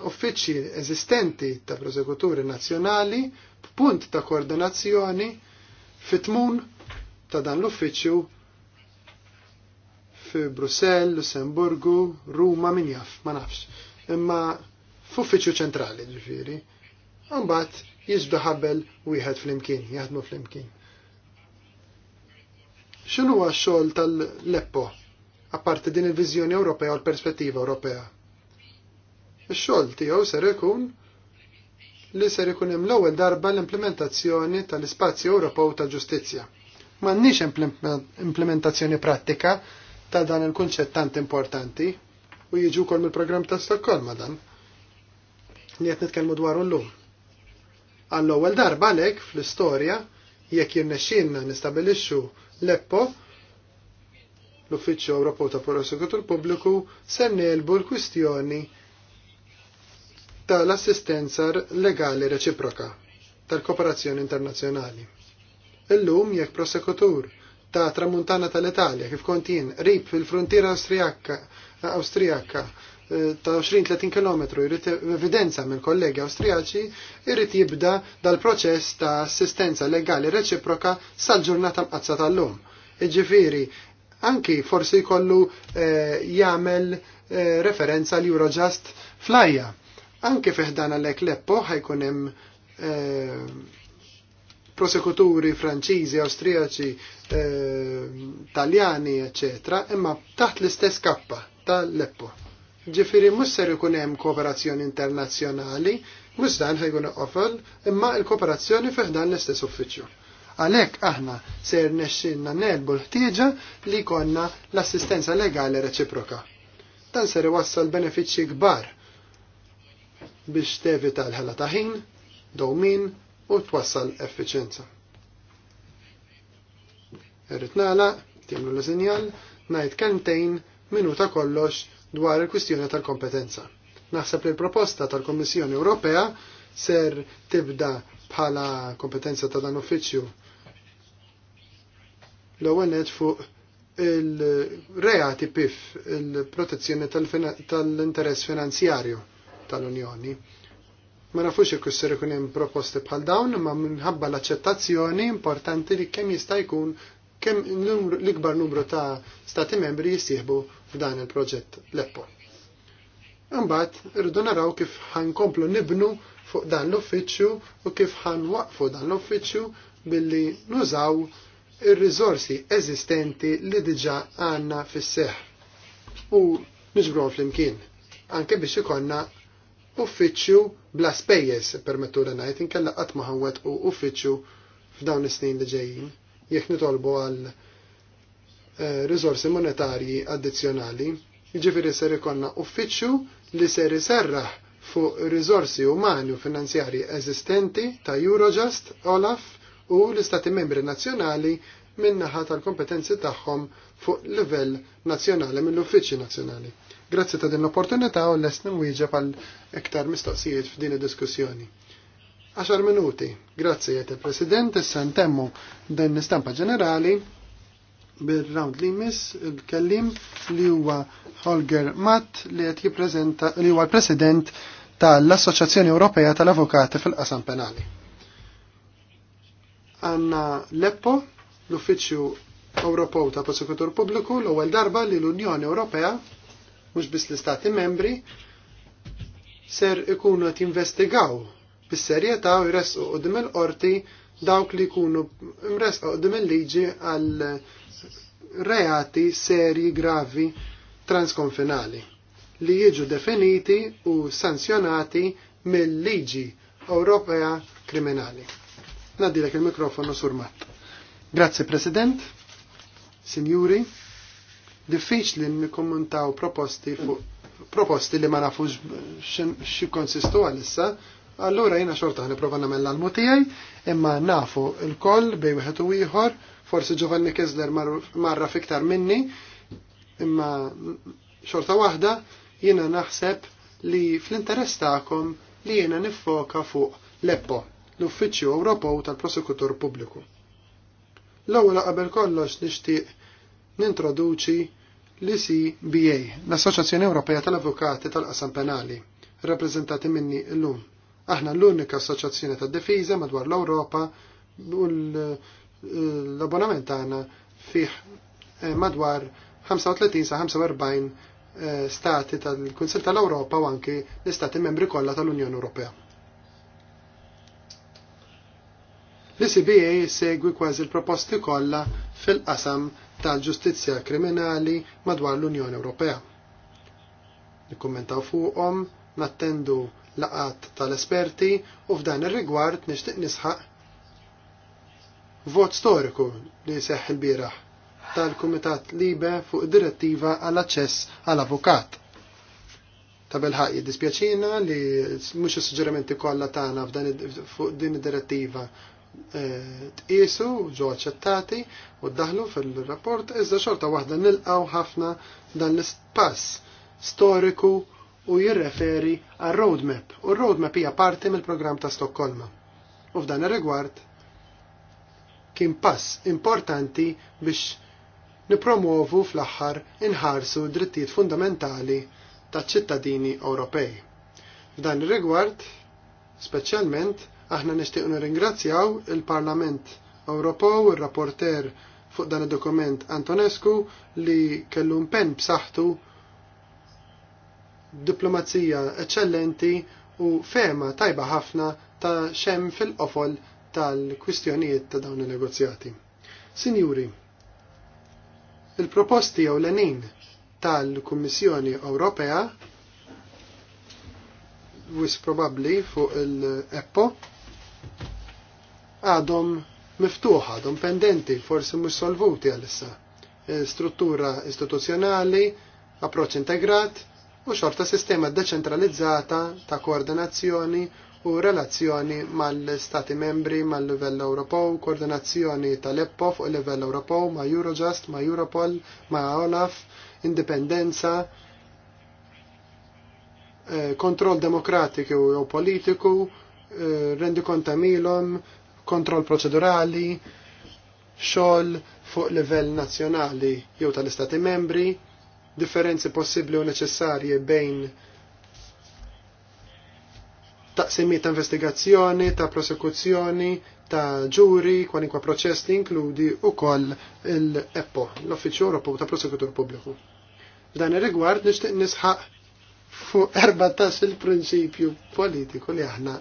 [SPEAKER 3] uffiċċji eżistenti ta' prosekuturi nazzjonali b'punt ta' koordinazzjoni fit-tmun ta' dan l-uffiċċju fi Brussell, Lussemburgu, Ruma, min jaff, ma nafx. Imma f'uffiċċju ċentrali ġifieri. Mbagħad jiġdu ħabel wieħed flimkien, jaħdmu flimkien. X'inhu huwa x-xogħol tal-Leppo apparti din il-viżjoni Ewropea u l-perspettiva Ewropea? Ix-xogħol tiegħu ser ikun li ser ikun hemm l-ewwel darba l-implementazzjoni tal-Ispazju Ewropew ta' Ġustizzja. M'għandniex implementazzjoni prattika ta' dan il-kunċett tant importanti u jiġu wkoll mill-programm ta' ma' dan li qed nitkellmu dwaru llum. Għall-ewwel darba għalhekk fl-istorja jekk jirnexxinna nistabilixxu l-EPPO l-Uffiċċju Ewropew ta' Prosekutur Pubbliku se nelbu l-kwistjoni ta' l-assistenza legali reċiproka tal-kooperazzjoni internazzjonali. Illum jekk prosekutur ta' tramuntana tal-Italja kif kontin rib fil-frontiera Awstrijakka eh, ta' 20-30 km jrid evidenza mill kollegi Awstrijaċi jrid jibda dal-proċess ta' assistenza legali reċiproka sal-ġurnata mqazza tal-lum. Iġifieri, anki forsi jkollu eh, jagħmel eh, referenza l Eurojust flajja Anke fiħdan għalek leppo ħajkun hemm eh, prosekuturi franċiżi, austrijaċi, eh, taljani, eccetera, imma taħt l-istess kappa tal-leppo. Ġifiri musser ikun hemm kooperazzjoni internazzjonali, mhux dan ħajkun qofol, imma l-kooperazzjoni feħdan l-istess uffiċċju. Għalhekk aħna ser nexxinna nelbu l-ħtieġa li konna l-assistenza legali reċiproka. Dan ser iwassal benefiċċji kbar biex tevita l-ħela ta' ħin, dowmin u twassal effiċenza. Irrit nagħlaq, timlu l-sinjal, ngħid kantejn minuta kollox dwar il-kwistjoni tal-kompetenza. Naħseb li l-proposta tal-Kommissjoni Ewropea ser tibda bħala kompetenza ta' dan uffiċċju l-ewwel fuq il-reati pif il-protezzjoni tal-interess finanzjarju tal-Unjoni. Ma nafux ikkussir isser ikun hemm proposti bħal dawn, imma minħabba l-aċċettazzjoni importanti li kemm jista' jkun kemm l-ikbar numru ta' stati membri jissieħbu f'dan il-proġett l-Eppo. Imbagħad irridu naraw kif ħankomplu nibnu fuq dan l-uffiċċju u kif ħanwaqfu dan l-uffiċċju billi nużaw ir-riżorsi eżistenti li diġà għandna fis-seħħ u fl flimkien anke biex ikonna uffiċċju bla spejjeż permettu li ngħid inkella qatt ma ħawwet u uffiċċju f'dawn is-snin li ġejjin jekk nitolbu għal eh, riżorsi monetarji addizzjonali, jiġifieri ser ikollna uffiċċju li ser iserraħ fuq riżorsi umani u finanzjarji eżistenti ta' Eurojust, Olaf u l-Istati Membri Nazzjonali minnaħa tal-kompetenzi tagħhom fuq livell nazzjonali mill uffiċċju Nazzjonali. Grazzi ta' din l-opportunità u l-esni nimwieġeb għal iktar mistoqsijiet f'din id-diskussjoni. 10 minuti. Grazzi għet il-President, issa ntemmu din istampa ġenerali bil-round li jmiss il-kellim li huwa Holger Matt li qed jippreżenta li huwa l-President tal-Assoċjazzjoni Ewropea tal-Avukati fil-Qasam Penali. Għanna Leppo, l-Uffiċċju Ewropew ta' Prosekutur Pubbliku l-ewwel darba li l-Unjoni Ewropea mhux biss l-istati membri, ser ikunu qed investigaw bis-serjetà u jresqu qudiem il-qorti dawk li jkunu mresqu qudiem il-liġi għal reati serji gravi transkonfinali li jiġu definiti u sanzjonati mill-liġi Ewropea kriminali. Nadilek il-mikrofonu sur Matt. Grazie President, Signori. Diffiċli nikkommentaw proposti fuq proposti li ma nafux xi konsistu għalissa, allura jiena xorta ħniprofa nagħmel l mutijaj tiegħi, imma nafu l-koll bej wieħed u ieħor, forsi Giovanni Kessler marra fiktar minni, imma xorta waħda jiena naħseb li fl-interess tagħkom li jiena niffoka fuq l-EPPO, l-Uffiċċju Ewropew tal-Prosekutur Pubbliku. L-ewwel qabel kollox nixtieq nintroduċi l-ICBA, l-Assoċjazzjoni Ewropea tal-Avukati tal-Qasam Penali, rappreżentati minni l-lum. Aħna l-unika assoċjazzjoni tad-difiża madwar l-Ewropa u l-abbonament tagħna fih eh, madwar 35 sa 45 eh, stati tal-Kunsil tal-Ewropa u anki l-istati membri kollha tal-Unjoni Ewropea. L-CBA segwi kważi l-proposti kollha fil-qasam tal-ġustizzja kriminali madwar l-Unjoni Ewropea. Nikkumentaw fuqhom, nattendu laqat tal-esperti u f'dan ir-rigward nixtieq nisħaq vot storiku li seħħ il-bieraħ tal-Kumitat Libe fuq direttiva għall-aċċess għall-avukat. Ta' belħaq jiddispjaċina li mhux is-suġġerimenti kollha tagħna fuq din id-direttiva E, tqisu ġo aċċettati u ddaħlu fil-rapport iżda xorta waħda nilqaw ħafna dan l-spass storiku u jirreferi għal roadmap u roadmap hija parti mill-programm ta' Stokkolma. U f'dan ir-rigward kien pass importanti biex nipromovu fl-aħħar inħarsu drittijiet fundamentali taċ ċittadini Ewropej. F'dan ir-rigward, speċjalment, Aħna nishtiq nirringrazzjaw il-Parlament Ewropew, ir-rapporter fuq dan id-dokument Antonescu li kellu impenn b'saħħtu diplomazija eċċellenti u fema tajba ħafna ta' xem fil-qofol tal-kwistjonijiet ta' dawn il-negozjati. Sinjuri, il-proposti jew l-enin tal-Kummissjoni Ewropea wis probabbli fuq il-EPPO għadhom miftuħ, għadhom pendenti, forsi mhux solvuti għalissa. E, struttura istituzzjonali, approċċ integrat u xorta sistema deċentralizzata ta' koordinazzjoni u relazzjoni mal-Stati membri mal-livell Ewropew, koordinazzjoni tal-EPPO fuq livell Ewropew ma' Eurojust, ma' Europol, ma' Olaf, indipendenza, e, kontroll demokratiku u politiku, Eh, rendi milom, kontrol proċedurali, xogħol fuq livell nazzjonali jew tal-istati membri, differenzi possibbli u neċessarji bejn taqsimiet ta' investigazzjoni, ta' prosekuzzjoni, ta' ġuri, kwalinkwa proċess li inkludi u koll l-EPPO, l-Offiċju Europu ta' Prosekutur Pubbliku. F'dan ir-rigward nixtieq nisħaq fuq 14 il-prinċipju politiku li aħna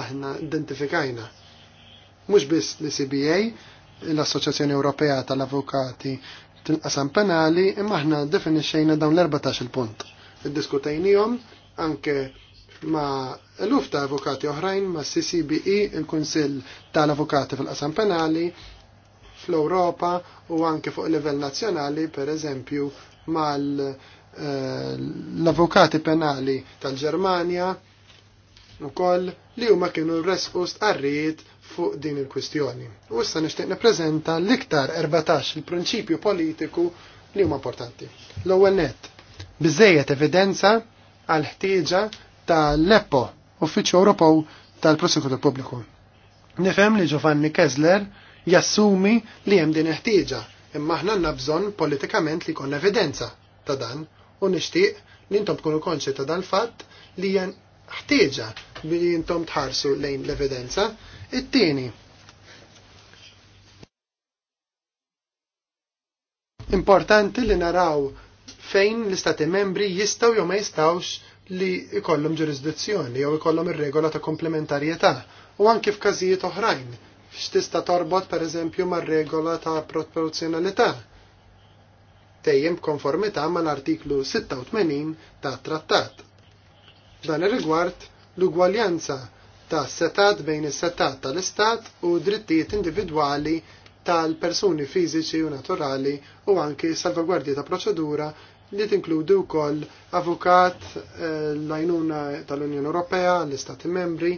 [SPEAKER 3] aħna identifikajna. Mhux biss li CBA, l-Assoċjazzjoni Ewropea tal-Avukati tinqasam penali, imma aħna definixxejna dawn l-14 punt. Iddiskutejnihom anke ma eluf ta' avukati oħrajn ma' CCBE, il-Kunsill tal-Avukati fil-Qasam Penali, fl-Europa u anke fuq livell nazzjonali, per eżempju, mal eh, l-avukati penali tal-Germania, koll li huma kienu resqu għarrit fuq din il-kwistjoni. U issa nixtieq nippreżenta l-iktar 14 il-prinċipju politiku li huma importanti. L-ewwel nett, biżejjed evidenza għal ħtieġa tal-EPPO, Uffiċċju Ewropew tal-Prosekutur Pubbliku. Nifhem li Giovanni Kessler jassumi li hemm din ħtieġa, imma aħna għandna bżonn politikament li jkollna evidenza ta' dan u nixtieq li intom tkunu konċi ta' dan fatt li jen ħtieġa li jintom tħarsu lejn l-evidenza. It-tieni. Importanti li naraw fejn l-istati membri jistaw jew ma jistawx li ikollhom ġurisdizzjoni jew ikollhom ir-regola ta' komplementarjetà u anke f'każijiet oħrajn x'tista' torbot pereżempju mar-regola ta' proporzjonalità tejjem konformità mal-artiklu 86 ta' trattat. Dan ir-rigward, l-ugwaljanza ta' setat bejn is-setat tal-istat u drittijiet individwali tal-persuni fiżiċi u naturali u anki salvagwardji ta' proċedura li tinkludu wkoll avukat eh, l-għajnuna tal-Unjoni Ewropea, l-Istati Membri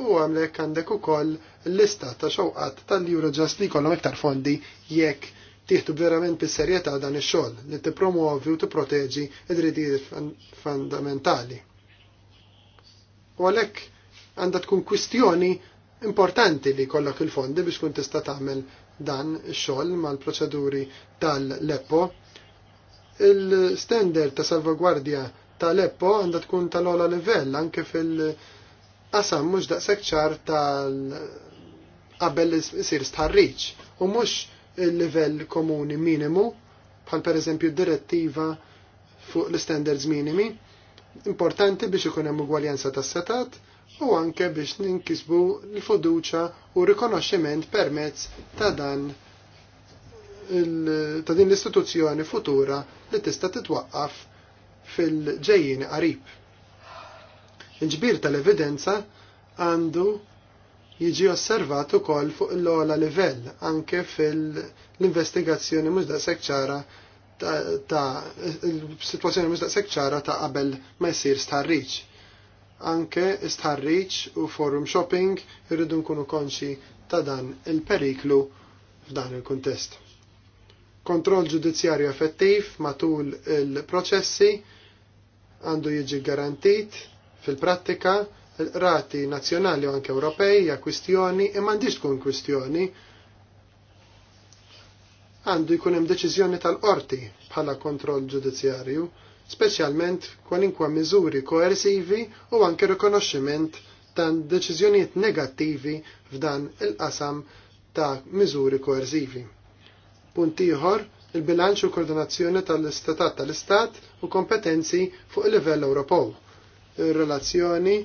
[SPEAKER 3] u għamlek għandek ukoll l-lista ta' xewqat tal-Eurojust li kollhom iktar fondi jekk tieħdu verament bis-serjetà dan ix-xogħol li tippromovi u tipproteġi id-drittijiet fundamentali. U għalhekk għandha tkun kwistjoni importanti li kollok il-fondi biex kun tista' tagħmel dan ix-xogħol mal-proċeduri tal-Leppo. Il-standard ta' salvagwardja tal-Leppo għandha tkun tal-ola livell anke fil-qasam mhux daqshekk ċar tal- qabel isir stħarriċ u mhux il-livell komuni minimu bħal pereżempju d-direttiva fuq l-standards minimi importanti biex ikun hemm ugwaljanza tas-setat u anke biex ninkisbu l fiduċja u rikonoxximent permezz ta' dan ta' din l-istituzzjoni futura li tista' titwaqqaf fil-ġejjin qarib. Il-ġbir tal-evidenza għandu jiġi osservat ukoll fuq l-ola livell anke fil-investigazzjoni mhux daqshekk ċara ta' situazzjoni mis daqshekk ċara ta' qabel ma jsir starriċ. Anke starriċ u forum shopping irridu nkunu konxi ta' dan il-periklu f'dan il-kontest. Kontroll ġudizzjarju effettiv matul il-proċessi għandu jiġi garantit fil-prattika rati nazzjonali u anke Ewropej hija kwistjoni imma għandix tkun kwistjoni għandu jkun hemm deċiżjoni tal-qorti bħala kontroll ġudizzjarju, speċjalment kwalinkwa miżuri koersivi u anke rikonoxximent ta' deċiżjonijiet negattivi f'dan il-qasam ta' miżuri koersivi. Punt ieħor, il-bilanċ u koordinazzjoni tal-istatat tal-istat u kompetenzi fuq il-livell Ewropew, ir-relazzjoni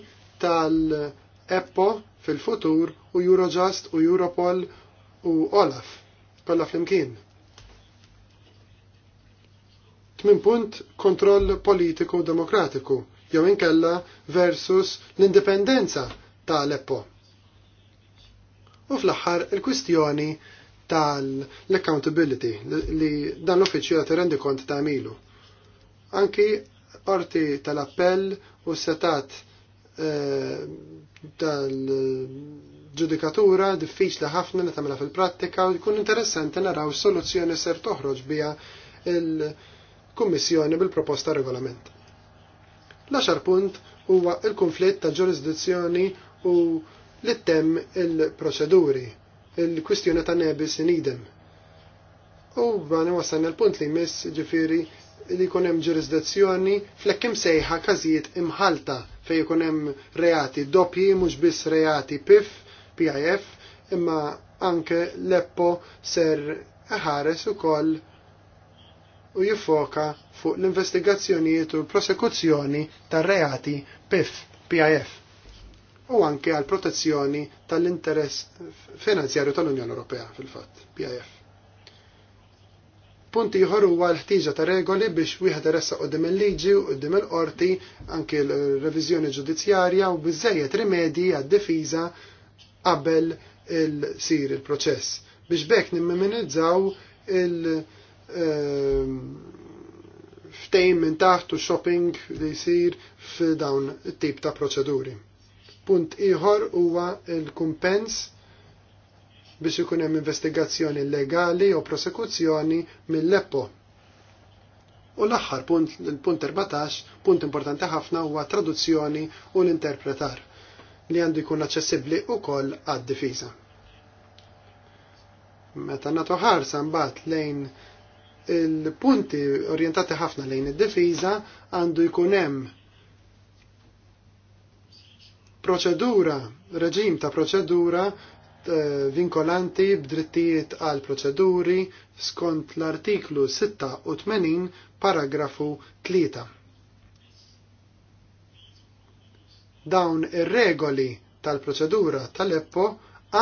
[SPEAKER 3] tal-EPPO fil-futur u Eurojust u Europol u Olaf Kolla flimkien Tmin punt kontroll politiku demokratiku jew inkella versus l-indipendenza ta' Aleppo. U fl-aħħar il-kwistjoni tal-accountability li dan l-uffiċju għat rendi kont ta' milu. Anki orti tal-appell u setat eh, tal-ġudikatura diffiċli ħafna li tagħmilha fil-prattika u jkun interessanti naraw soluzzjoni ser toħroġ biha il- kummissjoni bil-proposta regolament. L-axar punt huwa il-konflitt ta' ġurisdizzjoni u l tem il-proċeduri, il-kwistjoni ta' nebis in idem. U għan wasan il-punt li jmiss ġifiri li kunem ġurisdizzjoni flekkim sejħa kazijiet imħalta fej kunem reati doppji, mux biss reati PIF, PIF, imma anke leppo ser ħares u koll u jiffoka fuq l-investigazzjonijiet u l-prosekuzzjoni tar-reati PIF, PIF u anke għal protezzjoni tal-interess finanzjarju tal-Unjoni Ewropea fil-fatt, PIF. Punti ieħor huwa l-ħtiġa ta' regoli biex wieħed iressa qudiem il-liġi u qudiem il-qorti anke l-reviżjoni ġudizzjarja u biżejjed rimedji għad-difiża qabel il-sir il-proċess biex bekk nimminizzaw il-, il il Ehm, ftejn minn taħt u shopping li jsir f'dawn it-tip ta' proċeduri. Punt ieħor huwa l-kumpens biex ikun hemm investigazzjoni legali u prosekuzzjoni mill-EPPO. U l-aħħar punt, il-punt 14, punt importanti ħafna huwa traduzzjoni u l-interpretar li għandu jkun aċċessibbli wkoll għad-difiża. Meta nagħtu ħarsa mbagħad lejn il-punti orientati ħafna lejn id-difiża għandu jkun hemm proċedura, reġim ta' proċedura eh, vinkolanti b'drittijiet għal proċeduri skont l-artiklu 86 paragrafu 3. Dawn ir-regoli tal-proċedura tal-EPPO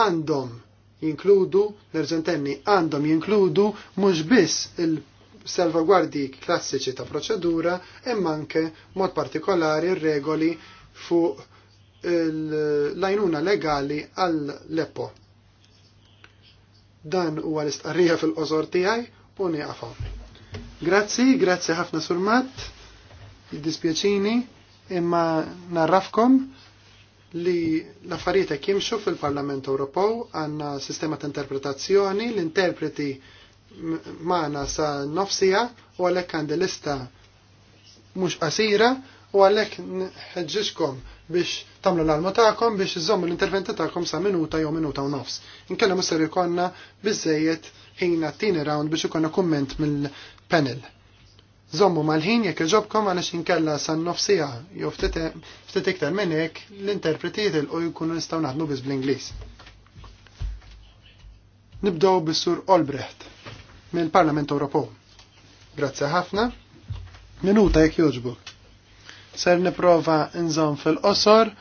[SPEAKER 3] għandhom jinkludu, l-erżentenni għandhom jinkludu mhux biss il- salvaguardi klassiċi ta' proċedura imma anke mod partikolari regoli fuq l-lajnuna legali għall-lepo. Dan huwa l-istqarrija fil-qosor tiegħi u nieqafhom. Grazzi, grazzi ħafna surmat, jiddispjaċini, imma narrafkom li l-affarijiet qed jimxu fil-Parlament Ewropew għandna sistema ta' interpretazzjoni, l-interpreti magħna sa nofsija u għalhekk għandi lista mhux qasira u għalhekk nħeġġixkom biex tagħmlu l-almu tagħkom biex iżommu l-interventi tagħkom sa minuta jew minuta u nofs. Inkellem isser ikollna biżejjed ħin għattini tieni round biex ikollna kumment mill-panel. Zommu mal-ħin jekk iġobkom għaliex inkella san nofsija jew ftit iktar minnek l-interpreti u jkunu nistgħu naħdmu biss bl-Ingliż. Nibdew bis-Sur Olbrecht mill-Parlament Ewropew. Grazzi ħafna. Minuta jekk jogħġbok. Ser nipprova nżomm fil-qosor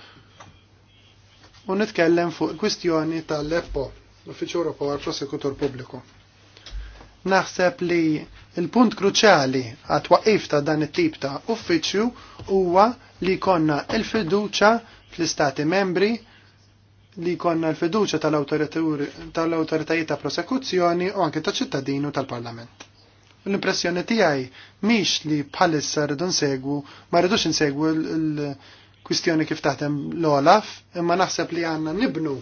[SPEAKER 3] u nitkellem fuq kwistjoni tal-EPPO, l-Uffiċċju Ewropew għall-Prosekutur Pubbliku. Naħseb li Il-punt kruċjali għat waqif ta' dan it-tip ta' uffiċju huwa li konna il-fiduċa fl-istati membri li konna l-fiduċa tal-autoritajiet ta' prosekuzzjoni u anke ta' ċittadinu tal-Parlament. L-impressjoni tiegħi mhix li bħalissa rridu nsegwu, ma rridux nsegwu l-kwistjoni kif taħdem l-Olaf, imma naħseb li għandna nibnu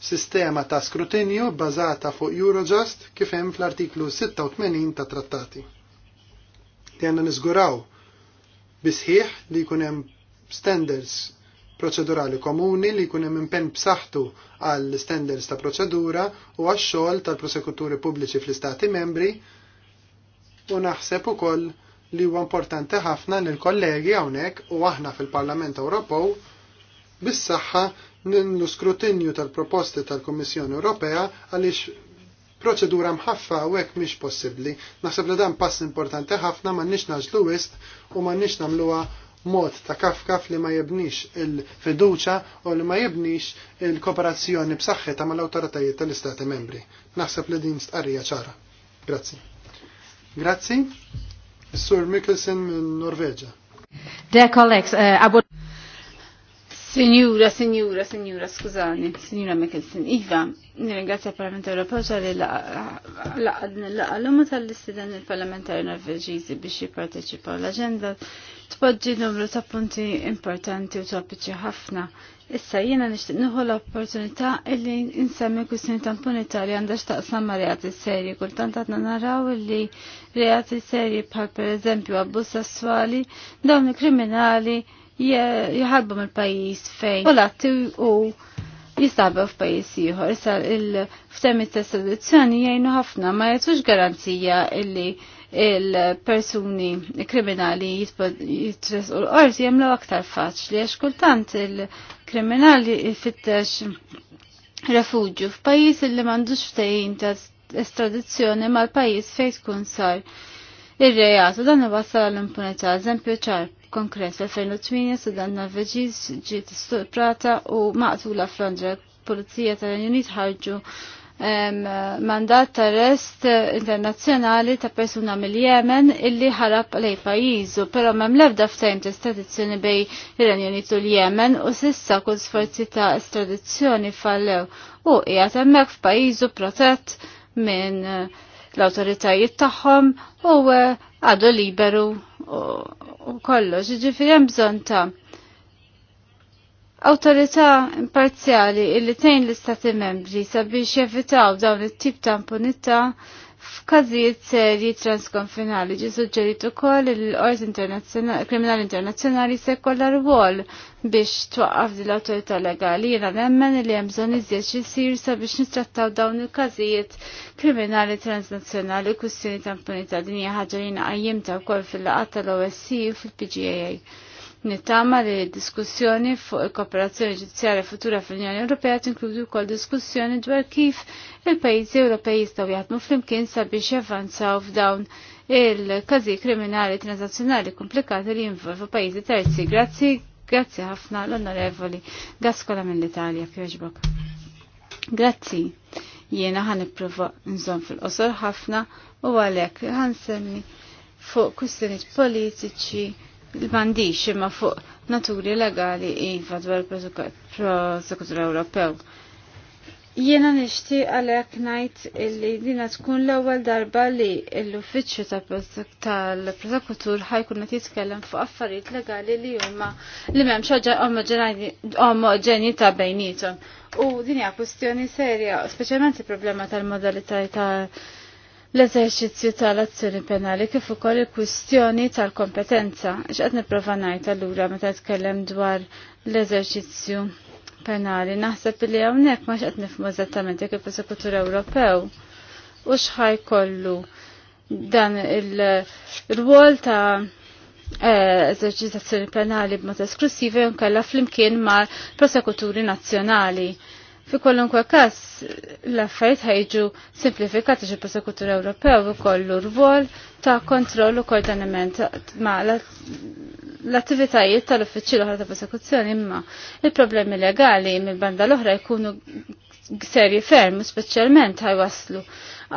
[SPEAKER 3] sistema ta' skrutinju bbażata fuq Eurojust kif hemm fl-artiklu 86 ta' trattati. Li għandna niżguraw bisħiħ li jkun hemm standards proċedurali komuni li jkun hemm impenn b'saħħtu għall standards ta' proċedura u għax-xogħol tal-prosekuturi pubbliċi fl-istati membri u naħseb ukoll li huwa importanti ħafna lill kollegi hawnhekk u aħna fil-Parlament Ewropew bis-saħħa ninlu skrutinju tal-proposti tal-Kommissjoni Ewropea għaliex proċedura mħaffa u hekk mhix possibbli. Naħseb li dan pass importanti ħafna m'għandniex naġlu wisq u m'għandniex nagħmluha mod ta' kaf kaf li ma jibnix il-fiduċa u li ma jibnix il-kooperazzjoni b'saħħitha mal-awtoritajiet tal-Istati membri. Naħseb li din stqarrija ċara. Grazzi. Grazzi. sur Mikkelsen minn Norveġa.
[SPEAKER 2] Dear colleagues, uh, I would... Sinjura, sinjura, sinjura, skużani, sinjura Mikkelsen. Iva, nirringrazzja Parlament Ewropew ġalli laqadni laqa l-umma tal-istiden il-parlamentari norveġiżi biex jipparteċipaw l-agenda tpoġġi numru ta' punti importanti u topiċi ħafna. Issa jiena nixtieq nieħu l-opportunità illi insemmi kussin ta' impunità li għandha reati serji. Kultant għadna naraw illi reati serji bħal pereżempju abbuż sesswali dawn il-kriminali jħadbom mill pajjiż fejn u latti u jistabba f'pajjiż ieħor. Issa il-ftemi ta' soluzzjoni jgħinu ħafna ma jagħtux garanzija illi il-persuni kriminali jitres u l-qorti jemlu aktar faċli għax kultant il-kriminali jfittex refugju f'pajjiż illi m'għandux ftehim ta' estradizzjoni mal-pajjiż fejn tkun sar ir-rejat u dan iwassal l-impunità, eżempju ċar konkret. 2008 dan Norveġiż ġiet stuprata u maqtula f'Londra. Pulizija tal-Unit ħarġu mandat ta' arrest internazzjonali ta' persuna mill-Jemen illi ħarab lej pajizu, pero mem lebda ftajm ta' estradizzjoni bej il-Renju Unitu l-Jemen u sissa kull sforzi ta' estradizzjoni fallew u qiegħed hemmhekk f'pajizu protett minn l-autoritajiet tagħhom u eh, għadu liberu u kollox. Ġifiri hemm bżonn ta' awtorità imparzjali illi tejn l-istati membri sabiex jevitaw dawn it-tip ta' impunità f'każijiet serji transkonfinali ġi suġġerit ukoll il-Qorti Kriminali Internazzjonali se jkollha rwol biex twaqqaf din l-awtorità legali jiena nemmen li hemm bżonn iżjed xi jsir sabiex nittrattaw dawn il-każijiet kriminali transnazzjonali kwistjoni ta' impunità din hija ħaġa li jiena qajjimta wkoll fil-laqgħat tal-OSC u fil-PGAA. Nittama li diskussjoni fuq il-kooperazzjoni ġudizzjarja futura fl-Unjoni Ewropea tinkludi wkoll diskussjoni dwar kif il-pajjiżi Ewropej jistgħu jaħdmu flimkien sabiex jevvanzaw f'dawn il-każi kriminali transnazzjonali komplikati li jinvolvu pajjiżi terzi. Grazzi, grazzi ħafna l-onorevoli Gaskola mill-Italja fjoġbok. Grazzi. Jiena ħan ipprova nżomm fil-qosor ħafna u għalhekk ħansemmi fuq kwistjonijiet politiċi il bandix imma fuq naturi legali iva dwar prosekutur Ewropew. Jiena nishti għalek najt illi dina tkun l-ewwel darba li l-uffiċċju tal-prosekutur ħajkun qed jitkellem fuq affarijiet legali li huma li m'hemmx ta' bejnietom. U din hija kwestjoni serja, speċjalment il-problema tal modalità tal l-eżerċizzju tal-azzjoni penali kif ukoll il-kwistjoni tal-kompetenza. X'qed nipprova ngħid allura meta tkellem dwar l-eżerċizzju penali. Naħseb li hawnhekk ma x'qed nifhmu eżattament jekk il-Prosekutur Ewropew u x'ħaj kollu dan il-rwol ta' eh, eżerċizzazzjoni penali b'mod esklusivi nkella flimkien mal prosekuturi nazzjonali. Fi kollunkwe kas l-affarijiet ħajġu simplifikati xi prosekutur Ewropew ikollu rwol ta' kontrollu u koordinament ma' l-attivitajiet tal-uffiċċju l-oħra ta' prosekuzzjoni imma il-problemi legali mill-banda l-oħra jkunu serji ferm, speċjalment ħajwaslu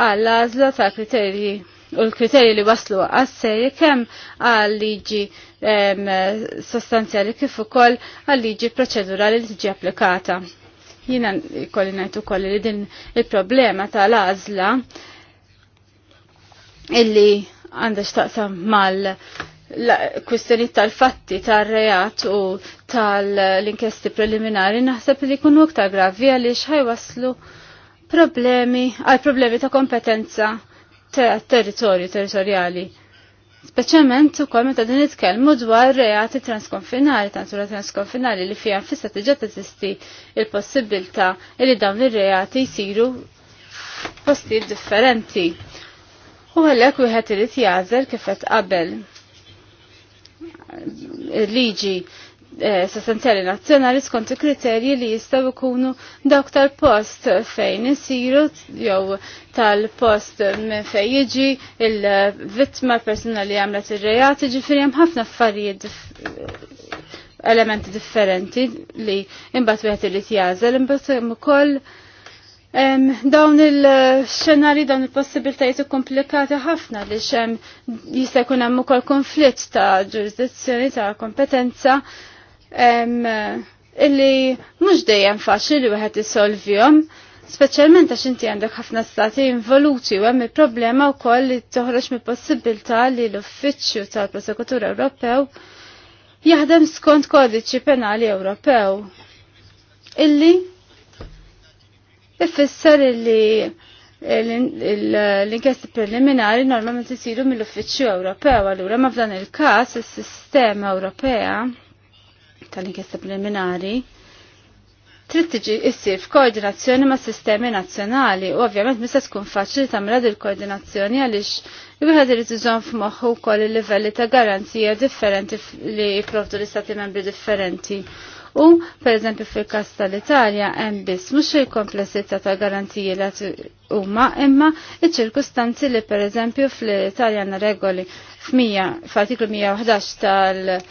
[SPEAKER 2] għal għażla ta' kriterji u l-kriterji li waslu għas-serji kemm għal liġi sostanzjali kif ukoll għal liġi proċedurali li tiġi applikata. Jina kolli najtu kolli li din il-problema tal-azla illi għanda xtaqsam mal kwistjoni tal-fatti, tal-rejat u tal-inkjesti preliminari naħseb li kunu iktar gravi għaliex ħajwaslu problemi, għal problemi ta' kompetenza ta' territorju territorjali. Speċjalment ukoll meta din nitkellmu dwar reati transkonfinali, ta' natura transkonfinali li fija fissa diġà teżisti il-possibilità li dawn ir-reati jsiru postijiet differenti. U għalhekk wieħed irid jażel kif qed qabel liġi Eh, sostanzjali nazzjonali skont kriterji li jistgħu jkunu dawk tal-post fejn isiru jew tal-post fejn jiġi il-vittma persuna li għamlet ir-reati ġifieri hemm ħafna affarijiet elementi differenti li imbagħad wieħed irid jażel imbagħad hemm ukoll dawn il-xenari, dawn il-possibilitajiet komplikati ħafna li xem jista' jkun hemm ukoll konflitt ta' ġurisdizzjoni ta' kompetenza illi mhux dejjem faċli li wieħed isolvihom, speċjalment għax inti għandek ħafna stati involuti u hemm il-problema wkoll li toħroġ mill-possibilità li l-Uffiċċju tal-Prosekutur Ewropew jaħdem skont kodiċi penali Ewropew. Illi ifisser illi l-inkjesti preliminari normalment isiru mill-Uffiċċju Ewropew, allura ma f'dan il-każ is-sistema Ewropea tal-inkjesta preliminari trid tiġi issir f'koordinazzjoni ma' sistemi nazzjonali u ovvjament mista tkun faċli tagħmilha il koordinazzjoni għaliex wieħed irid iżomm f'moħħu wkoll il-livelli ta' garanzija differenti li jipprovdu l-istati membri differenti. U pereżempju fil-każ tal-Italja hemm biss mhux il-komplessità ta' garanziji li huma imma iċ-ċirkustanzi li pereżempju fl-Italja regoli f'artiklu 111 tal-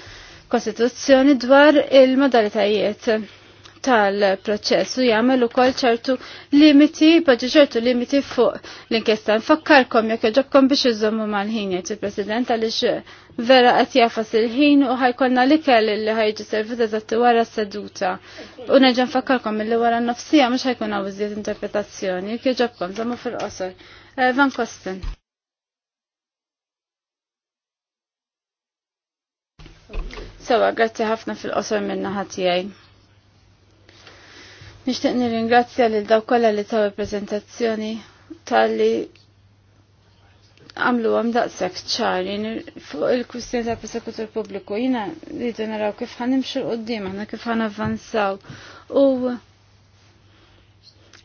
[SPEAKER 2] kostituzzjoni dwar il-modalitajiet tal-proċess u jagħmel ukoll ċertu limiti, poġġi ċertu limiti fuq l-inkjesta. Nfakkarkom jekk ġobkom biex iżommu mal-ħin jgħid il-President għaliex vera qed jafas il-ħin u ħajkonna li kell li ħajġi servita eżatti wara seduta. U neġa' nfakkarkom milli wara nofsija mhux ħajkun hawn iżjed interpretazzjoni, jekk ġobkom żommu fil-qosor. Eh, Van Kosten. Sawa, grazzi ħafna fil-qosor minna ħatijaj. Nishtiq nir-ingrazzja li daw kolla li taw prezentazzjoni tal-li għamlu għam daqsek ċar, fuq il kustin ta' prosekutur publiku, jina rridu naraw kif ħan nimxu l-qoddim, kif ħan avvanzaw. U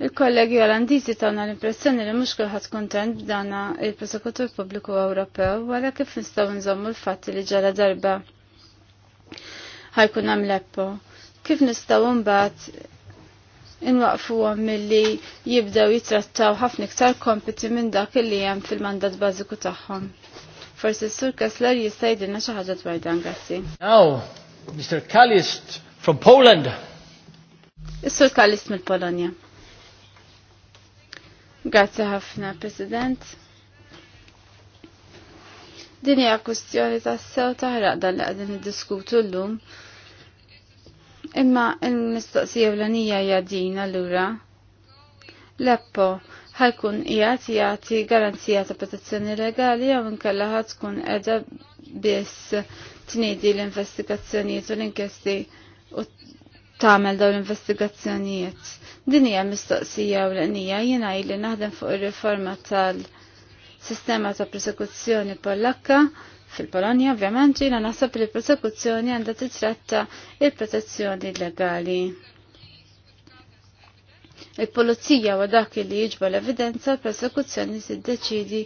[SPEAKER 2] il-kollegi olandizi għana l-impressjoni li muxkul kulħadd kontent b'dana il-prosekutur pubbliku Ewropew wara kif nistgħu nżommu l-fatti li ġala darba ħajkun għam leppo. Kif nistgħu mbagħad mill milli jibdew jitrattaw ħafna iktar kompiti minn dak li hemm fil-mandat bażiku tagħhom. Forsi s-sur Kessler jista' jidilna xi ħaġa dwar dan, grazzi.
[SPEAKER 3] Now, Mr. Kalist from Poland.
[SPEAKER 2] Is-sur Kalist mill-Polonja. Grazzi ħafna, President. Din hija kwestjoni sew taħraq dan li id-diskutu l llum Imma il-mistoqsija l-anija jadin allura. Leppo, ħajkun jgħat jgħati garanzija ta' protezzjoni legali għaw nkalla ħad tkun edha biss tnidi l-investigazzjonijiet u l-inkjesti u tagħmel daw l-investigazzjonijiet. Din hija mistoqsija u l-għanija jiena li naħdem fuq ir-riforma tal-sistema ta' prosekuzzjoni pollakka Fil-Polonja ovvjament jina naħseb li l-prosekuzzjoni għandha titratta il-protezzjoni legali. Il-polizija wa dak li jiġba l-evidenza l-prosekuzzjoni tiddeċidi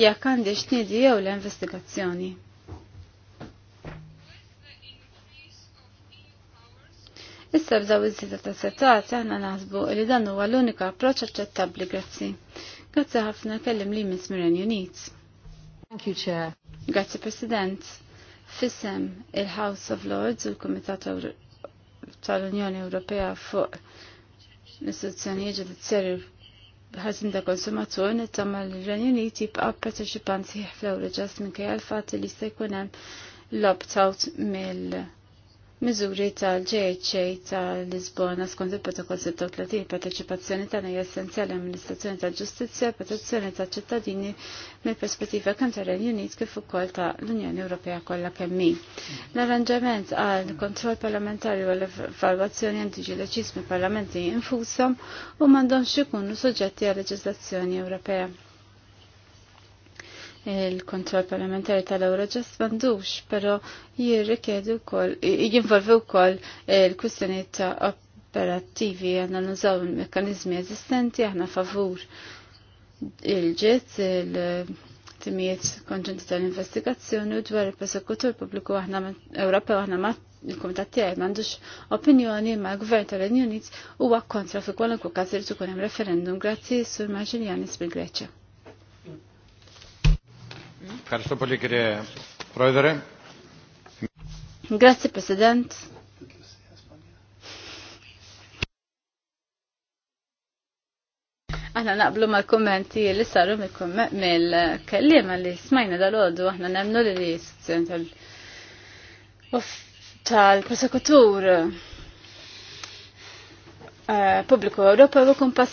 [SPEAKER 2] jekk għandix nidi jew l-investigazzjoni. Issa b'daw iż-żieda ta' setat aħna naħsbu li dan huwa l-unika approċċ aċċettabbli grazzi. Grazzi ħafna kellim li Miss Mirren Unit. Thank you, Chair. Grazzi President. Fissem il-House of Lords u l-Kumitat tal-Unjoni Ewropea fuq l-istituzzjonijiet ġudizzjarju ħazin ta' konsumatur nittama l-Renju Unit jibqa' parteċipant sieħ fl-Eurojust minkejja l-fatt li se jkun hemm l-opt-out mill- miżuri tal-GHA tal-Lisbona skont il-protokoll 36 il-parteċipazzjoni tagħna hija essenzjali amministrazzjoni tal-ġustizzja protezzjoni tal-ċittadini mill-perspettiva kemm renju Unit kif ukoll ta' l-Unjoni Ewropea kollha kemm hi. L-arranġament għal kontroll parlamentari u l-evalwazzjoni għandiġi deċiż parlamenti infushom u m'għandhomx ikunu suġġetti għal leġiżlazzjoni Ewropea il-kontroll parlamentari tal-Eurojust mandux, pero jirrikedu kol, jinvolvu kol il-kustjoni ta' operattivi għanna nużaw il-mekanizmi eżistenti għanna favur il-ġet, il-timijiet konġunti tal-investigazzjoni u dwar il-persekutur pubbliku għahna Ewropew għahna ma' il-komitat tiegħi m'għandux opinjoni ma' gvern tal-Unjoniet huwa kontra fi kwalunkwe każ irid ikun hemm referendum grazzi sur Maġiljanis bil-Greċja. Grazie President. Aħna naqblu mal kommenti li saru mill-kellima li smajna dal-ħodu, aħna nemnu li li s-sent tal-prosekutur eh, pubbliku Ewropa ikun kumpas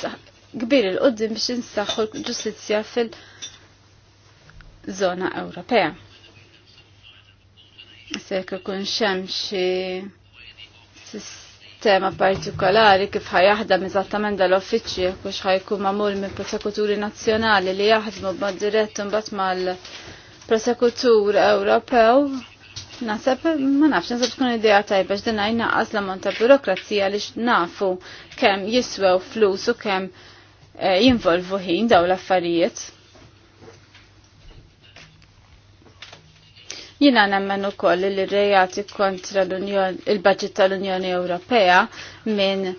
[SPEAKER 2] kbir il-qoddim biex insaħħu l ġustizja fil- zona Ewropea. Se ikun xem xie sistema partikolari kif ħajaħdem eżattament dal offiċi kux ħaj ħajkun magħmul minn prosekuturi nazzjonali li jaħdmu b'mod dirett imbagħad mal-prosekutur Ewropew. Nasab, ma nafx, nasab tkun ideja tajba x'din jina għazla monta burokrazija li nafu kemm jiswew flus u kemm eh, jinvolvu ħin daw l-affarijiet. Jina nemmen ukoll li rejati kontra l il-budget tal-Unjoni Ewropea minn eh,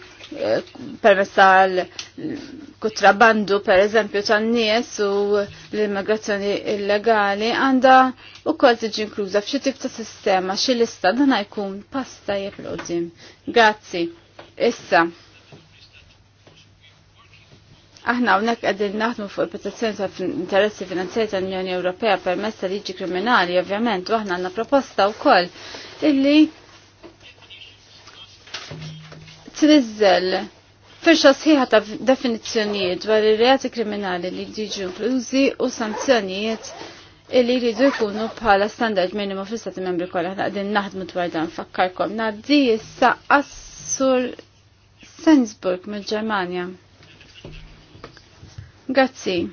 [SPEAKER 2] permess tal-kutrabandu per eżempju tan-nies u l-immigrazzjoni illegali għandha wkoll tiġi inkluża f'xi tip ta' sistema xi lista dan jkun pasta jeplodim. Grazzi. Issa, Aħna hawnhekk qegħdin naħdmu fuq il-protezzjoni tal-interessi finanzjari tal-Unjoni Ewropea per tal-liġi kriminali, ovvjament, u aħna għandna proposta wkoll illi trizzel firxa sħiħa ta' definizzjonijiet dwar ir-reati kriminali li diġu inklużi u sanzjonijiet illi jridu jkunu bħala standard minimo fl-istati membri kollha aħna qegħdin naħdmu dwar dan fakkarkom. Naddi issa assur Sensburg mill-Ġermanja. Grazzi.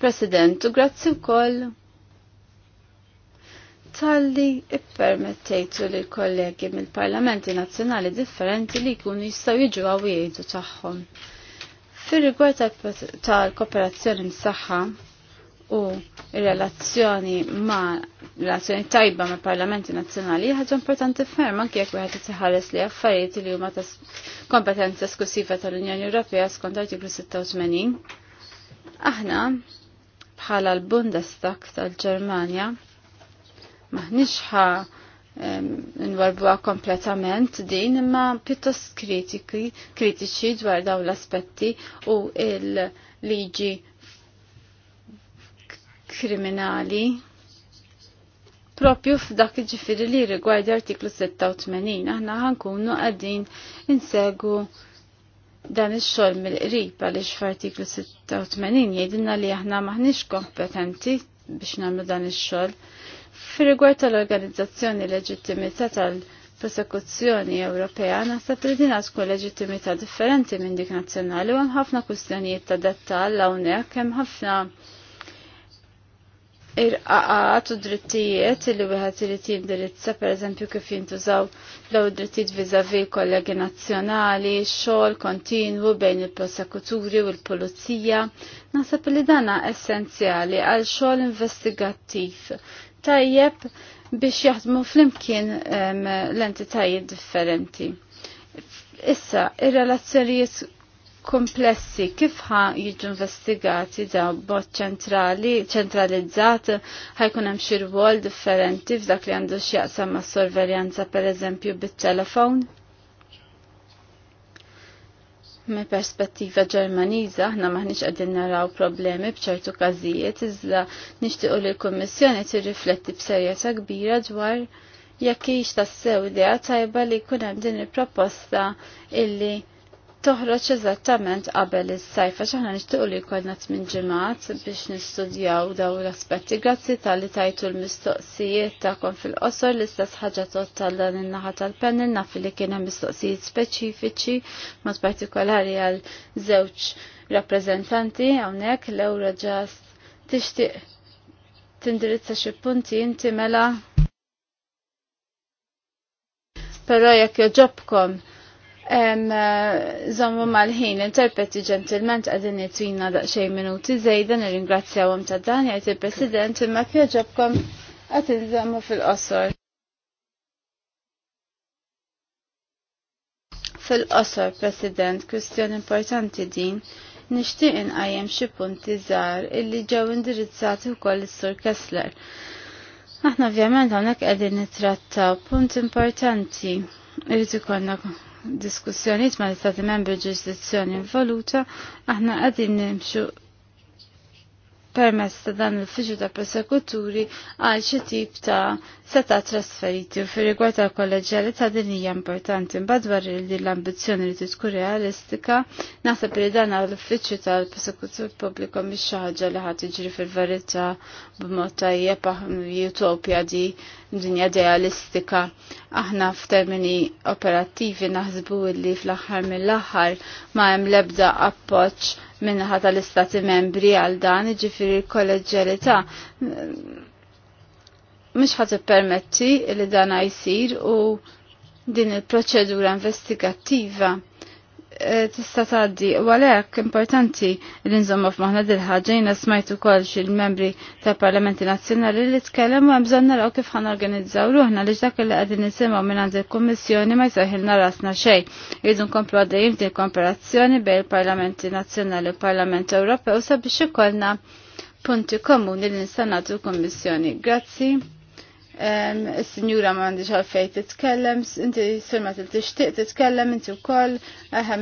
[SPEAKER 2] President, u koll wkoll tal-li ippermettejtu li kollegi mill-parlamenti nazzjonali differenti li jkunu jistaw jiġu għawijdu tagħhom. Fir-rigward tal-kooperazzjoni msaħħa, u relazzjoni ma relazzjoni tajba ma' parlamenti nazzjonali ħaġa importanti ferm anke jekk wieħed itħares li affarijiet li huma ta' kompetenza esklusiva tal-Unjoni Ewropea skont artiklu 86. Aħna bħala l-Bundestag tal-Ġermanja maħniex ħa nwarbuha kompletament din imma pjuttost kritiċi dwar dawn l-aspetti u il-liġi kriminali propju f'dak iġifiri li rigwajdi artiklu 86 aħna ħankunu għaddin insegu dan ix-xogħol mill-qrib għaliex f'artiklu 86 jgħidilna li aħna maħniex kompetenti biex nagħmlu dan ix-xogħol. Fir-rigward tal-organizzazzjoni leġittimità tal-prosekuzzjoni Ewropea naħseb li din tkun leġittimità differenti minn dik nazzjonali u hemm ħafna kwistjonijiet ta' dettall hawnhekk hemm ħafna irqaqat u drittijiet li wieħed irid jindirizza pereżempju kif jintużaw l-ew drittijiet viżavi kollegi nazzjonali, xogħol kontinwu bejn il-prosekuturi u l-pulizija. Naħseb li danha essenzjali għal xogħol investigattiv. Tajjeb biex jaħdmu flimkien l-entitajiet differenti. Issa, ir-relazzjonijiet komplessi kif ħa jiġu investigati da bot ċentrali, ċentralizzat, ħajkun hemm xi rwol differenti f'dak li għandu x'jaqsam ma' sorveljanza pereżempju bit-telefon. Me perspettiva ġermaniża aħna maħniex qegħdin naraw problemi b'ċertu każijiet iżda nixtiequ li l-Kummissjoni tirrifletti b'serjetà kbira dwar jekk jix tassew idea tajba li jkun hemm din il-proposta illi toħroġ eżattament qabel is-sajf għax aħna nixtiequ li jkollna tmien ġimgħat biex nistudjaw dawn l-aspetti. Grazzi tal-li tajtu l-mistoqsijiet tagħkom fil-qosor l-istess ħaġa tot tal-dan in-naħa tal-panel naf li kien hemm mistoqsijiet speċifiċi mod partikolari għal żewġ rappreżentanti hawnhekk l-ewro ġast tixtieq tindirizza xi punti inti mela. Però jekk joġobkom Eh, zammu mal-ħin, interpreti ġentilment għadin jitwina daqxej minuti zejda, nir-ingrazzja għom ta' dan jgħajt il-president, imma kjoġobkom għatin zammu fil-qosor. Fil-qosor, president, kustjon importanti din, nishtiqin għajem xi punti żgħar illi ġew indirizzati wkoll is-Sur Kessler. Aħna ovvjament hawnhekk qegħdin nittrattaw punt importanti. irritu ikollna diskussjoniet ma' l-Stati membri ġurisdizzjoni involuta, aħna għadin nimxu permess ta' dan l fiġu ta' prosekuturi għal xi tip ta' seta' trasferiti u fir-rigward tal kolleġjalità din hija importanti mbadwar li l-ambizzjoni li tkun realistika naħseb li dan għal uffiċċju tal-prosekutur pubbliku mhix xi ħaġa li ħadd tiġri fil-verità b'mod tajjeb utopja di dinja idealistika. Aħna f'termini operattivi naħsbu li fl-aħħar mill-aħħar ma hemm l-ebda appoġġ minnaħa tal-istati membri għal dan, ġifiri kolleġġalità. Mux ħat permetti li dan jsir u din il-proċedura investigattiva Eh, tista taddi u għalhekk importanti li nżomma f'maħna dil-ħaġejna smajtu ukoll il-membri tal parlamenti nazzjonali li tkellem u hemm bżonn naraw kif ħan organizzaw ruħna li dak li qegħdin nisimgħu minn għand il-Kummissjoni ma jseħħilna rasna xejn. Jridu nkomplu għaddejjin din komparazzjoni bejn il-Parlamenti Nazzjonali u l-Parlament Ewropew sabiex ikollna punti komuni li nista' nagħtu l-Kummissjoni. Grazzi. Is-sinjura m'għandix għalfej titkellem, inti s-surma sirma tixtieq titkellem inti wkoll,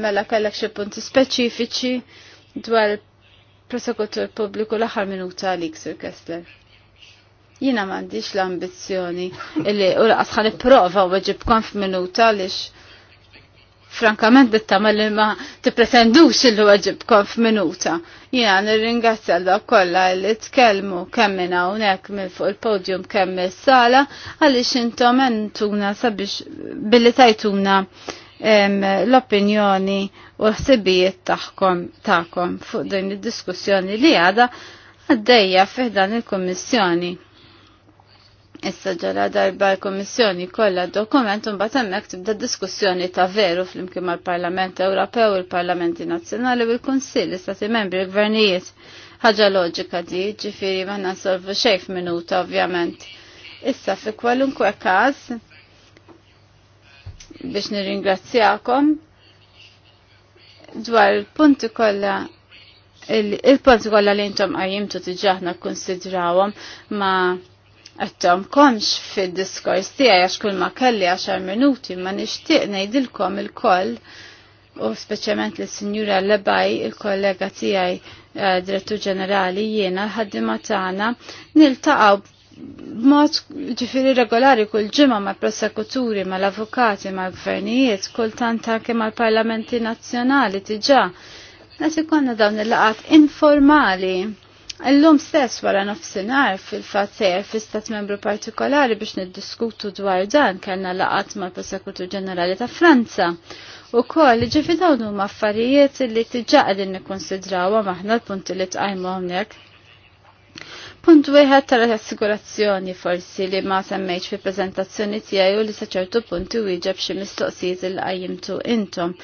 [SPEAKER 2] mela kellek xi punti speċifiċi dwar prosekutur pubbliku l-aħħar minuta għalik, sir Kessler. Jiena m'għandix l-ambizzjoni illi u laqas i-prova u ġibkom f'minuta għaliex frankament bittama li ma tipretendux illi weġibkom f'minuta. Jina nirringrazzja l kollha li tkellmu kemm minn hawnhekk minn fuq il-podium kemm il sala għaliex intom entuna sabiex billi tajtuna l-opinjoni u l-ħsibijiet tagħkom taħkom fuq din id-diskussjoni li għadha għaddejja fih dan il-Kummissjoni. Issa ġara darba l-Komissjoni kollha dokument un mbagħad hemmhekk tibda diskussjoni ta' veru flimkien mal-Parlament Ewropew, il-Parlamenti Nazzjonali u l-Kunsill, istati membri l-gvernijiet. Ħaġa loġika di, ġifieri ma nasolvu xejn f'minuta ovvjament. Issa fi kwalunkwe każ biex nirringrazzjakom dwar il-punti kollha il punti kolla li intom għajimtu tiġaħna konsidrawom ma għattom komx fil-diskors tijaj għax kull ma kelli għaxar minuti ma nishtiq nejdilkom il-koll u speċjament li sinjura Lebaj, il-kollega tijaj eh, direttur ġenerali jiena ħaddima tagħna niltaqgħu b'mod ġifiri regolari kull ġimgħa mal prosekuturi, mal avukati, mal gvernijiet, kultant anke mal parlamenti nazzjonali diġà. Qed konna dawn il-laqat informali Illum stess wara nofsinhar fil-fatt sejjer fi stat membru partikolari biex niddiskutu dwar dan kellna laqat mal-Prosekutur Ġenerali ta' Franza. U koll ġifi dawn huma affarijiet li tiġa qegħdin nikkonsidrawha maħna l-punti li tqajmu hawnhekk. Punt wieħed tal-assigurazzjoni forsi li ma semmejx fi preżentazzjoni tiegħi u li sa ċertu punti wieġeb xi mistoqsijiet li qajjimtu intom.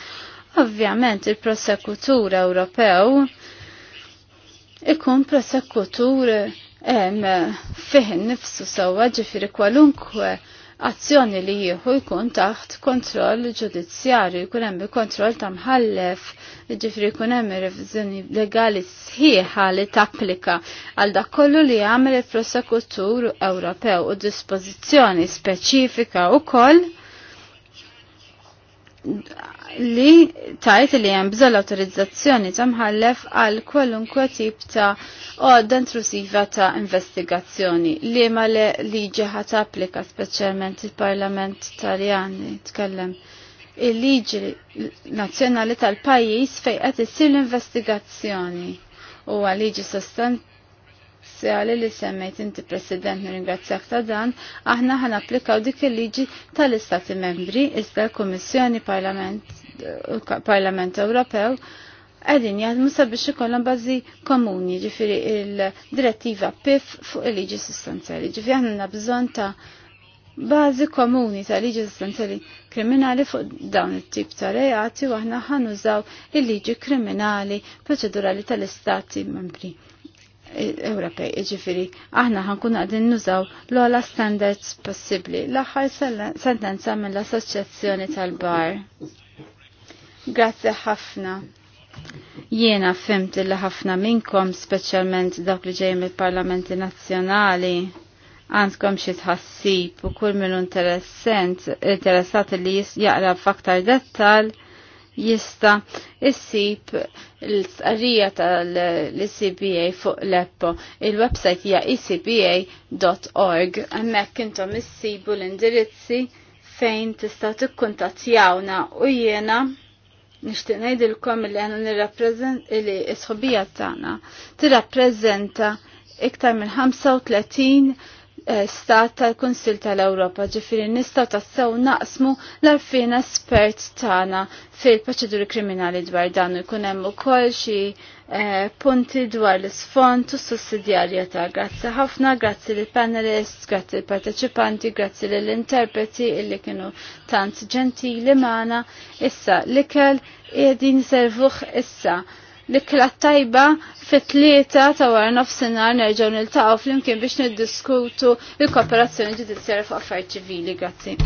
[SPEAKER 2] Ovvjament il-prosekutur Ewropew ikun prosekutur fih nifsu sewwa ġifieri kwalunkwe azzjoni li jieħu jkun taħt kontroll ġudizzjarju, jkun hemm kontroll ta' mħallef, ġifri jkun hemm ir-revizjoni legali sħiħa li tapplika għal dak kollu li jagħmel il-prosekutur Ewropew u dispożizzjoni speċifika wkoll li tajt li hemm bżonn autorizzazzjoni awtorizzazzjoni ta' mħallef għal kwalunkwe tip ta' għodda intrusiva ta' investigazzjoni li ma li liġi ħat applika speċjalment il-Parlament Taljan tkellem il-liġi nazzjonali tal-pajjiż fejn qed issir l-investigazzjoni huwa liġi sostanzjali parzjali li semmejt inti President nirringrazzjak ta' dan, aħna ħan applikaw dik il-liġi tal-Istati membri iżda l-Kummissjoni Parlament Ewropew għedin jgħadmu sabiex ikollhom bażi komuni ġifiri il-direttiva PIF fuq il-liġi sostanzjali. Ġifiri għandna bżonn ta' bażi komuni ta' liġi sostanzjali kriminali fuq dawn it-tip ta' reati u aħna ħanużaw il-liġi kriminali proċedurali tal-istati membri. Ewropej, ġifiri, aħna ħankun għadin nużaw l għala standards possibli. l axħar sentenza mill assoċjazzjoni tal-bar. Grazie ħafna. Jiena fimt li ħafna minkom, specialment dawk li ġejjin mill-Parlamenti Nazzjonali, għandkom xi tħassib u kull minn interessant li jaqra f'aktar dettal jista issib l-sqarrija tal ecba fuq l-EPPO. Il-website hija ecba.org hemmhekk intom issibu l-indirizzi fejn tista' tikkuntattjawna u jiena nixtieq ngħidilkom li għandna nirrappreżent li s-ħobija tagħna tirrappreżenta iktar minn 35 stat tal-Konsil tal-Ewropa ġifiri nistaw tassew naqsmu l arfina espert tana fil-proċeduri kriminali dwar dan u jkun hemm ukoll xi eh, punti dwar l-sfond u sussidjarjetà. Grazzi ħafna, grazzi lill panelist, grazzi lill parteċipanti grazzi lill interpreti illi kienu tant ġentili magħna issa l-ikel qegħdin servuh issa l-ikla tajba fit-tlieta ta' wara nofsinhar nerġgħu niltaqgħu flimkien biex niddiskutu l-kooperazzjoni ġudizzjarja fuq affarijiet ċivili. Grazzi.